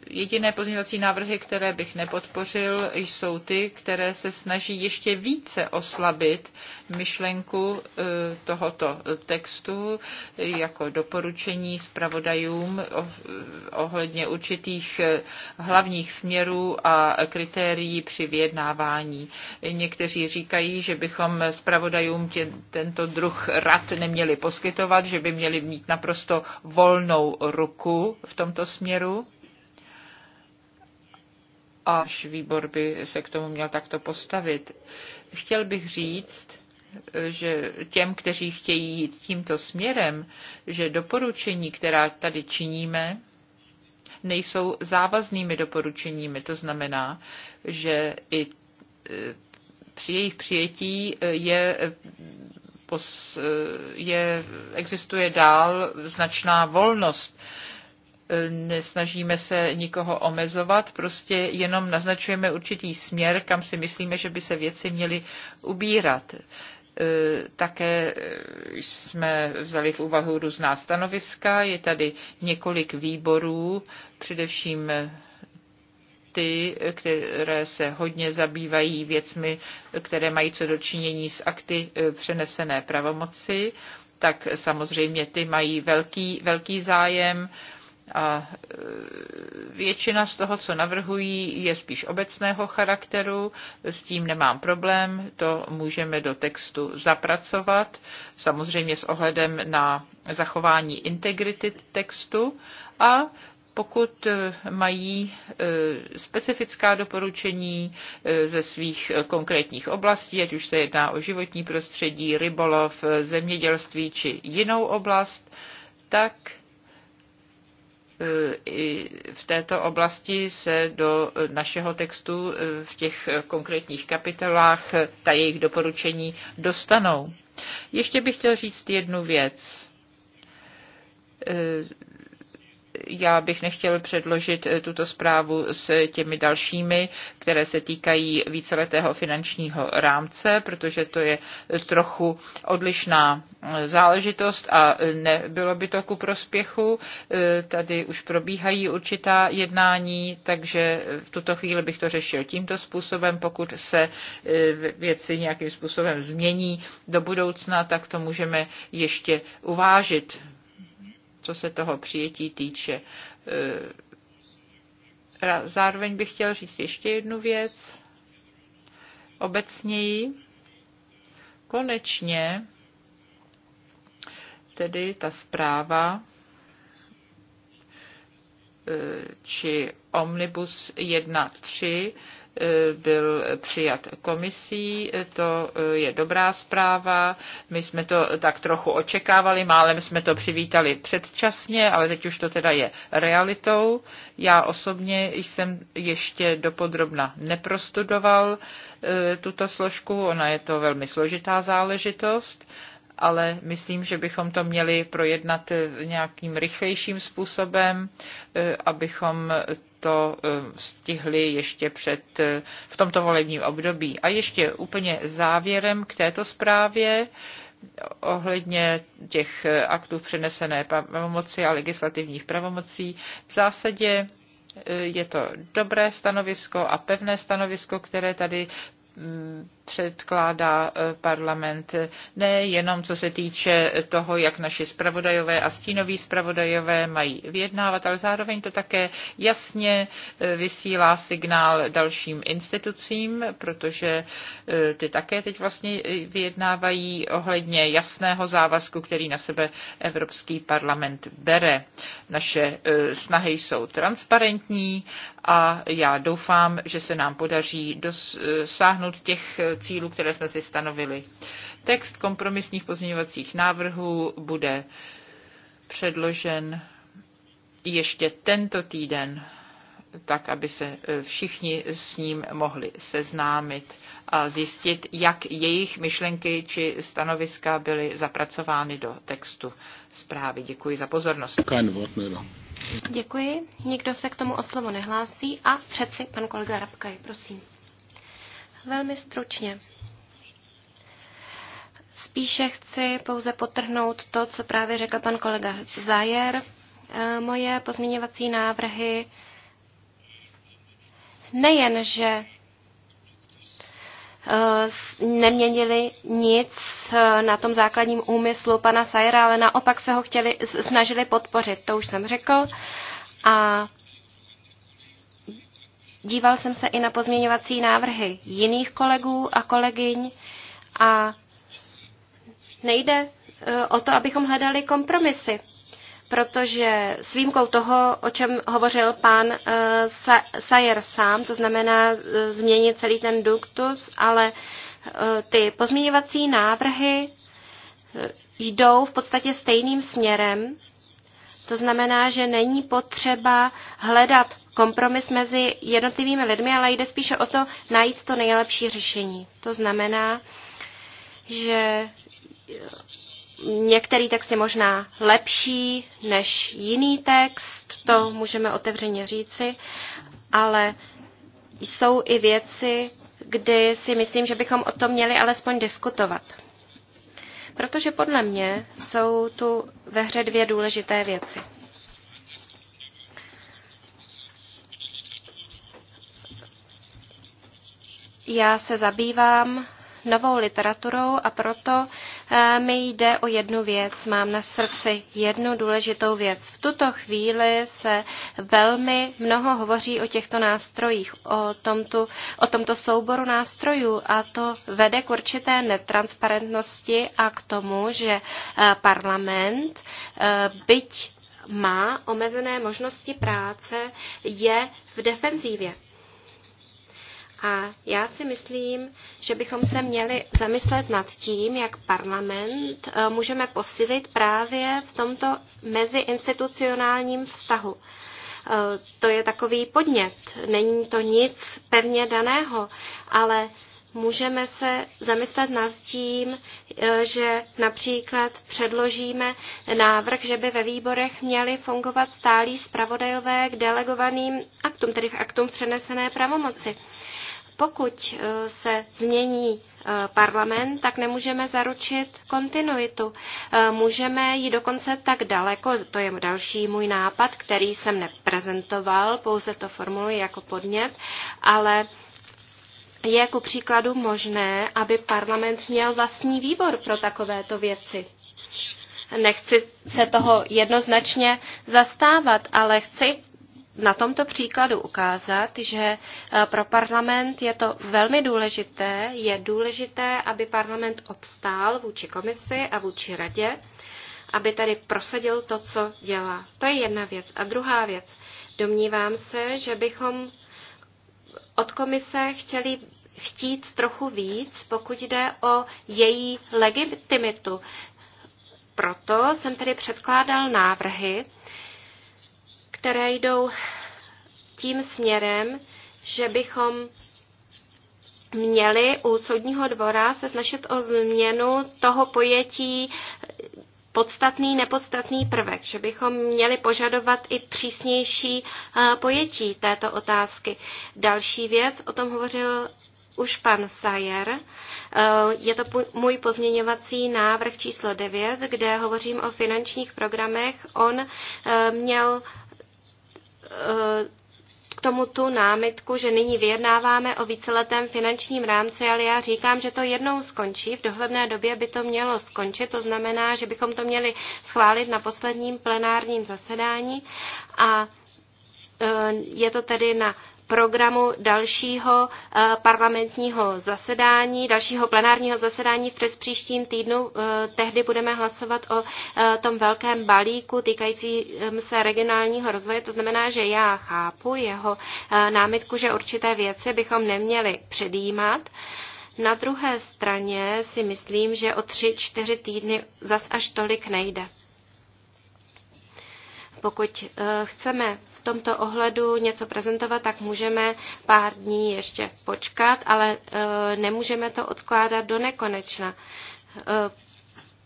Jediné pozměňovací návrhy, které bych nepodpořil, jsou ty, které se snaží ještě více oslabit myšlenku e, tohoto textu jako doporučení zpravodajům e, ohledně určitých e, hlavních směrů a kritérií při vyjednávání. Někteří říkají, že bychom zpravodajům tě, tento druh rad neměli poskytovat, že by měli mít naprosto volnou ruku v tomto směru a výbor by se k tomu měl takto postavit. Chtěl bych říct, že těm, kteří chtějí jít tímto směrem, že doporučení, která tady činíme, nejsou závaznými doporučeními. To znamená, že i e, při jejich přijetí e, je, e, je, existuje dál značná volnost nesnažíme se nikoho omezovat, prostě jenom naznačujeme určitý směr, kam si myslíme, že by se věci měly ubírat. E, také jsme vzali v úvahu různá stanoviska. Je tady několik výborů, především ty, které se hodně zabývají věcmi, které mají co dočinění s akty e, přenesené pravomoci, tak samozřejmě ty mají velký, velký zájem a e, většina z toho, co navrhují, je spíš obecného charakteru, s tím nemám problém, to můžeme do textu zapracovat, samozřejmě s ohledem na zachování integrity textu a pokud e, mají e, specifická doporučení ze svých konkrétních oblastí, ať už se jedná o životní prostředí, rybolov, zemědělství či jinou oblast, tak Eh, i v této oblasti se do našeho textu eh, v těch konkrétních kapitolách eh, ta jejich doporučení dostanou. Ještě bych chtěl říct jednu věc já bych nechtěl předložit eh, tuto zprávu s těmi dalšími, které se týkají víceletého finančního rámce, protože to je eh, trochu odlišná eh, záležitost a nebylo by to ku prospěchu. Tady už probíhají určitá jednání, takže v tuto chvíli bych to řešil tímto způsobem. Pokud se věci nějakým způsobem změní do budoucna, tak to můžeme ještě uvážit co se toho přijetí týče. E, zároveň bych chtěl říct ještě jednu věc. Obecněji, konečně, tedy ta zpráva e, či Omnibus 1.3 Eh, byl přijat komisí. To eh, je dobrá zpráva. My jsme to tak trochu očekávali, málem jsme to přivítali předčasně, ale teď už to teda je realitou. Já osobně jsem ještě dopodrobna neprostudoval eh, tuto složku, ona je to velmi složitá záležitost ale myslím, že bychom to měli projednat nějakým rychlejším způsobem, abychom to eh, stihli ještě před, eh, v tomto volebním období. A ještě úplně závěrem k této zprávě ohledně těch eh, aktů přenesené pravomoci a legislativních pravomocí. V zásadě je to dobré stanovisko a pevné stanovisko, které tady předkládá eh, parlament, ne jenom co se týče toho, jak naši spravodajové a stínoví spravodajové mají vyjednávat, ale zároveň to také jasně eh, vysílá signál dalším institucím, protože eh, ty také teď vlastně vyjednávají ohledně jasného závazku, který na sebe Evropský parlament bere. Naše snahy jsou transparentní a já doufám, že se nám podaří dosáhnout dosáhnout těch eh, cílů, které jsme si stanovili. Text kompromisních pozměňovacích návrhů bude předložen ještě tento týden, tak aby se eh, všichni s ním mohli seznámit a zjistit, jak jejich myšlenky či stanoviska byly zapracovány do textu zprávy. Děkuji za pozornost. Děkuji. Nikdo se k tomu o slovo nehlásí a přeci pan kolega Rabkaj, prosím. Velmi stručně. Spíše chci pouze potrhnout to, co právě řekl pan kolega Zajer. E, moje pozměňovací návrhy nejen, že e, neměnili nic e, na tom základním úmyslu pana Sajera, ale naopak se ho chtěli, snažili podpořit. To už jsem řekl. A díval jsem se i na pozměňovací návrhy jiných kolegů a kolegyň a nejde e, o to, abychom hledali kompromisy, protože s výjimkou toho, o čem hovořil pán e, Sayer sám, to znamená e, změnit celý ten duktus, ale ty pozměňovací návrhy jdou v podstatě stejným směrem. To znamená, že není potřeba hledat kompromis mezi jednotlivými lidmi, ale jde spíše o to najít to nejlepší řešení. To znamená, že některý text je možná lepší než jiný text, to můžeme otevřeně říci, ale jsou i věci, kdy si myslím, že bychom o tom měli alespoň diskutovat. Protože podle mě jsou tu ve hře dvě důležité věci. Já se zabývám novou literaturou a proto eh, mi jde o jednu věc. Mám na srdci jednu důležitou věc. V tuto chvíli se velmi mnoho hovoří o těchto nástrojích, o tomto, o tomto souboru nástrojů a to vede k určité netransparentnosti a k tomu, že eh, parlament, eh, byť má omezené možnosti práce, je v defenzívě. A já si myslím, že bychom se měli zamyslet nad tím, jak parlament eh, můžeme posilit právě v tomto meziinstitucionálním vztahu. Eh, to je takový podnět, není to nic pevně daného, ale můžeme se zamyslet nad tím, eh, že například předložíme návrh, že by ve výborech měli fungovat stálí zpravodajové k delegovaným aktům, tedy k aktům přenesené pravomoci. Pokud eh, se změní eh, parlament, tak nemůžeme zaručit kontinuitu. Eh, můžeme ji dokonce tak daleko, to je další můj nápad, který jsem neprezentoval, pouze to formuluji jako podnět, ale je ku příkladu možné, aby parlament měl vlastní výbor pro takovéto věci. Nechci se toho jednoznačně zastávat, ale chci na tomto příkladu ukázat, že eh, pro parlament je to velmi důležité. Je důležité, aby parlament obstál vůči komisi a vůči radě, aby tady prosadil to, co dělá. To je jedna věc. A druhá věc. Domnívám se, že bychom od komise chtěli chtít trochu víc, pokud jde o její legitimitu. Proto jsem tedy předkládal návrhy, které jdou tím směrem, že bychom měli u soudního dvora se snažit o změnu toho pojetí podstatný, nepodstatný prvek, že bychom měli požadovat i přísnější eh, pojetí této otázky. Další věc, o tom hovořil už pan Sayer. Eh, je to můj pozměňovací návrh číslo 9, kde hovořím o finančních programech. On eh, měl Eh, k tomu tu námitku, že nyní vyjednáváme o víceletém finančním rámci, ale já říkám, že to jednou skončí. V dohledné době by to mělo skončit, to znamená, že bychom to měli schválit na posledním plenárním zasedání a eh, je to tedy na programu dalšího eh, parlamentního zasedání, dalšího plenárního zasedání přes příštím týdnu. Eh, tehdy budeme hlasovat o eh, tom velkém balíku týkajícím se regionálního rozvoje. To znamená, že já chápu jeho námitku, že určité věci bychom neměli předjímat. Na druhé straně si myslím, že o tři, čtyři týdny zas až tolik nejde. Pokud eh, chceme v tomto ohledu něco prezentovat, tak můžeme pár dní ještě počkat, ale eh, nemůžeme to odkládat do nekonečna eh,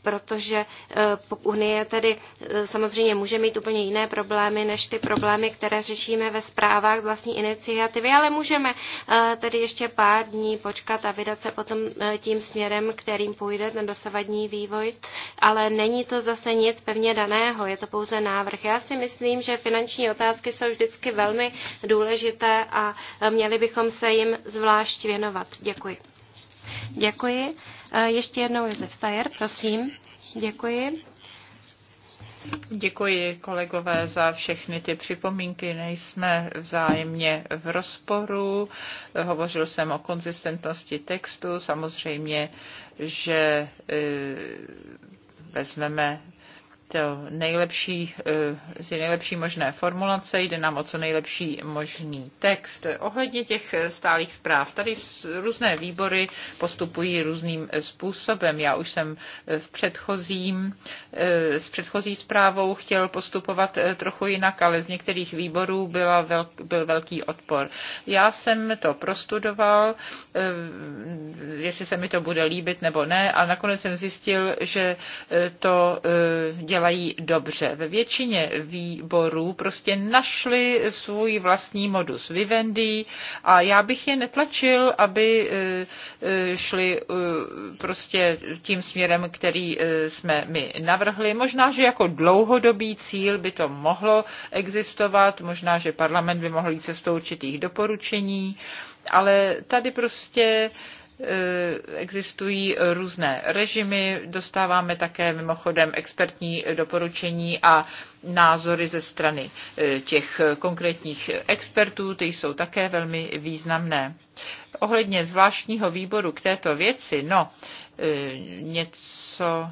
protože eh, Unie tedy eh, samozřejmě může mít úplně jiné problémy než ty problémy, které řešíme ve zprávách z vlastní iniciativy, ale můžeme eh, tedy ještě pár dní počkat a vydat se potom tím směrem, kterým půjde ten dosavadní vývoj, ale není to zase nic pevně daného, je to pouze návrh. Já si myslím, že finanční otázky jsou vždycky velmi důležité a měli bychom se jim zvlášť věnovat. Děkuji. Děkuji. Eh, ještě jednou Josef Stajer, prosím. Děkuji. Děkuji kolegové za všechny ty připomínky. Nejsme vzájemně v rozporu. Hovořil jsem o konzistentnosti textu. Samozřejmě, že eh, vezmeme to nejlepší, eh, z nejlepší možné formulace, jde nám o co nejlepší možný text. Ohledně těch stálých zpráv, tady různé výbory postupují různým způsobem. Já už jsem eh, v předchozím, eh, s předchozí zprávou chtěl postupovat trochu jinak, ale z některých výborů byla velk, byl velký odpor. Já jsem to prostudoval, jestli se mi to bude líbit nebo ne, a nakonec jsem zjistil, že to dělá dělají dobře. Ve většině výborů prostě našli svůj vlastní modus vivendi a já bych je netlačil, aby e, e, šli e, prostě tím směrem, který jsme my navrhli. Možná, že jako dlouhodobý cíl by to mohlo existovat, možná, že parlament by mohl jít cestou určitých doporučení, ale tady prostě Eh, existují různé režimy, dostáváme také mimochodem expertní doporučení a názory ze strany eh, těch konkrétních expertů, ty jsou také velmi významné. Ohledně zvláštního výboru k této věci, no, eh, něco,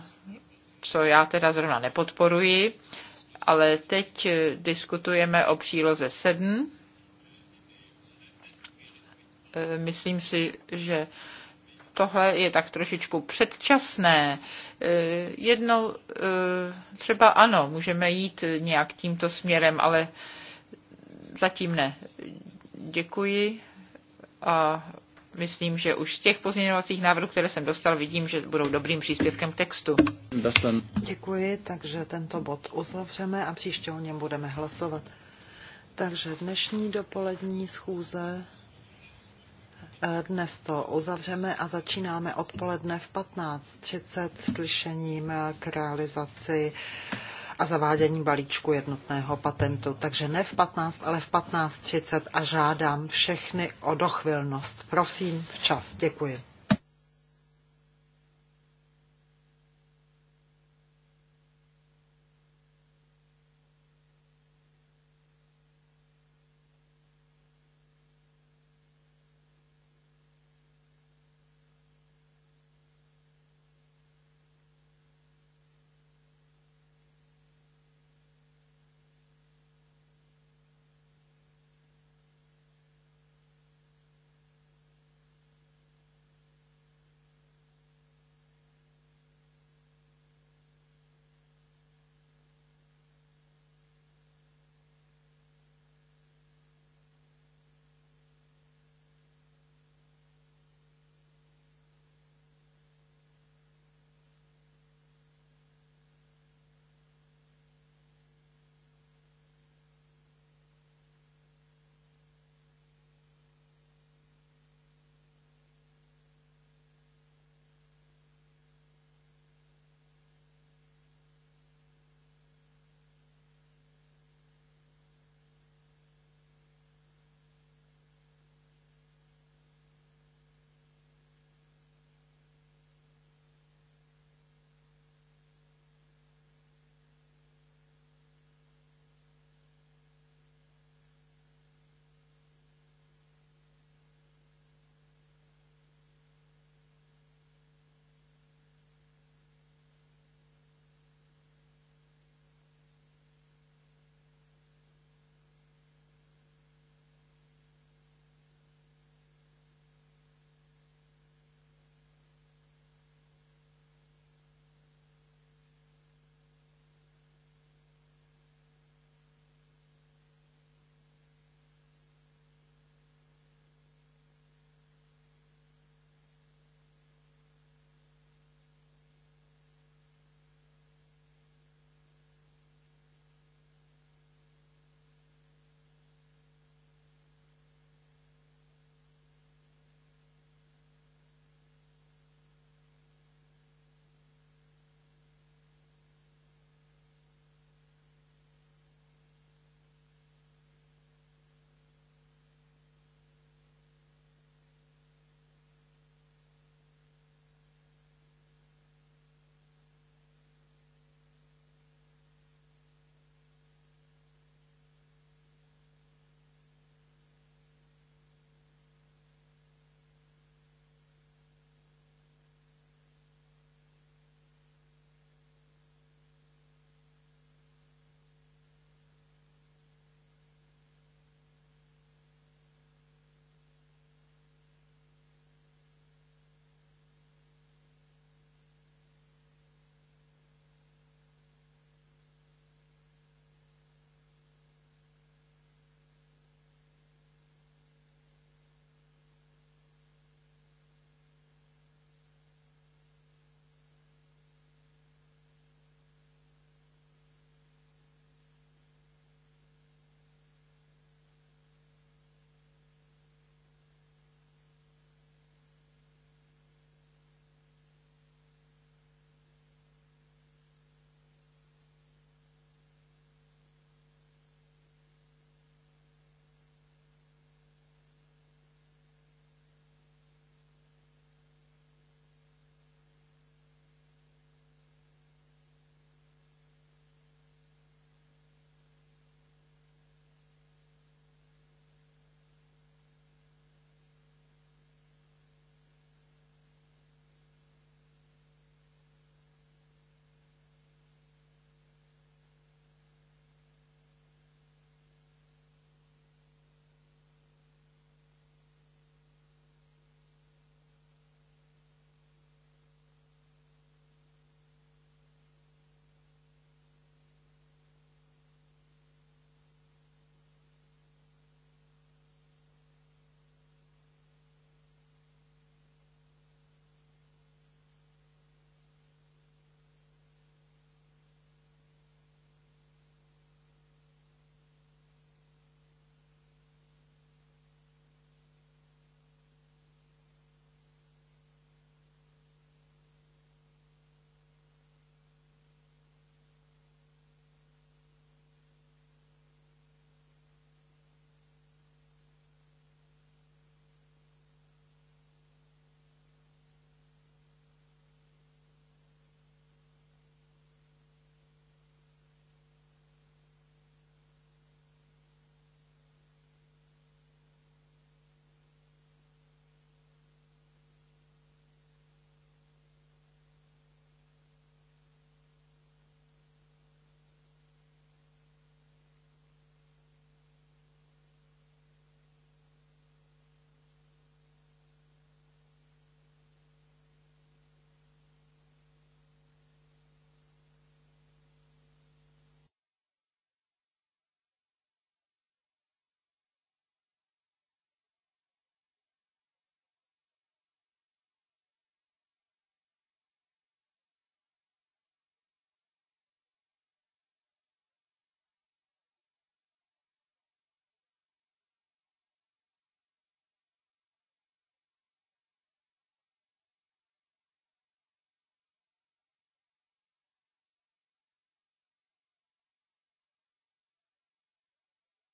co já teda zrovna nepodporuji, ale teď diskutujeme o příloze 7. Myslím si, že tohle je tak trošičku předčasné. E, jedno, e, třeba ano, můžeme jít nějak tímto směrem, ale zatím ne. Děkuji a myslím, že už z těch pozměňovacích návrhů, které jsem dostal, vidím, že budou dobrým příspěvkem k textu. Děkuji, takže tento bod uzavřeme a příště o něm budeme hlasovat. Takže dnešní dopolední schůze dnes to uzavřeme a začínáme odpoledne v 15.30 slyšením k realizaci a zavádění balíčku jednotného patentu. Takže ne v 15, ale v 15.30 a žádám všechny o dochvilnost. Prosím, včas. Děkuji.